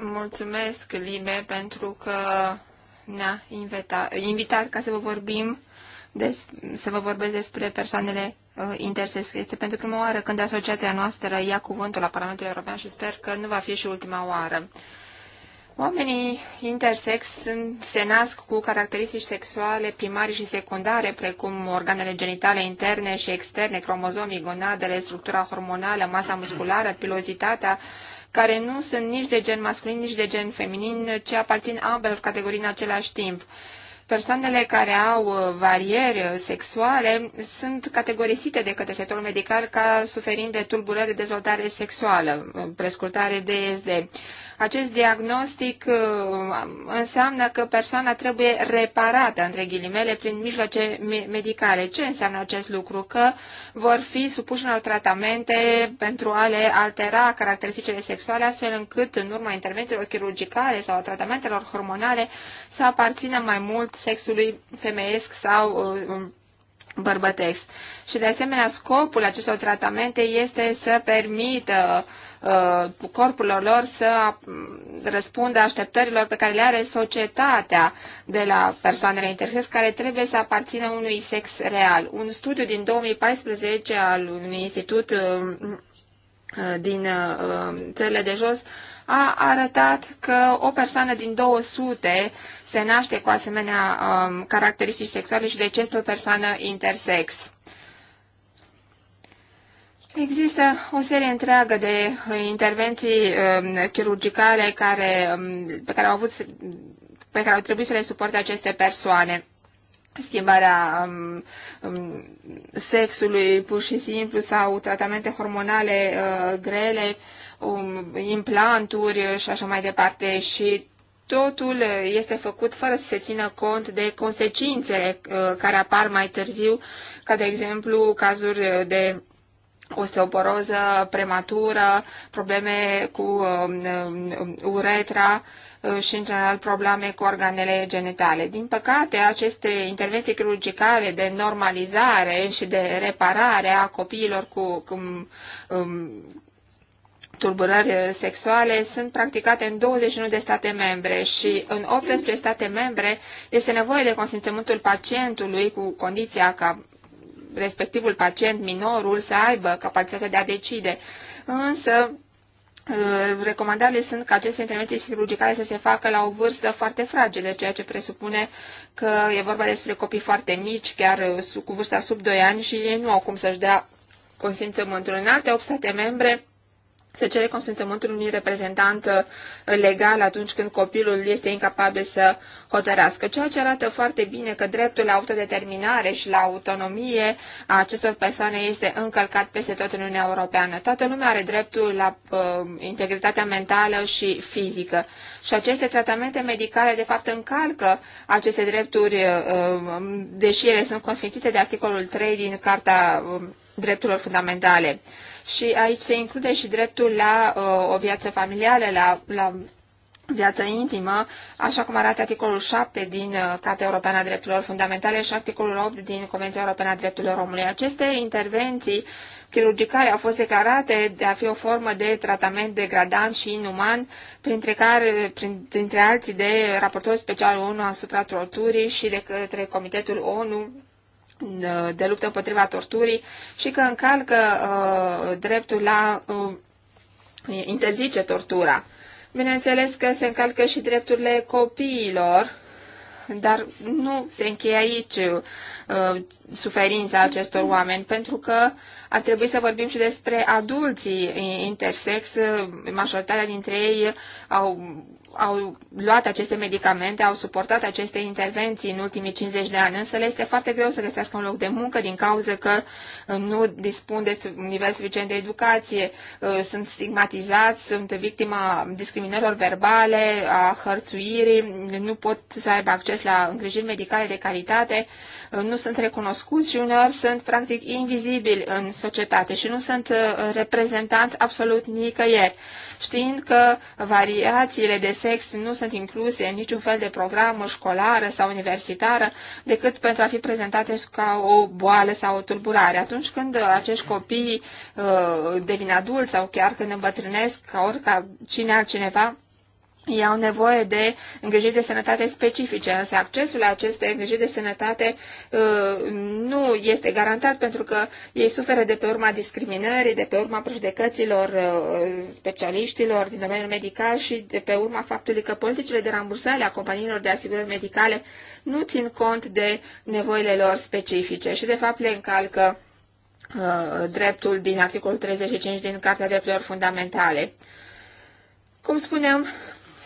Mulțumesc, Libe, pentru că ne-a invitat, invitat ca să vă vorbim des, să vă vorbesc despre persoanele Uh, intersesc. Este pentru prima oară când asociația noastră ia cuvântul la Parlamentul European și sper că nu va fi și ultima oară. Oamenii intersex sunt, se nasc cu caracteristici sexuale primare și secundare, precum organele genitale interne și externe, cromozomii, gonadele, structura hormonală, masa musculară, pilozitatea, care nu sunt nici de gen masculin, nici de gen feminin, ci aparțin ambelor categorii în același timp. Persoanele care au uh, varieri sexuale sunt categorisite de către sectorul medical ca suferind de tulburări de dezvoltare sexuală, uh, prescurtare DSD. Acest diagnostic uh, înseamnă că persoana trebuie reparată, între ghilimele, prin mijloace medicale. Ce înseamnă acest lucru? Că vor fi supuși unor tratamente pentru a le altera caracteristicile sexuale, astfel încât, în urma intervențiilor chirurgicale sau a tratamentelor hormonale, să aparțină mai mult sexului femeiesc sau uh, um, bărbătesc. Și de asemenea, scopul acestor tratamente este să permită Uh, corpurilor lor să răspundă așteptărilor pe care le are societatea de la persoanele intersex care trebuie să aparțină unui sex real. Un studiu din 2014 al unui institut uh, uh, din țările de jos a arătat că o persoană din 200 se naște cu asemenea um, caracteristici sexuale și deci este o persoană intersex. Există o serie întreagă de uh, intervenții um, chirurgicale care, um, pe, care au avut, pe care au trebuit să le suporte aceste persoane schimbarea um, um, sexului pur și simplu sau tratamente hormonale uh, grele, um, implanturi uh, și așa mai departe și totul uh, este făcut fără să se țină cont de consecințele uh, care apar mai târziu, ca de exemplu cazuri de osteoporoză prematură, probleme cu um, um, uretra uh, și, în general, probleme cu organele genitale. Din păcate, aceste intervenții chirurgicale de normalizare și de reparare a copiilor cu, cu um, tulburări sexuale sunt practicate în 21 de state membre și în 18 state membre este nevoie de consimțământul pacientului cu condiția ca respectivul pacient, minorul, să aibă capacitatea de a decide. Însă, uh, recomandările sunt ca aceste intervenții chirurgicale să se facă la o vârstă foarte fragedă, ceea ce presupune că e vorba despre copii foarte mici, chiar uh, cu vârsta sub 2 ani și ei nu au cum să-și dea consimțământul. În alte 8 state membre, se cere consimțământul unui reprezentant uh, legal atunci când copilul este incapabil să hotărască, ceea ce arată foarte bine că dreptul la autodeterminare și la autonomie a acestor persoane este încălcat peste tot în Uniunea Europeană. Toată lumea are dreptul la uh, integritatea mentală și fizică și aceste tratamente medicale de fapt încalcă aceste drepturi, uh, um, deși ele sunt consfințite de articolul 3 din Carta uh, Drepturilor Fundamentale și aici se include și dreptul la uh, o viață familială, la, la viață intimă, așa cum arată articolul 7 din uh, Cartea Europeană a Drepturilor Fundamentale și articolul 8 din Convenția Europeană a Drepturilor Omului. Aceste intervenții chirurgicale au fost declarate de a fi o formă de tratament degradant și inuman, printre care, printre alții, de raportorul special ONU asupra torturii și de către Comitetul ONU Uh, de luptă împotriva torturii și că încalcă uh, dreptul la uh, interzice tortura. Bineînțeles că se încalcă și drepturile copiilor, dar nu se încheie aici uh, suferința acestor oameni, pentru că ar trebui să vorbim și despre adulții intersex. Majoritatea dintre ei au au luat aceste medicamente, au suportat aceste intervenții în ultimii 50 de ani, însă le este foarte greu să găsească un loc de muncă din cauza că uh, nu dispun de un nivel suficient de educație, uh, sunt stigmatizați, sunt victima discriminărilor verbale, a hărțuirii, nu pot să aibă acces la îngrijiri medicale de calitate, Uh, nu sunt recunoscuți și uneori sunt practic invizibili în societate și nu sunt uh, reprezentanți absolut nicăieri, știind că variațiile de sex nu sunt incluse în niciun fel de programă școlară sau universitară decât pentru a fi prezentate ca o boală sau o tulburare. Atunci când acești copii uh, devin adulți sau chiar când îmbătrânesc ca oricine altcineva, ei au nevoie de îngrijiri de sănătate specifice, însă accesul la aceste îngrijiri de sănătate uh, nu este garantat pentru că ei suferă de pe urma discriminării, de pe urma prejudecăților uh, specialiștilor din domeniul medical și de pe urma faptului că politicile de rambursare a companiilor de asigurări medicale nu țin cont de nevoile lor specifice și de fapt le încalcă uh, dreptul din articolul 35 din Cartea Drepturilor Fundamentale. Cum spuneam,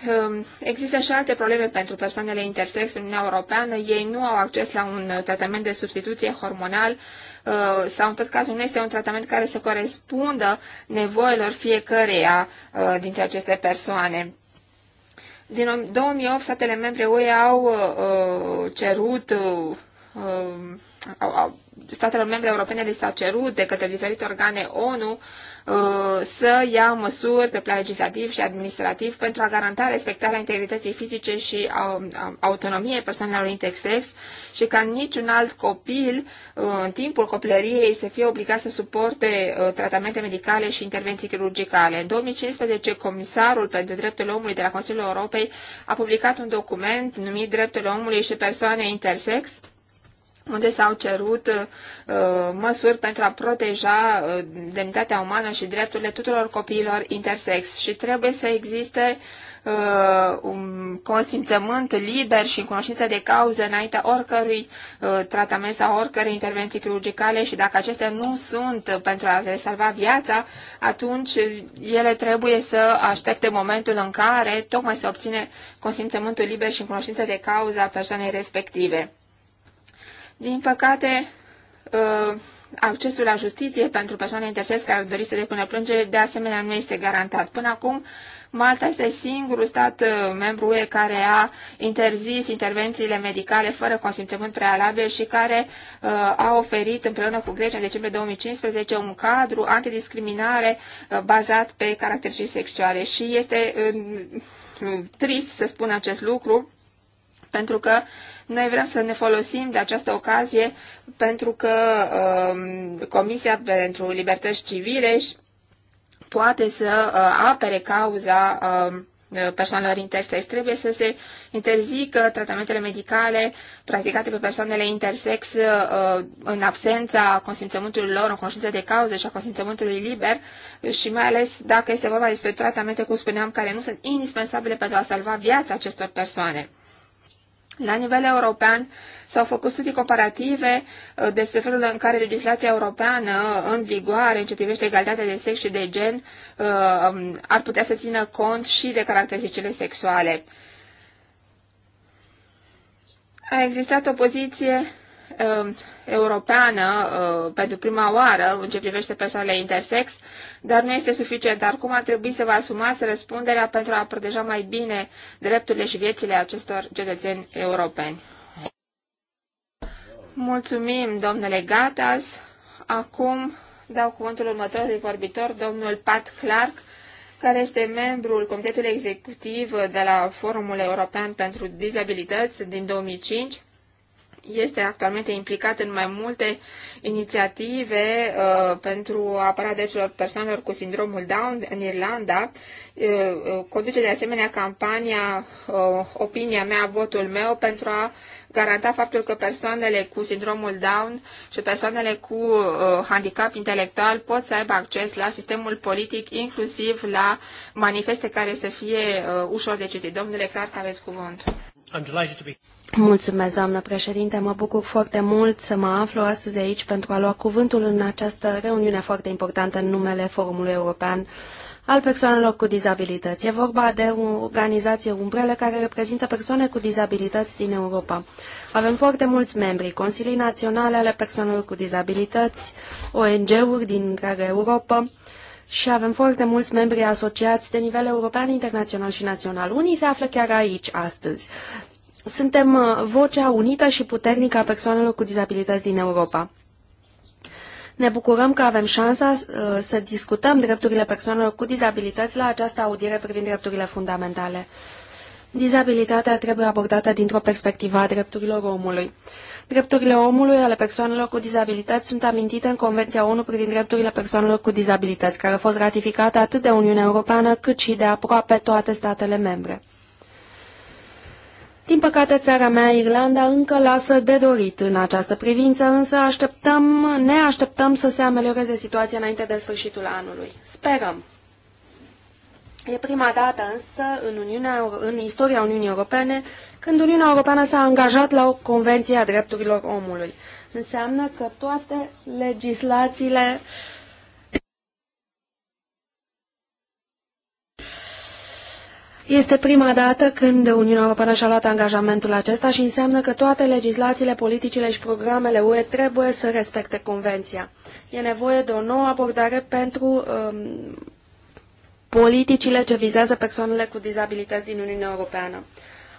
Um, există și alte probleme pentru persoanele intersex în Uniunea Europeană. Ei nu au acces la un uh, tratament de substituție hormonal uh, sau, în tot cazul, nu este un tratament care să corespundă nevoilor fiecăreia uh, dintre aceste persoane. Din 2008, statele membre UE au cerut um, statele membre europene li s-au cerut de către diferite organe ONU Uh, să ia măsuri pe plan legislativ și administrativ pentru a garanta respectarea integrității fizice și autonomiei persoanelor intersex și ca niciun alt copil uh, în timpul copilăriei să fie obligat să suporte uh, tratamente medicale și intervenții chirurgicale. În 2015, Comisarul pentru Drepturile Omului de la Consiliul Europei a publicat un document numit Drepturile Omului și Persoane Intersex, unde s-au cerut uh, măsuri pentru a proteja uh, demnitatea umană și drepturile tuturor copiilor intersex și trebuie să existe uh, un consimțământ liber și în cunoștință de cauză înaintea oricărui uh, tratament sau oricărei intervenții chirurgicale și dacă acestea nu sunt pentru a le salva viața, atunci ele trebuie să aștepte momentul în care tocmai se obține consimțământul liber și în cunoștință de cauză a persoanei respective. Din păcate, uh, accesul la justiție pentru persoane intersex care doresc dori să depună plângere, de asemenea, nu este garantat. Până acum, Malta este singurul stat uh, membru UE care a interzis intervențiile medicale fără consimțământ prealabil și care uh, a oferit împreună cu Grecia în decembrie 2015 un cadru antidiscriminare uh, bazat pe caracteristici sexuale. Și este uh, trist să spun acest lucru pentru că uh, noi vrem să ne folosim de această ocazie pentru că uh, Comisia pentru Libertăți Civile poate să uh, apere cauza uh, persoanelor intersex. Trebuie să se interzică tratamentele medicale practicate pe persoanele intersex uh, în absența consimțământului lor, în conștiință de cauză și a consimțământului liber și mai ales dacă este vorba despre tratamente, cum spuneam, care nu sunt indispensabile pentru a salva viața acestor persoane. La nivel european s-au făcut studii comparative uh, despre felul în care legislația europeană uh, în vigoare în ce privește egalitatea de sex și de gen uh, um, ar putea să țină cont și de caracteristicile sexuale. A existat o poziție Um, europeană uh, pentru prima oară în ce privește persoanele intersex, dar nu este suficient. Dar cum ar trebui să vă asumați răspunderea pentru a proteja mai bine drepturile și viețile acestor cetățeni europeni. Mulțumim, domnule Gatas. Acum dau cuvântul următorului vorbitor, domnul Pat Clark, care este membrul Comitetului Executiv de la Forumul European pentru Dizabilități din 2005 este actualmente implicat în mai multe inițiative uh, pentru apărarea drepturilor persoanelor cu sindromul Down în Irlanda. Uh, uh, conduce de asemenea campania uh, Opinia mea, votul meu pentru a garanta faptul că persoanele cu sindromul Down și persoanele cu uh, handicap intelectual pot să aibă acces la sistemul politic, inclusiv la manifeste care să fie uh, ușor de citit. Domnule, clar că aveți cuvânt. I'm delighted to be... Mulțumesc, doamnă președinte. Mă bucur foarte mult să mă aflu astăzi aici pentru a lua cuvântul în această reuniune foarte importantă în numele Forumului European al persoanelor cu dizabilități. E vorba de o organizație umbrele care reprezintă persoane cu dizabilități din Europa. Avem foarte mulți membri, Consilii Naționale ale Persoanelor cu Dizabilități, ONG-uri din întreaga Europa, și avem foarte mulți membri asociați de nivel european, internațional și național. Unii se află chiar aici astăzi. Suntem uh, vocea unită și puternică a persoanelor cu dizabilități din Europa. Ne bucurăm că avem șansa uh, să discutăm drepturile persoanelor cu dizabilități la această audiere privind drepturile fundamentale. Dizabilitatea trebuie abordată dintr-o perspectivă a drepturilor omului. Drepturile omului ale persoanelor cu dizabilități sunt amintite în Convenția ONU privind drepturile persoanelor cu dizabilități, care a fost ratificată atât de Uniunea Europeană cât și de aproape toate statele membre. Din păcate, țara mea, Irlanda, încă lasă de dorit în această privință, însă așteptăm, ne așteptăm să se amelioreze situația înainte de sfârșitul anului. Sperăm. E prima dată însă în, Uniunea, în istoria Uniunii Europene când Uniunea Europeană s-a angajat la o convenție a drepturilor omului. Înseamnă că toate legislațiile uh, Este prima dată când Uniunea Europeană și-a luat angajamentul acesta și înseamnă că toate legislațiile, politicile și programele UE trebuie să respecte convenția. E nevoie de o nouă abordare pentru um, politicile ce vizează persoanele cu dizabilități din Uniunea Europeană.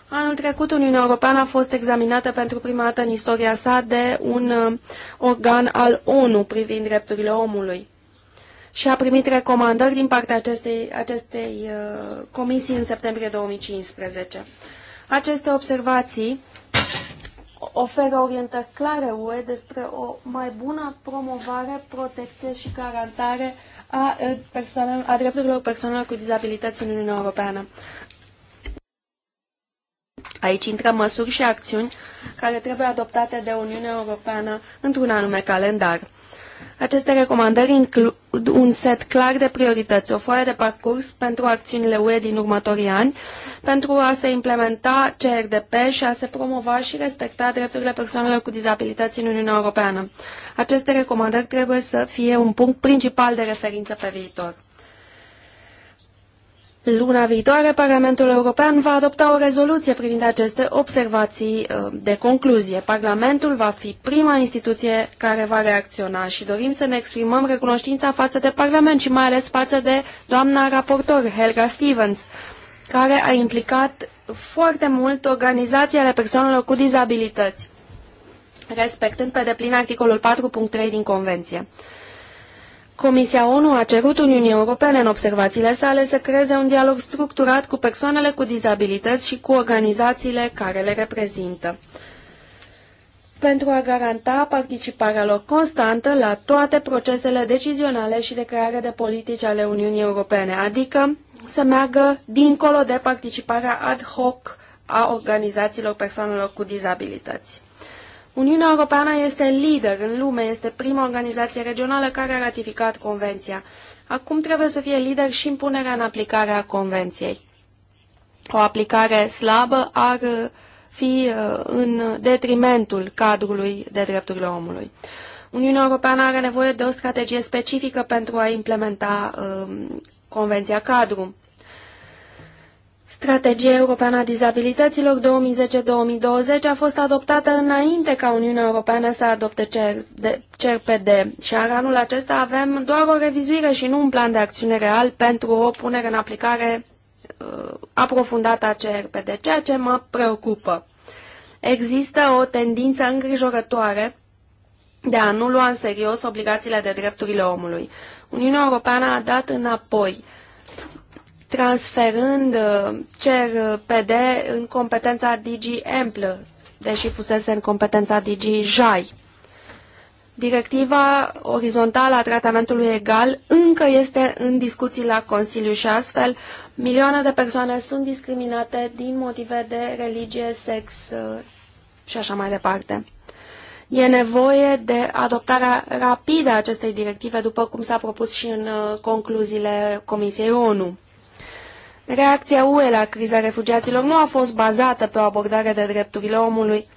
Anul trecut, Uniunea Europeană a fost examinată pentru prima dată în istoria sa de un um, organ al ONU privind drepturile omului și a primit recomandări din partea acestei, acestei uh, comisii în septembrie 2015. Aceste observații oferă orientări clare UE despre o mai bună promovare, protecție și garantare a, uh, persoanelor, a drepturilor persoanelor cu dizabilități în Uniunea Europeană. Aici intră măsuri și acțiuni care trebuie adoptate de Uniunea Europeană într-un anume calendar. Aceste recomandări includ un set clar de priorități, o foaie de parcurs pentru acțiunile UE din următorii ani, pentru a se implementa CRDP și a se promova și respecta drepturile persoanelor cu dizabilități în Uniunea Europeană. Aceste recomandări trebuie să fie un punct principal de referință pe viitor. Luna viitoare, Parlamentul European va adopta o rezoluție privind aceste observații uh, de concluzie. Parlamentul va fi prima instituție care va reacționa și dorim să ne exprimăm recunoștința față de Parlament și mai ales față de doamna raportor Helga Stevens, care a implicat foarte mult organizația ale persoanelor cu dizabilități, respectând pe deplin articolul 4.3 din Convenție. Comisia ONU a cerut Uniunii Europene în observațiile sale să creeze un dialog structurat cu persoanele cu dizabilități și cu organizațiile care le reprezintă pentru a garanta participarea lor constantă la toate procesele decizionale și de creare de politici ale Uniunii Europene, adică să meargă dincolo de participarea ad hoc a organizațiilor persoanelor cu dizabilități. Uniunea Europeană este lider în lume, este prima organizație regională care a ratificat convenția. Acum trebuie să fie lider și în punerea în aplicare a convenției. O aplicare slabă ar fi uh, în detrimentul cadrului de drepturile omului. Uniunea Europeană are nevoie de o strategie specifică pentru a implementa uh, Convenția Cadru. Strategia Europeană a Dizabilităților 2010-2020 a fost adoptată înainte ca Uniunea Europeană să adopte CRPD și în anul acesta avem doar o revizuire și nu un plan de acțiune real pentru o punere în aplicare uh, aprofundată a CRPD, ceea ce mă preocupă. Există o tendință îngrijorătoare de a nu lua în serios obligațiile de drepturile omului. Uniunea Europeană a dat înapoi uh, transferând uh, CRPD uh, în competența DG Ample, deși fusese în competența DG JAI. Directiva orizontală a tratamentului egal încă este în discuții la Consiliu și astfel milioane de persoane sunt discriminate din motive de religie, sex uh, și așa mai departe. E nevoie de adoptarea rapidă a acestei directive, după cum s-a propus și în concluziile Comisiei ONU. Reacția UE la criza refugiaților nu a fost bazată pe o abordare de drepturile omului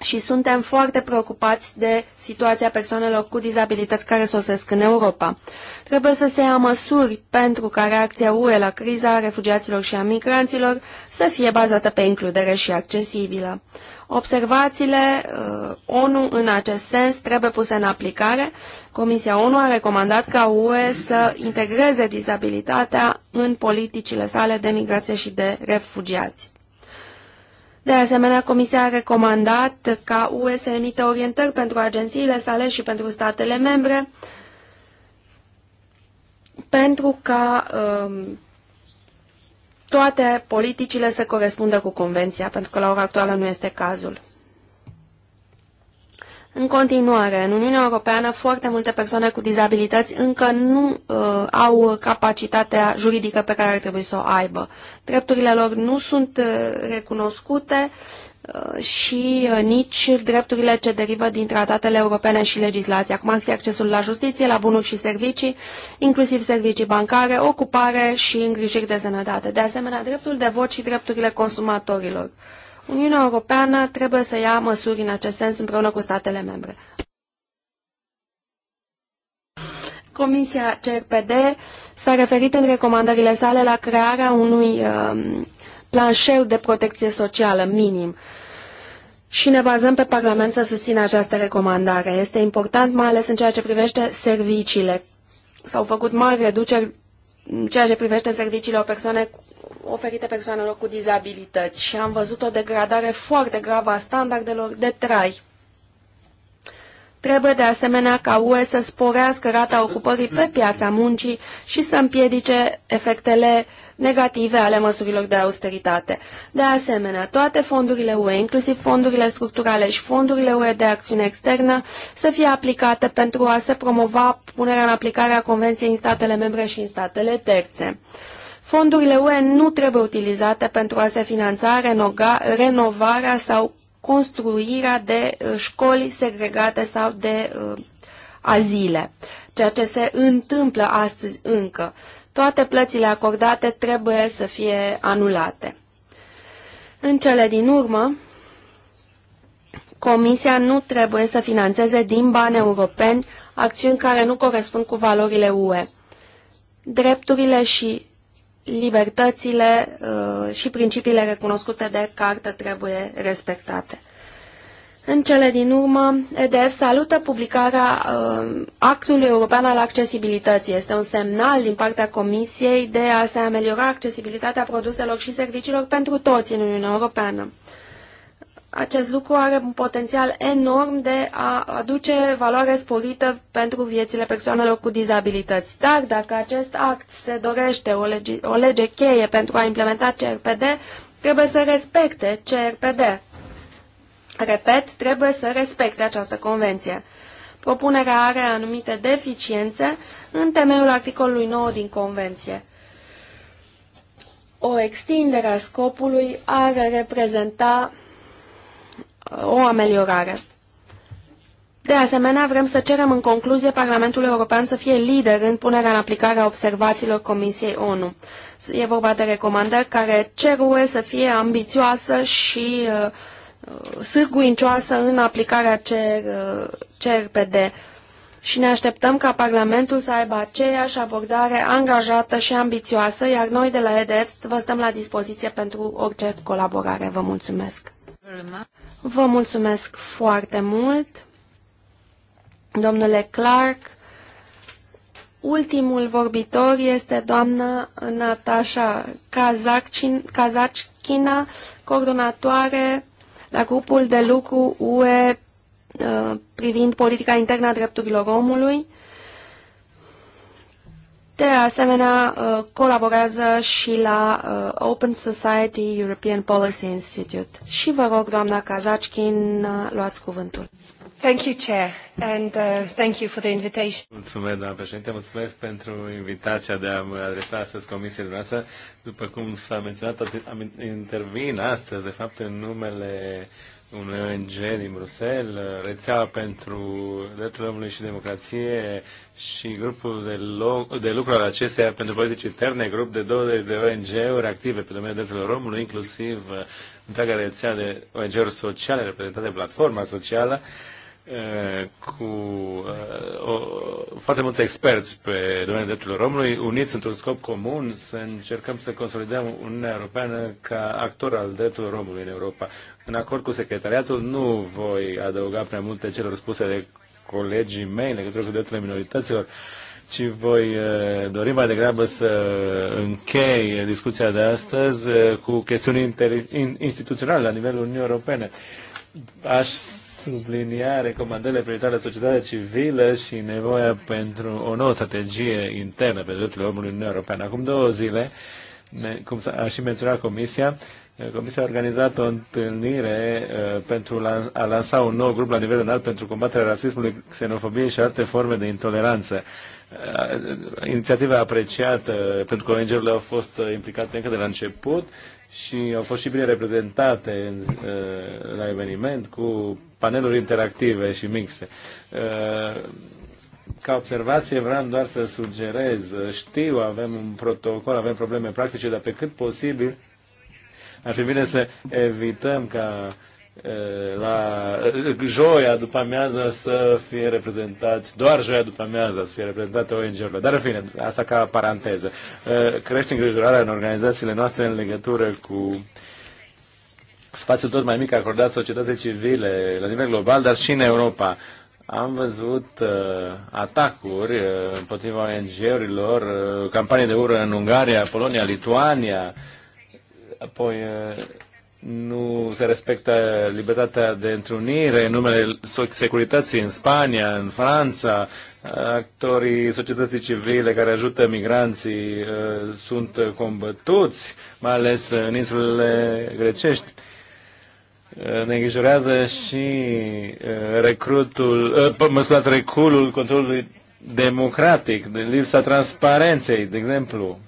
și suntem foarte preocupați de situația persoanelor cu dizabilități care sosesc în Europa. Trebuie să se ia măsuri pentru ca reacția UE la criza refugiaților și a migranților să fie bazată pe includere și accesibilă. Observațiile uh, ONU în acest sens trebuie puse în aplicare. Comisia ONU a recomandat ca UE să integreze disabilitatea în politicile sale de migrație și de refugiați. De asemenea, Comisia a recomandat ca UE să emite orientări pentru agențiile sale și pentru statele membre pentru ca uh, toate politicile să corespundă cu convenția, pentru că la ora actuală nu este cazul. În continuare, în Uniunea Europeană, foarte multe persoane cu dizabilități încă nu uh, au capacitatea juridică pe care ar trebui să o aibă. Drepturile lor nu sunt uh, recunoscute, Uh, și uh, nici drepturile ce derivă din tratatele europene și legislația, cum ar fi accesul la justiție, la bunuri și servicii, inclusiv servicii bancare, ocupare și îngrijiri de sănătate. De asemenea, dreptul de vot și drepturile consumatorilor. Uniunea Europeană trebuie să ia măsuri în acest sens împreună cu statele membre. Comisia CRPD s-a referit în recomandările sale la crearea unui uh, planșeu de protecție socială minim. Și ne bazăm pe Parlament să susțină această recomandare. Este important, mai ales în ceea ce privește serviciile. S-au făcut mari reduceri în ceea ce privește serviciile o persoane, oferite persoanelor cu dizabilități și am văzut o degradare foarte gravă a standardelor de trai Trebuie de asemenea ca UE să sporească rata ocupării pe piața muncii și să împiedice efectele negative ale măsurilor de austeritate. De asemenea, toate fondurile UE, inclusiv fondurile structurale și fondurile UE de acțiune externă, să fie aplicate pentru a se promova punerea în aplicare a Convenției în statele membre și în statele terțe. Fondurile UE nu trebuie utilizate pentru a se finanța renoga, renovarea sau construirea de uh, școli segregate sau de uh, azile, ceea ce se întâmplă astăzi încă. Toate plățile acordate trebuie să fie anulate. În cele din urmă, Comisia nu trebuie să financeze din bani europeni acțiuni care nu corespund cu valorile UE. Drepturile și libertățile uh, și principiile recunoscute de carte trebuie respectate. În cele din urmă, EDF salută publicarea uh, Actului European al Accesibilității. Este un semnal din partea Comisiei de a se ameliora accesibilitatea produselor și serviciilor pentru toți în Uniunea Europeană. Uh, acest lucru are un potențial enorm de a aduce valoare sporită pentru viețile persoanelor cu dizabilități. Dar dacă acest act se dorește o lege, o lege cheie pentru a implementa CRPD, trebuie să respecte CRPD. Repet, trebuie să respecte această convenție. Propunerea are anumite deficiențe în temeiul articolului 9 din Convenție. O extindere a scopului ar reprezenta o ameliorare. De asemenea, vrem să cerem în concluzie Parlamentul European să fie lider în punerea în aplicare a observațiilor Comisiei ONU. E vorba de recomandări care cer UE să fie ambițioasă și uh, uh sârguincioasă în aplicarea CR, uh, CRPD și ne așteptăm ca Parlamentul să aibă aceeași abordare angajată și ambițioasă, iar noi de la EDF vă stăm la dispoziție pentru orice colaborare. Vă mulțumesc! Vă mulțumesc foarte mult, domnule Clark. Ultimul vorbitor este doamna Natasha Kazachkina, coordonatoare la grupul de lucru UE uh, privind politica internă a drepturilor omului de asemenea, uh, colaborează și la uh, Open Society European Policy Institute. Și vă rog, doamna Kazachkin, uh, luați cuvântul. Thank you, Chair, and uh, thank you for the invitation. Mulțumesc, doamna președinte, mulțumesc pentru invitația de a mă adresa astăzi comisiei dumneavoastră. După cum s-a menționat, am intervin astăzi, de fapt, în numele un ONG din Bruxelles, rețeaua pentru drepturile omului și democrație și grupul de, lo- de lucru al acesteia pentru politici interne, grup de 20 de ONG-uri active pe domeniul drepturilor omului, inclusiv uh, întreaga rețea de ONG-uri sociale reprezentate de platforma socială, uh, cu uh, foarte mulți experți pe domeniul drepturilor omului, uniți într-un scop comun, să încercăm să consolidăm Uniunea Europeană ca actor al drepturilor omului în Europa. În acord cu secretariatul, nu voi adăuga prea multe celor spuse de colegii mei în legătură cu drepturile minorităților, ci voi eh, dori mai degrabă să închei discuția de astăzi eh, cu chestiuni instituționale la nivelul Uniunii Europene. Aș subliniere comandele prioritare societatea civilă și nevoia pentru o nouă strategie internă pentru drepturile omului în Europeană. Acum două zile, cum a și menționat Comisia, eh, Comisia a organizat o întâlnire eh, pentru a lansa un nou grup la nivel înalt pentru combaterea rasismului, xenofobiei și alte forme de intoleranță. Eh, Inițiativa apreciată pentru că ONG-urile au fost implicate încă de la început și au fost și bine reprezentate în, la eveniment cu paneluri interactive și mixte. Uh, ca observație vreau doar să sugerez, uh, știu, avem un protocol, avem probleme practice, dar pe cât posibil ar fi bine să evităm ca uh, la joia după amiază să fie reprezentați, doar joia după amiază să fie reprezentate ONG-urile. Dar în fine, asta ca paranteză. Crește îngrijorarea în organizațiile noastre în legătură cu spațiul tot mai mic acordat societății civile la nivel global, dar și în Europa. Am văzut uh, atacuri uh, împotriva ONG-urilor, uh, campanii de ură în Ungaria, Polonia, Lituania, apoi uh, nu se respectă libertatea de întrunire în numele securității în Spania, în Franța, actorii societății civile care ajută migranții uh, sunt combătuți, mai ales în insulele grecești. Eh, ne îngrijorează și eh, recrutul, eh, mă scuzați, reculul controlului democratic, de lipsa transparenței, de exemplu.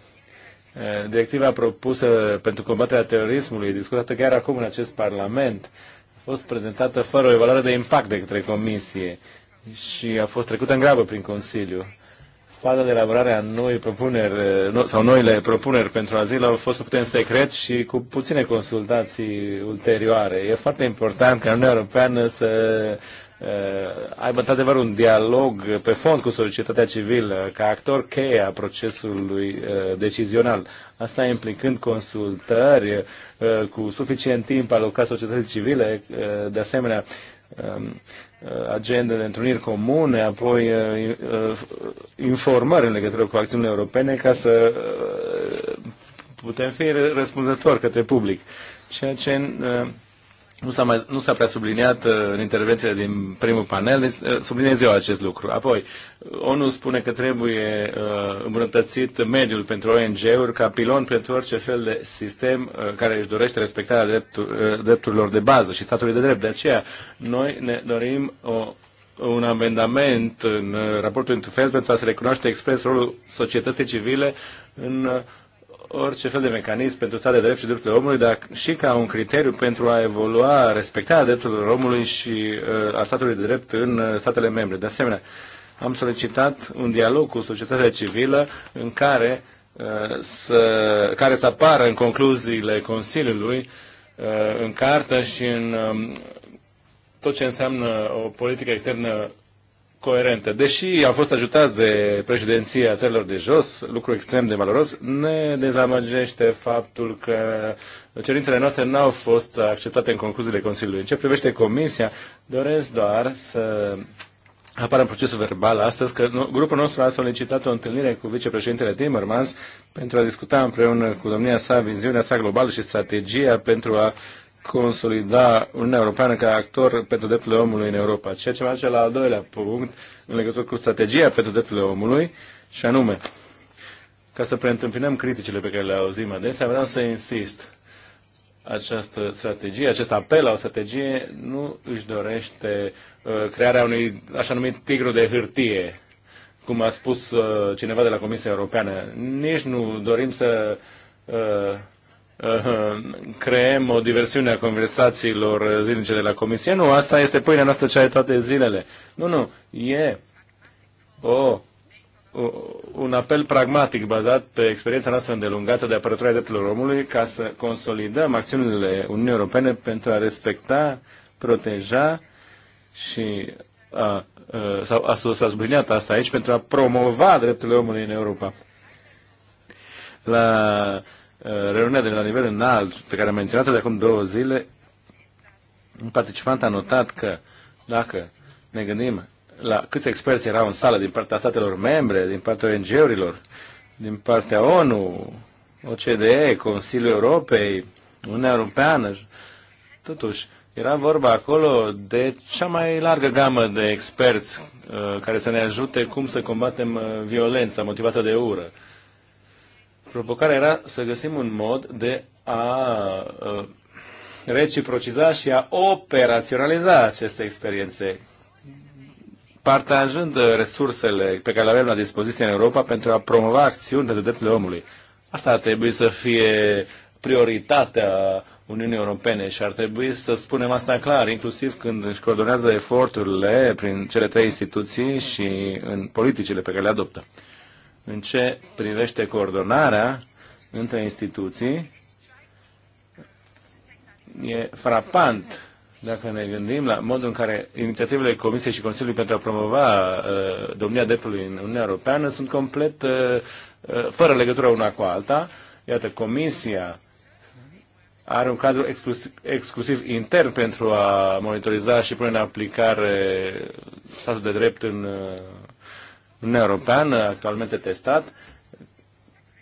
Directiva propusă pentru combaterea terorismului, discutată chiar acum în acest Parlament, a fost prezentată fără o evaluare de impact de către Comisie și a fost trecută în grabă prin Consiliu faza de elaborare a noi propuneri, eh, sau noile propuneri pentru azil au fost făcute în secret și cu puține consultații ulterioare. E foarte important ca Uniunea Europeană să eh, aibă într-adevăr un dialog pe fond cu societatea civilă ca actor cheie a procesului eh, decizional. Asta implicând consultări cu suficient timp alocat societății civile, de asemenea ehm, Uh, agende de întruniri comune, apoi uh, uh, informări în legătură cu acțiunile europene ca să putem fi răspunzători către public. Ceea ce nu s-a, mai, nu s-a prea subliniat uh, în intervențiile din primul panel, deci, uh, subliniez eu acest lucru. Apoi, ONU spune că trebuie uh, îmbunătățit mediul pentru ONG-uri ca pilon pentru orice fel de sistem uh, care își dorește respectarea dreptur, uh, drepturilor de bază și statului de drept. De aceea, noi ne dorim o un amendament în uh, raportul într-un fel pentru a se recunoaște expres rolul societății civile în uh, orice fel de mecanism pentru stat de drept și drepturile omului, dar și ca un criteriu pentru a evolua respectarea drepturilor omului și uh, a statului de drept în uh, statele membre. De asemenea, am solicitat un dialog cu societatea civilă în care uh, să, care să apară în concluziile Consiliului, uh, în cartă și în um, tot ce înseamnă o politică externă coerentă. Deși au fost ajutați de președinția țărilor de jos, lucru extrem de valoros, ne dezamăgește faptul că cerințele noastre nu au fost acceptate în concluziile Consiliului. În ce privește Comisia, doresc doar să apară în procesul verbal astăzi că grupul nostru a solicitat o întâlnire cu vicepreședintele Timmermans pentru a discuta împreună cu domnia sa viziunea sa globală și strategia pentru a consolida Uniunea Europeană ca actor pentru drepturile omului în Europa. Ceea ce mă duce la al doilea punct în legătură cu strategia pentru drepturile omului și anume, ca să preîntâmpinăm criticile pe care le auzim adesea, vreau să insist. Această strategie, acest apel la o strategie nu își dorește uh, crearea unui așa numit tigru de hârtie, cum a spus uh, cineva de la Comisia Europeană. Nici nu dorim să uh, creăm o diversiune a conversațiilor zilnice de la Comisie. Nu, asta este pâinea noastră cea de toate zilele. Nu, nu, e o, o, un apel pragmatic bazat pe experiența noastră îndelungată de apărătoria drepturilor omului ca să consolidăm acțiunile Uniunii Europene pentru a respecta, proteja și a, a, sau a, s-a subliniat asta aici pentru a promova drepturile omului în Europa. La Uh, reuniunea de la nivel înalt, pe care am menționat-o de acum două zile, un participant a notat că dacă ne gândim la câți experți erau în sală din partea statelor membre, din partea ONG-urilor, din partea ONU, OCDE, Consiliul Europei, Uniunea Europeană, totuși, era vorba acolo de cea mai largă gamă de experți uh, care să ne ajute cum să combatem uh, violența motivată de ură. Provocarea era să găsim un mod de a uh, reciprociza și a operaționaliza aceste experiențe, partajând resursele pe care le avem la dispoziție în Europa pentru a promova acțiuni de drepturile omului. Asta trebuie să fie prioritatea Uniunii Europene și ar trebui să spunem asta clar, inclusiv când își coordonează eforturile prin cele trei instituții și în politicile pe care le adoptă în ce privește coordonarea între instituții, e frapant dacă ne gândim la modul în care inițiativele Comisiei și Consiliului pentru a promova uh, domnia dreptului în Uniunea Europeană sunt complet uh, uh fără legătură una cu alta. Iată, Comisia are un cadru exclusiv, exclusiv intern pentru a monitoriza și pune în aplicare statul de drept în uh, Uniunea Europeană, actualmente testat,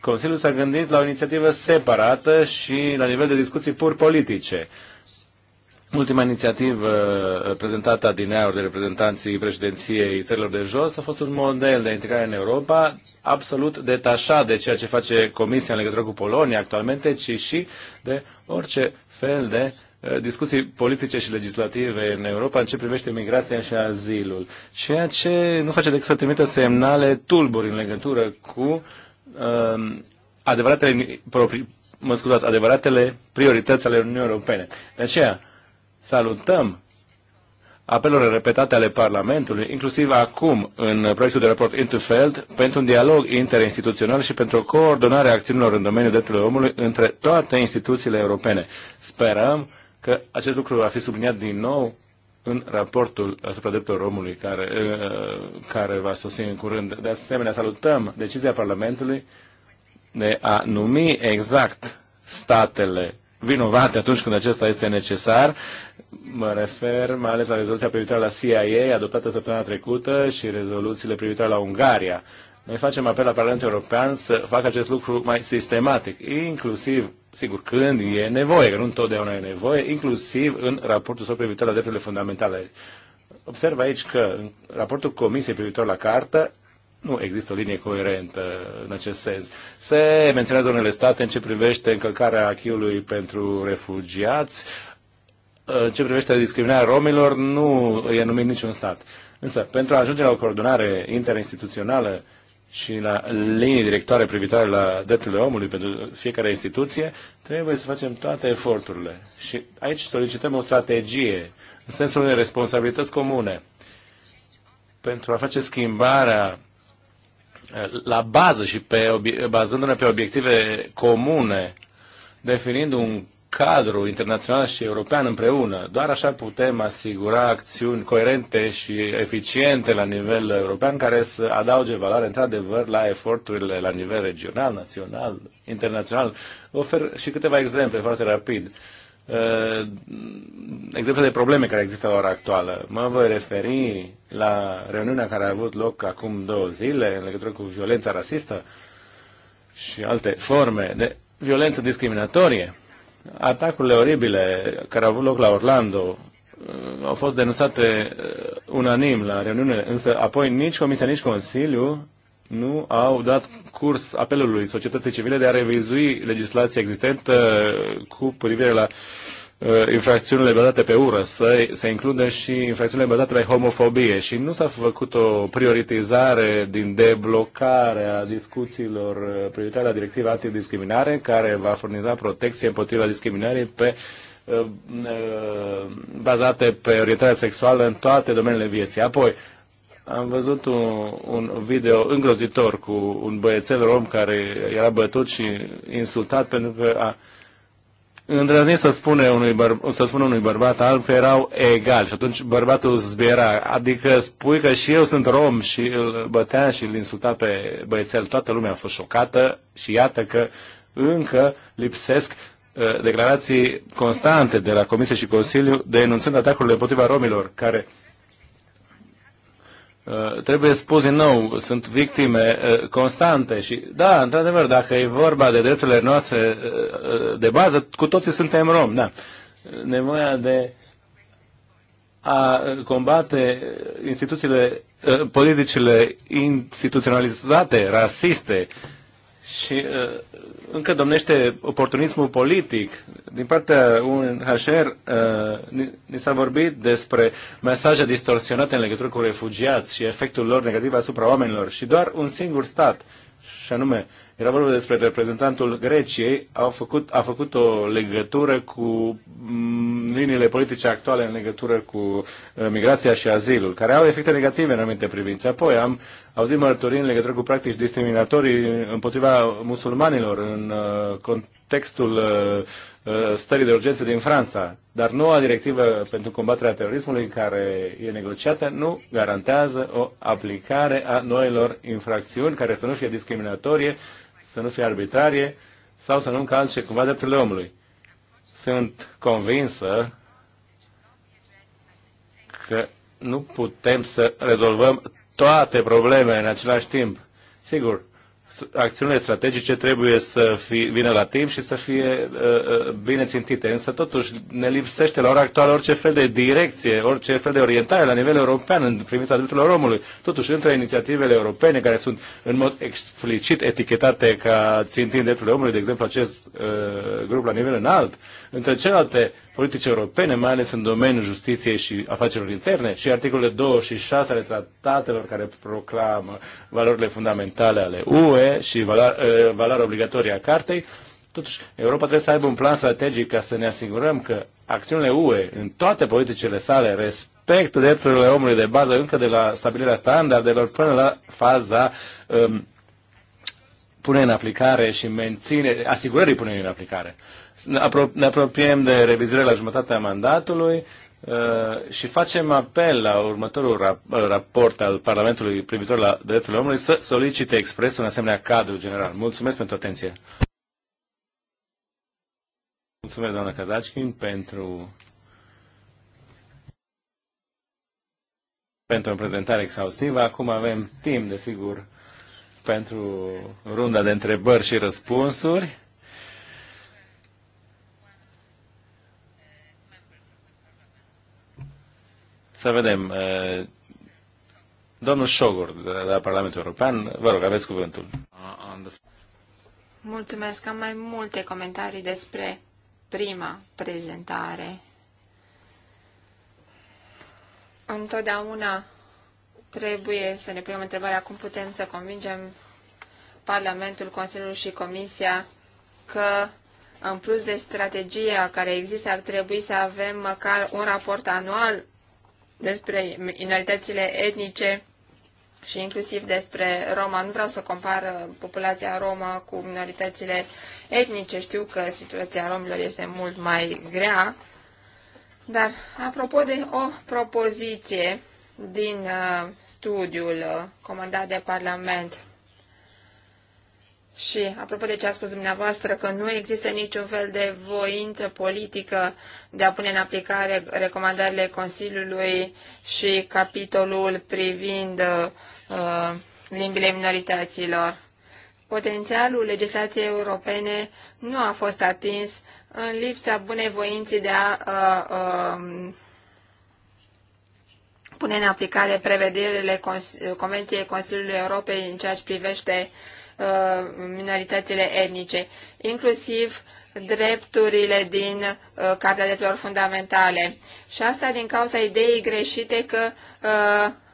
Consiliul s-a gândit la o inițiativă separată și la nivel de discuții pur politice. Ultima inițiativă uh, prezentată din aur de reprezentanții președinției țărilor de jos a fost un model de integrare în Europa absolut detașat de ceea ce face Comisia în legătură cu Polonia actualmente, ci și de orice fel de Eh, discuții politice și legislative în Europa în ce privește migrația și azilul, ceea ce nu face decât să trimită semnale tulburi în legătură cu uh, adevăratele, proprii, mă scuzați, adevăratele priorități ale Uniunii Europene. De aceea, salutăm apelurile repetate ale Parlamentului, inclusiv acum în proiectul de raport Interfeld, pentru un dialog interinstituțional și pentru o coordonare a acțiunilor în domeniul drepturilor omului între toate instituțiile europene. Sperăm că acest lucru va fi subliniat din nou în raportul asupra drepturilor omului care, uh, care va sosi în curând. De asemenea, salutăm decizia Parlamentului de a numi exact statele vinovate atunci când acesta este necesar. Mă refer mai ales la rezoluția privitoare la CIA adoptată săptămâna trecută și rezoluțiile privitoare la Ungaria. Noi facem apel la Parlamentul European să facă acest lucru mai sistematic, inclusiv sigur, când e nevoie, că nu întotdeauna e nevoie, inclusiv în raportul său privitor la drepturile fundamentale. Observ aici că în raportul Comisiei privitor la cartă nu există o linie coerentă în acest sens. Se menționează unele state în ce privește încălcarea achiului pentru refugiați, în ce privește discriminarea romilor, nu e numit niciun stat. Însă, pentru a ajunge la o coordonare interinstituțională, și la linii directoare privitoare la drepturile omului pentru fiecare instituție, trebuie să facem toate eforturile. Și aici solicităm o strategie în sensul unei responsabilități comune pentru a face schimbarea eh, la bază și pe, bazându-ne pe obiective comune, definind un cadru internațional și european împreună. Doar așa putem asigura acțiuni coerente și eficiente la nivel european care să adauge valoare într-adevăr la eforturile la nivel regional, național, internațional. Ofer și câteva exemple foarte rapid. Uh, exemple de probleme care există la ora actuală. Mă voi referi la reuniunea care a avut loc acum două zile în legătură cu violența rasistă și alte forme de violență discriminatorie Atacurile oribile care au avut loc la Orlando uh, au fost denunțate uh, unanim la reuniune, însă apoi nici Comisia, nici Consiliu nu au dat curs apelului societății civile de a revizui legislația existentă uh, cu privire la uh, Uh, infracțiunile bazate pe ură, să se includă și infracțiunile bazate pe homofobie și nu s-a făcut o prioritizare din deblocarea discuțiilor uh, prioritare la directiva antidiscriminare care va furniza protecție împotriva discriminării pe uh, bazate pe orientarea sexuală în toate domeniile vieții. Apoi, am văzut un, un video îngrozitor cu un băiețel rom care era bătut și insultat pentru că a, îndrăznit să, spune unui bărb- să spună unui bărbat alb că erau egali și atunci bărbatul zbiera. Adică spui că și eu sunt rom și îl bătea și îl insulta pe băiețel. Toată lumea a fost șocată și iată că încă lipsesc uh, declarații constante de la Comisie și Consiliu denunțând atacurile împotriva romilor, care Uh, trebuie spus din nou, sunt victime uh, constante și, da, într-adevăr, dacă e vorba de drepturile noastre uh, de bază, cu toții suntem romi, da. Nevoia de a combate instituțiile, politicile instituționalizate, rasiste și încă domnește oportunismul politic. Din partea unui uh, HR, ni s-a vorbit despre mesaje distorsionate în legătură cu refugiați și efectul lor negativ asupra oamenilor și doar un singur stat, și anume, era vorba despre reprezentantul Greciei, a făcut, a făcut o legătură cu mm, liniile politice actuale în legătură cu uh, migrația și azilul, care au efecte negative în anumite privințe. Apoi am auzit mărturii în legătură cu practici discriminatorii împotriva musulmanilor în uh, contextul uh, uh, stării de urgență din Franța. Dar noua directivă pentru combaterea terorismului care e negociată nu garantează o aplicare a noilor infracțiuni care să nu fie discriminatorie, să nu fie arbitrarie sau să nu încalce cumva drepturile omului. Sunt convinsă că nu putem să rezolvăm toate problemele în același timp. Sigur, acțiunile strategice trebuie să fie, vină la timp și să fie uh, uh, bine țintite. Însă, totuși, ne lipsește la ora actuală orice fel de direcție, orice fel de orientare la nivel european în privința drepturilor omului. Totuși, între inițiativele europene care sunt în mod explicit etichetate ca țintind drepturile omului, de exemplu acest uh, grup la nivel înalt, între celelalte politici europene, mai ales în domeniul justiției și afacerilor interne, și articolele 2 și 6 ale tratatelor care proclamă valorile fundamentale ale UE și valoarea valoare obligatorie a cartei, Totuși, Europa trebuie să aibă un plan strategic ca să ne asigurăm că acțiunile UE în toate politicile sale respectă drepturile omului de bază încă de la stabilirea standardelor până la faza um, pune în aplicare și menține, asigurării punerii în aplicare ne apropiem de revizuirea la jumătatea mandatului uh, și facem apel la următorul raport al Parlamentului privitor la drepturile omului să solicite expres un asemenea cadru general. Mulțumesc pentru atenție. Mulțumesc, doamna Kazachkin, pentru pentru o prezentare exhaustivă. Acum avem timp, desigur, pentru runda de întrebări și răspunsuri. Să vedem. Domnul Șogur, de la Parlamentul European, vă rog, aveți cuvântul. Mulțumesc. Am mai multe comentarii despre prima prezentare. Întotdeauna trebuie să ne punem întrebarea cum putem să convingem Parlamentul, Consiliul și Comisia că în plus de strategia care există, ar trebui să avem măcar un raport anual despre minoritățile etnice și inclusiv despre Roma. Nu vreau să compar uh, populația Roma cu minoritățile etnice. Știu că situația romilor este mult mai grea. Dar, apropo de o propoziție din uh, studiul uh, comandat de Parlament și apropo de ce a spus dumneavoastră, că nu există niciun fel de voință politică de a pune în aplicare recomandările Consiliului și capitolul privind uh, limbile minorităților. Potențialul legislației europene nu a fost atins în lipsa bunei de a uh, uh, pune în aplicare prevederile Convenției Consiliului Europei în ceea ce privește uh, Uh, minoritățile etnice, inclusiv drepturile din uh, Carta Drepturilor Fundamentale. Și asta din cauza ideii greșite că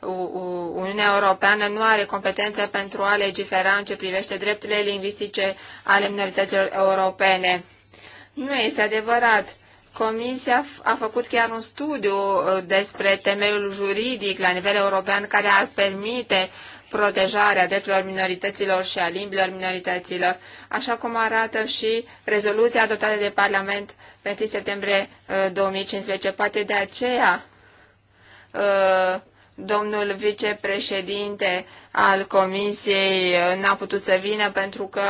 uh, Uniunea Europeană nu are competență pentru a legifera în ce privește drepturile lingvistice ale minorităților europene. Nu este adevărat. Comisia a făcut chiar un studiu despre temeiul juridic la nivel european care ar permite protejarea drepturilor minorităților și a limbilor minorităților, așa cum arată și rezoluția adoptată de Parlament pe 1 septembrie 2015. Uh, poate de aceea uh, domnul vicepreședinte al Comisiei uh, n-a putut să vină pentru că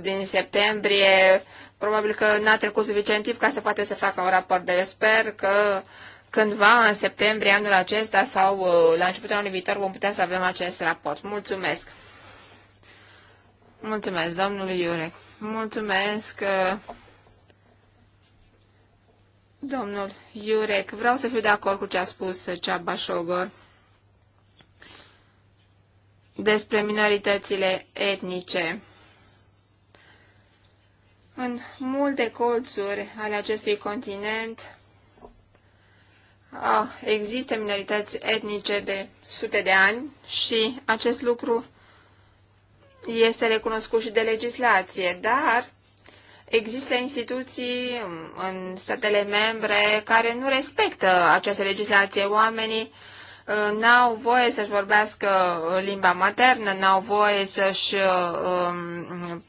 din septembrie probabil că n-a trecut suficient timp ca să poate să facă un raport. De sper că Cândva, în septembrie anul acesta sau uh, la începutul anului viitor, vom putea să avem acest raport. Mulțumesc! Mulțumesc, domnului Iurec. Mulțumesc, uh, domnul Iurec. Vreau să fiu de acord cu ce a spus uh, Ceaba Șogor despre minoritățile etnice. În multe colțuri ale acestui continent, Ah, există minorități etnice de sute de ani și acest lucru este recunoscut și de legislație, dar există instituții în statele membre care nu respectă această legislație. Oamenii uh, n-au voie să-și vorbească limba maternă, n-au voie să-și uh, um,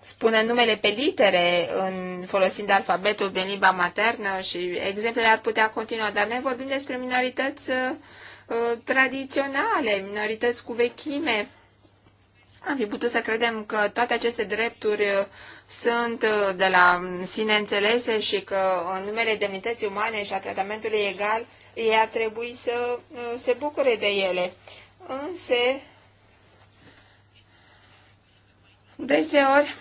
spune numele pe litere în, folosind alfabetul din limba maternă și exemplele ar putea continua, dar noi vorbim despre minorități uh, uh tradiționale, minorități cu vechime. Am fi putut să credem că toate aceste drepturi uh, sunt uh, de la sine înțelese și că în numele demnității umane și a tratamentului egal ei ar trebui să se bucure de ele. Însă, Deseori,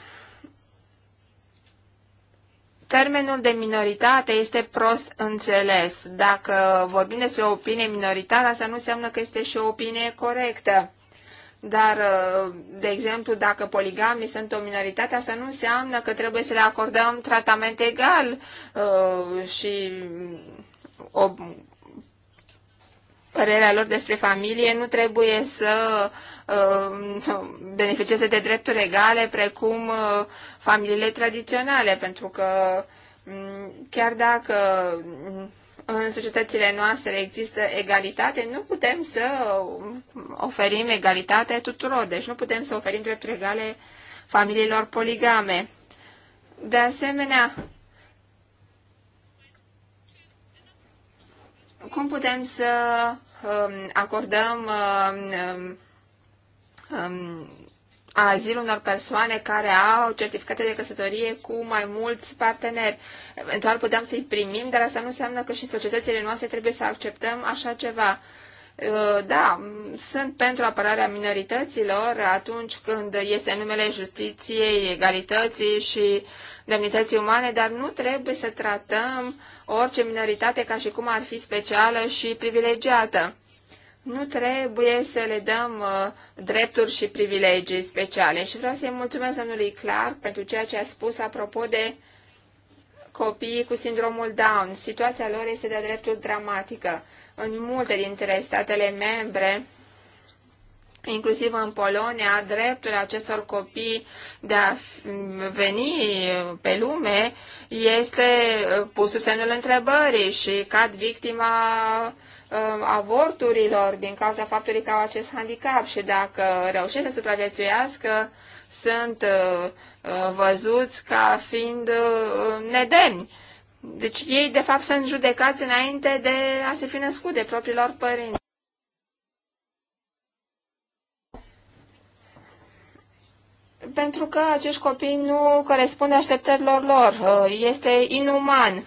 termenul de minoritate este prost înțeles. Dacă vorbim despre o opinie minoritară, asta nu înseamnă că este și o opinie corectă. Dar, de exemplu, dacă poligamii sunt o minoritate, asta nu înseamnă că trebuie să le acordăm tratament egal uh, și o părerea lor despre familie nu trebuie să uh, beneficieze de drepturi egale precum uh, familiile tradiționale, pentru că um, chiar dacă mm, în societățile noastre există egalitate, nu putem să oferim egalitate tuturor, deci nu putem să oferim drepturi egale familiilor poligame. De asemenea, cum putem să um, acordăm um, um, azil unor persoane care au certificate de căsătorie cu mai mulți parteneri. Eventual putem să-i primim, dar asta nu înseamnă că și societățile noastre trebuie să acceptăm așa ceva. Uh, da, sunt pentru apărarea minorităților atunci când este numele justiției, egalității și demnității umane, dar nu trebuie să tratăm orice minoritate ca și cum ar fi specială și privilegiată. Nu trebuie să le dăm uh, drepturi și privilegii speciale. Și vreau să-i mulțumesc domnului Clark pentru ceea ce a spus apropo de copiii cu sindromul Down. Situația lor este de dreptul dramatică. În multe dintre statele membre, inclusiv în Polonia, dreptul acestor copii de a veni pe lume este uh, pus sub semnul întrebării și cad victima uh, avorturilor din cauza faptului că au acest handicap și dacă reușesc să supraviețuiască, sunt uh, văzuți ca fiind nedemni. Deci ei, de fapt, sunt judecați înainte de a se fi născut de propriilor părinți. pentru că acești copii nu corespund așteptărilor lor. Uh, este inuman.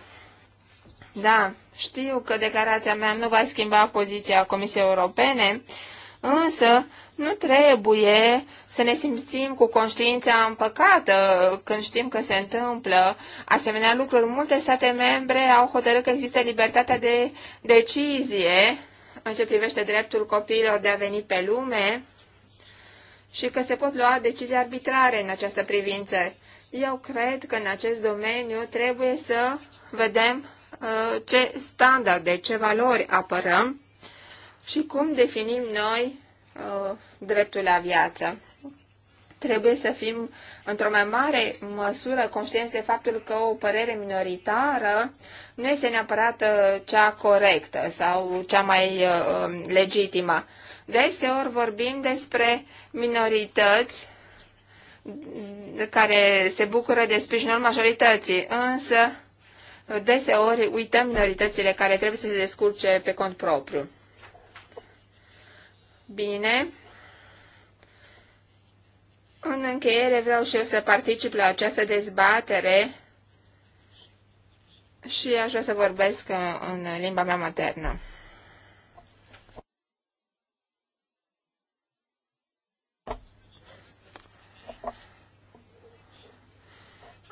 Da, știu că declarația mea nu va schimba poziția Comisiei Europene, însă nu trebuie să ne simțim cu conștiința împăcată când știm că se întâmplă asemenea lucruri. Multe state membre au hotărât că există libertatea de decizie în ce privește dreptul copiilor de a veni pe lume și că se pot lua decizii arbitrare în această privință. Eu cred că în acest domeniu trebuie să vedem uh, ce standarde, ce valori apărăm și cum definim noi uh, dreptul la viață. Trebuie să fim într-o mai mare măsură conștienți de faptul că o părere minoritară nu este neapărat uh, cea corectă sau cea mai uh, um, legitimă Deseori vorbim despre minorități care se bucură de sprijinul majorității, însă deseori uităm minoritățile care trebuie să se descurce pe cont propriu. Bine. În încheiere vreau și eu să particip la această dezbatere și aș vrea să vorbesc în, în limba mea maternă.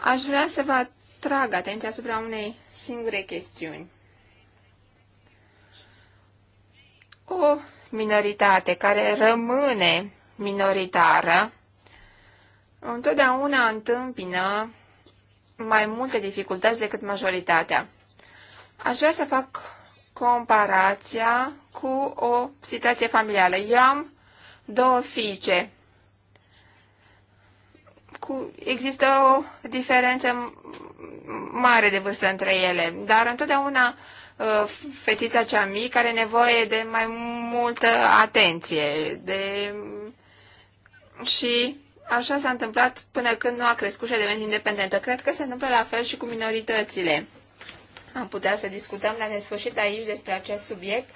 Aș vrea să vă atrag atenția asupra unei singure chestiuni. O minoritate care rămâne minoritară întotdeauna întâmpină mai multe dificultăți decât majoritatea. Aș vrea să fac comparația cu o situație familială. Eu am două fiice cu, există o diferență mare de vârstă între ele, dar întotdeauna uh, fetița cea mică are nevoie de mai multă atenție de... și așa s-a întâmplat până când nu a crescut și a devenit independentă. Cred că se întâmplă la fel și cu minoritățile. Am putea să discutăm la nesfârșit aici despre acest subiect,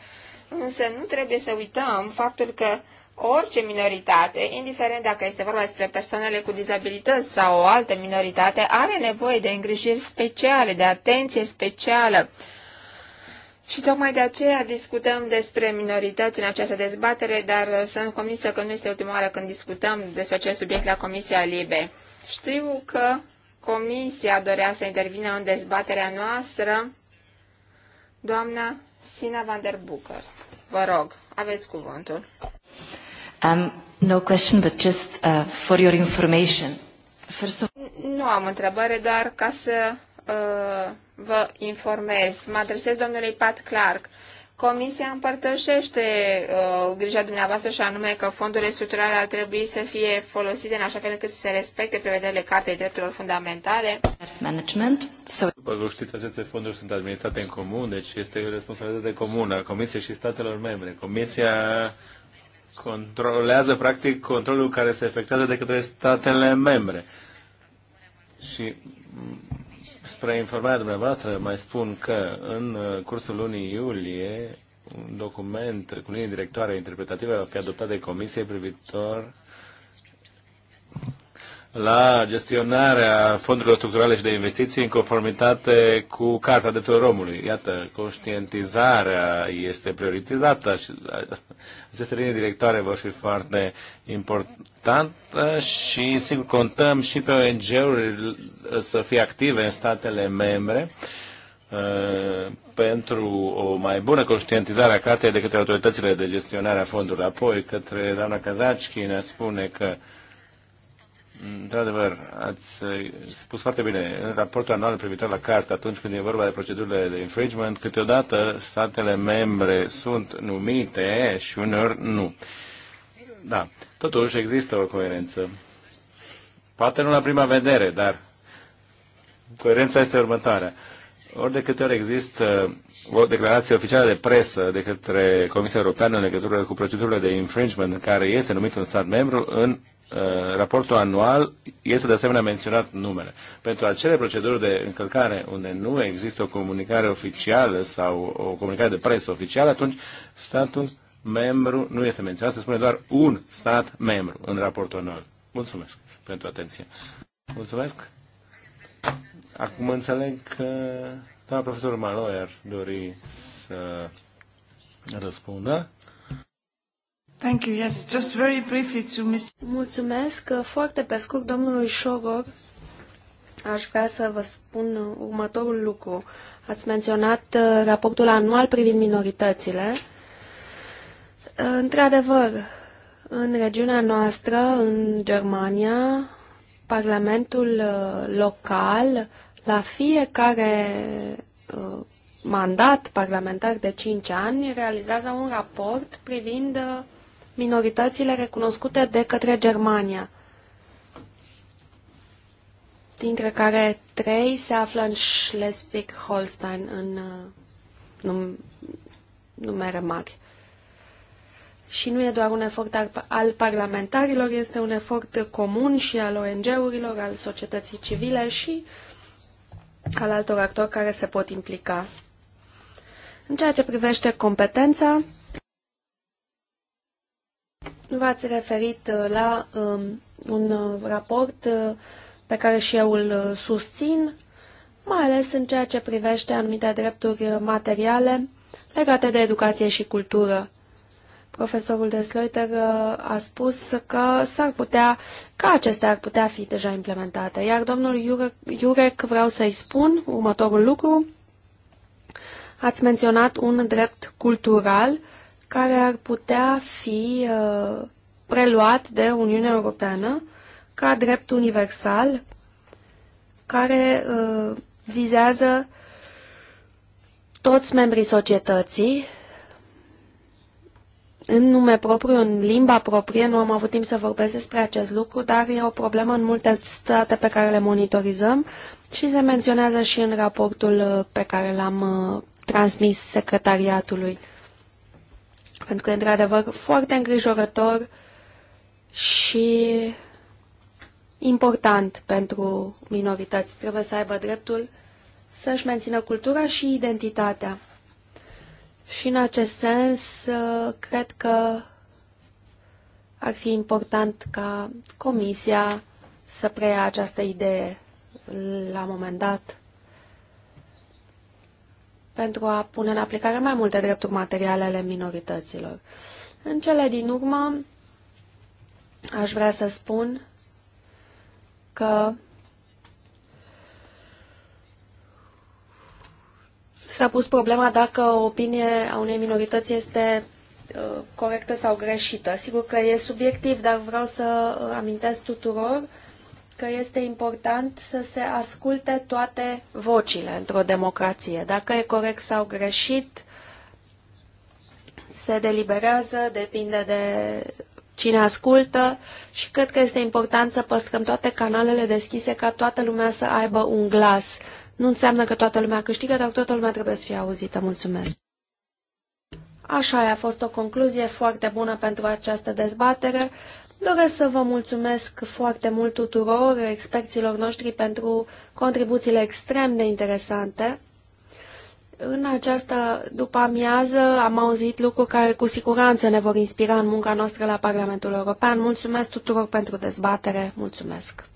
însă nu trebuie să uităm faptul că orice minoritate, indiferent dacă este vorba despre persoanele cu dizabilități sau o altă minoritate, are nevoie de îngrijiri speciale, de atenție specială. Și tocmai de aceea discutăm despre minorități în această dezbatere, dar sunt convinsă că nu este ultima oară când discutăm despre acest subiect la Comisia Libe. Știu că Comisia dorea să intervină în dezbaterea noastră. Doamna Sina van der Bucher. vă rog, aveți cuvântul. Um, no question, but just uh, for your information. First of... Nu am întrebare, doar ca să uh, vă informez. Mă adresez domnului Pat Clark. Comisia împărtășește uh, grija dumneavoastră și anume că fondurile structurale ar trebui să fie folosite în așa fel încât să se respecte prevederile Cartei Drepturilor Fundamentale. Management. So... După cum știți, aceste fonduri sunt administrate în comun, deci este o responsabilitate comună a Comisiei și statelor membre. Comisia controlează practic controlul care se efectuează de către statele membre. Și spre informarea dumneavoastră mai spun că în uh, cursul lunii iulie un document cu linii directoare interpretative va fi adoptat de Comisie privitor la gestionarea fondurilor structurale și de investiții în conformitate cu Carta Drepturilor Omului. Iată, conștientizarea este prioritizată și aceste linii directoare vor fi foarte importante și, sigur, contăm și pe ONG-uri să fie active în statele membre uh, pentru o mai bună conștientizare a cartei de către autoritățile de gestionare a fondurilor. Apoi, către doamna Kazacchi ne spune că Într-adevăr, ați eh, spus foarte bine, în raportul anual privitor la carte, atunci când e vorba de procedurile de infringement, câteodată statele membre sunt numite și uneori nu. Da, totuși există o coerență. Poate nu la prima vedere, dar coerența este următoarea. Ori de câte ori există o declarație oficială de presă de către Comisia Europeană în legătură cu procedurile de infringement în care este numit un stat membru, în Uh, raportul anual este de asemenea menționat numele. Pentru acele proceduri de încălcare unde nu există o comunicare oficială sau o comunicare de presă oficială, atunci statul membru nu este menționat, se spune doar un stat membru în raportul anual. Mulțumesc pentru atenție. Mulțumesc. Acum înțeleg că doamna profesor Maloiar dori să răspundă. Thank you. Yes, just very briefly to Mr. Mulțumesc. Foarte pe scurt, domnului Șogor, aș vrea să vă spun următorul lucru. Ați menționat uh, raportul anual privind minoritățile. Într-adevăr, în regiunea noastră, în Germania, Parlamentul uh, local, la fiecare uh, mandat parlamentar de 5 ani, realizează un raport privind minoritățile recunoscute de către Germania, dintre care trei se află în Schleswig-Holstein, în uh, num numere mari. Și nu e doar un efort al parlamentarilor, este un efort comun și al ONG-urilor, al societății civile și al altor actori care se pot implica. În ceea ce privește competența, V-ați referit uh, la um, un uh, raport uh, pe care și eu îl susțin, mai ales în ceea ce privește anumite drepturi materiale legate de educație și cultură. Profesorul de Sleuter a spus că s-ar putea, că acestea ar putea fi deja implementate. Iar domnul Iurec, vreau să-i spun următorul lucru. Ați menționat un drept cultural care ar putea fi uh, preluat de Uniunea Europeană ca drept universal care uh, vizează toți membrii societății în nume propriu, în limba proprie, nu am avut timp să vorbesc despre acest lucru, dar e o problemă în multe state pe care le monitorizăm și se menționează și în raportul uh, pe care l-am transmis secretariatului pentru că e într-adevăr foarte îngrijorător și important pentru minorități. Trebuie să aibă dreptul să-și mențină cultura și identitatea. Și în acest sens, cred că ar fi important ca Comisia să preia această idee la un moment dat pentru a pune în aplicare mai multe drepturi materiale ale minorităților. În cele din urmă, aș vrea să spun că s-a pus problema dacă o opinie a unei minorități este uh, corectă sau greșită. Sigur că e subiectiv, dar vreau să uh, amintesc tuturor că este important să se asculte toate vocile într-o democrație. Dacă e corect sau greșit, se deliberează, depinde de cine ascultă și cred că este important să păstrăm toate canalele deschise ca toată lumea să aibă un glas. Nu înseamnă că toată lumea câștigă, dar toată lumea trebuie să fie auzită. Mulțumesc! Așa a fost o concluzie foarte bună pentru această dezbatere. Doresc să vă mulțumesc foarte mult tuturor experților noștri pentru contribuțiile extrem de interesante. În această după amiază am auzit lucruri care cu siguranță ne vor inspira în munca noastră la Parlamentul European. Mulțumesc tuturor pentru dezbatere. Mulțumesc!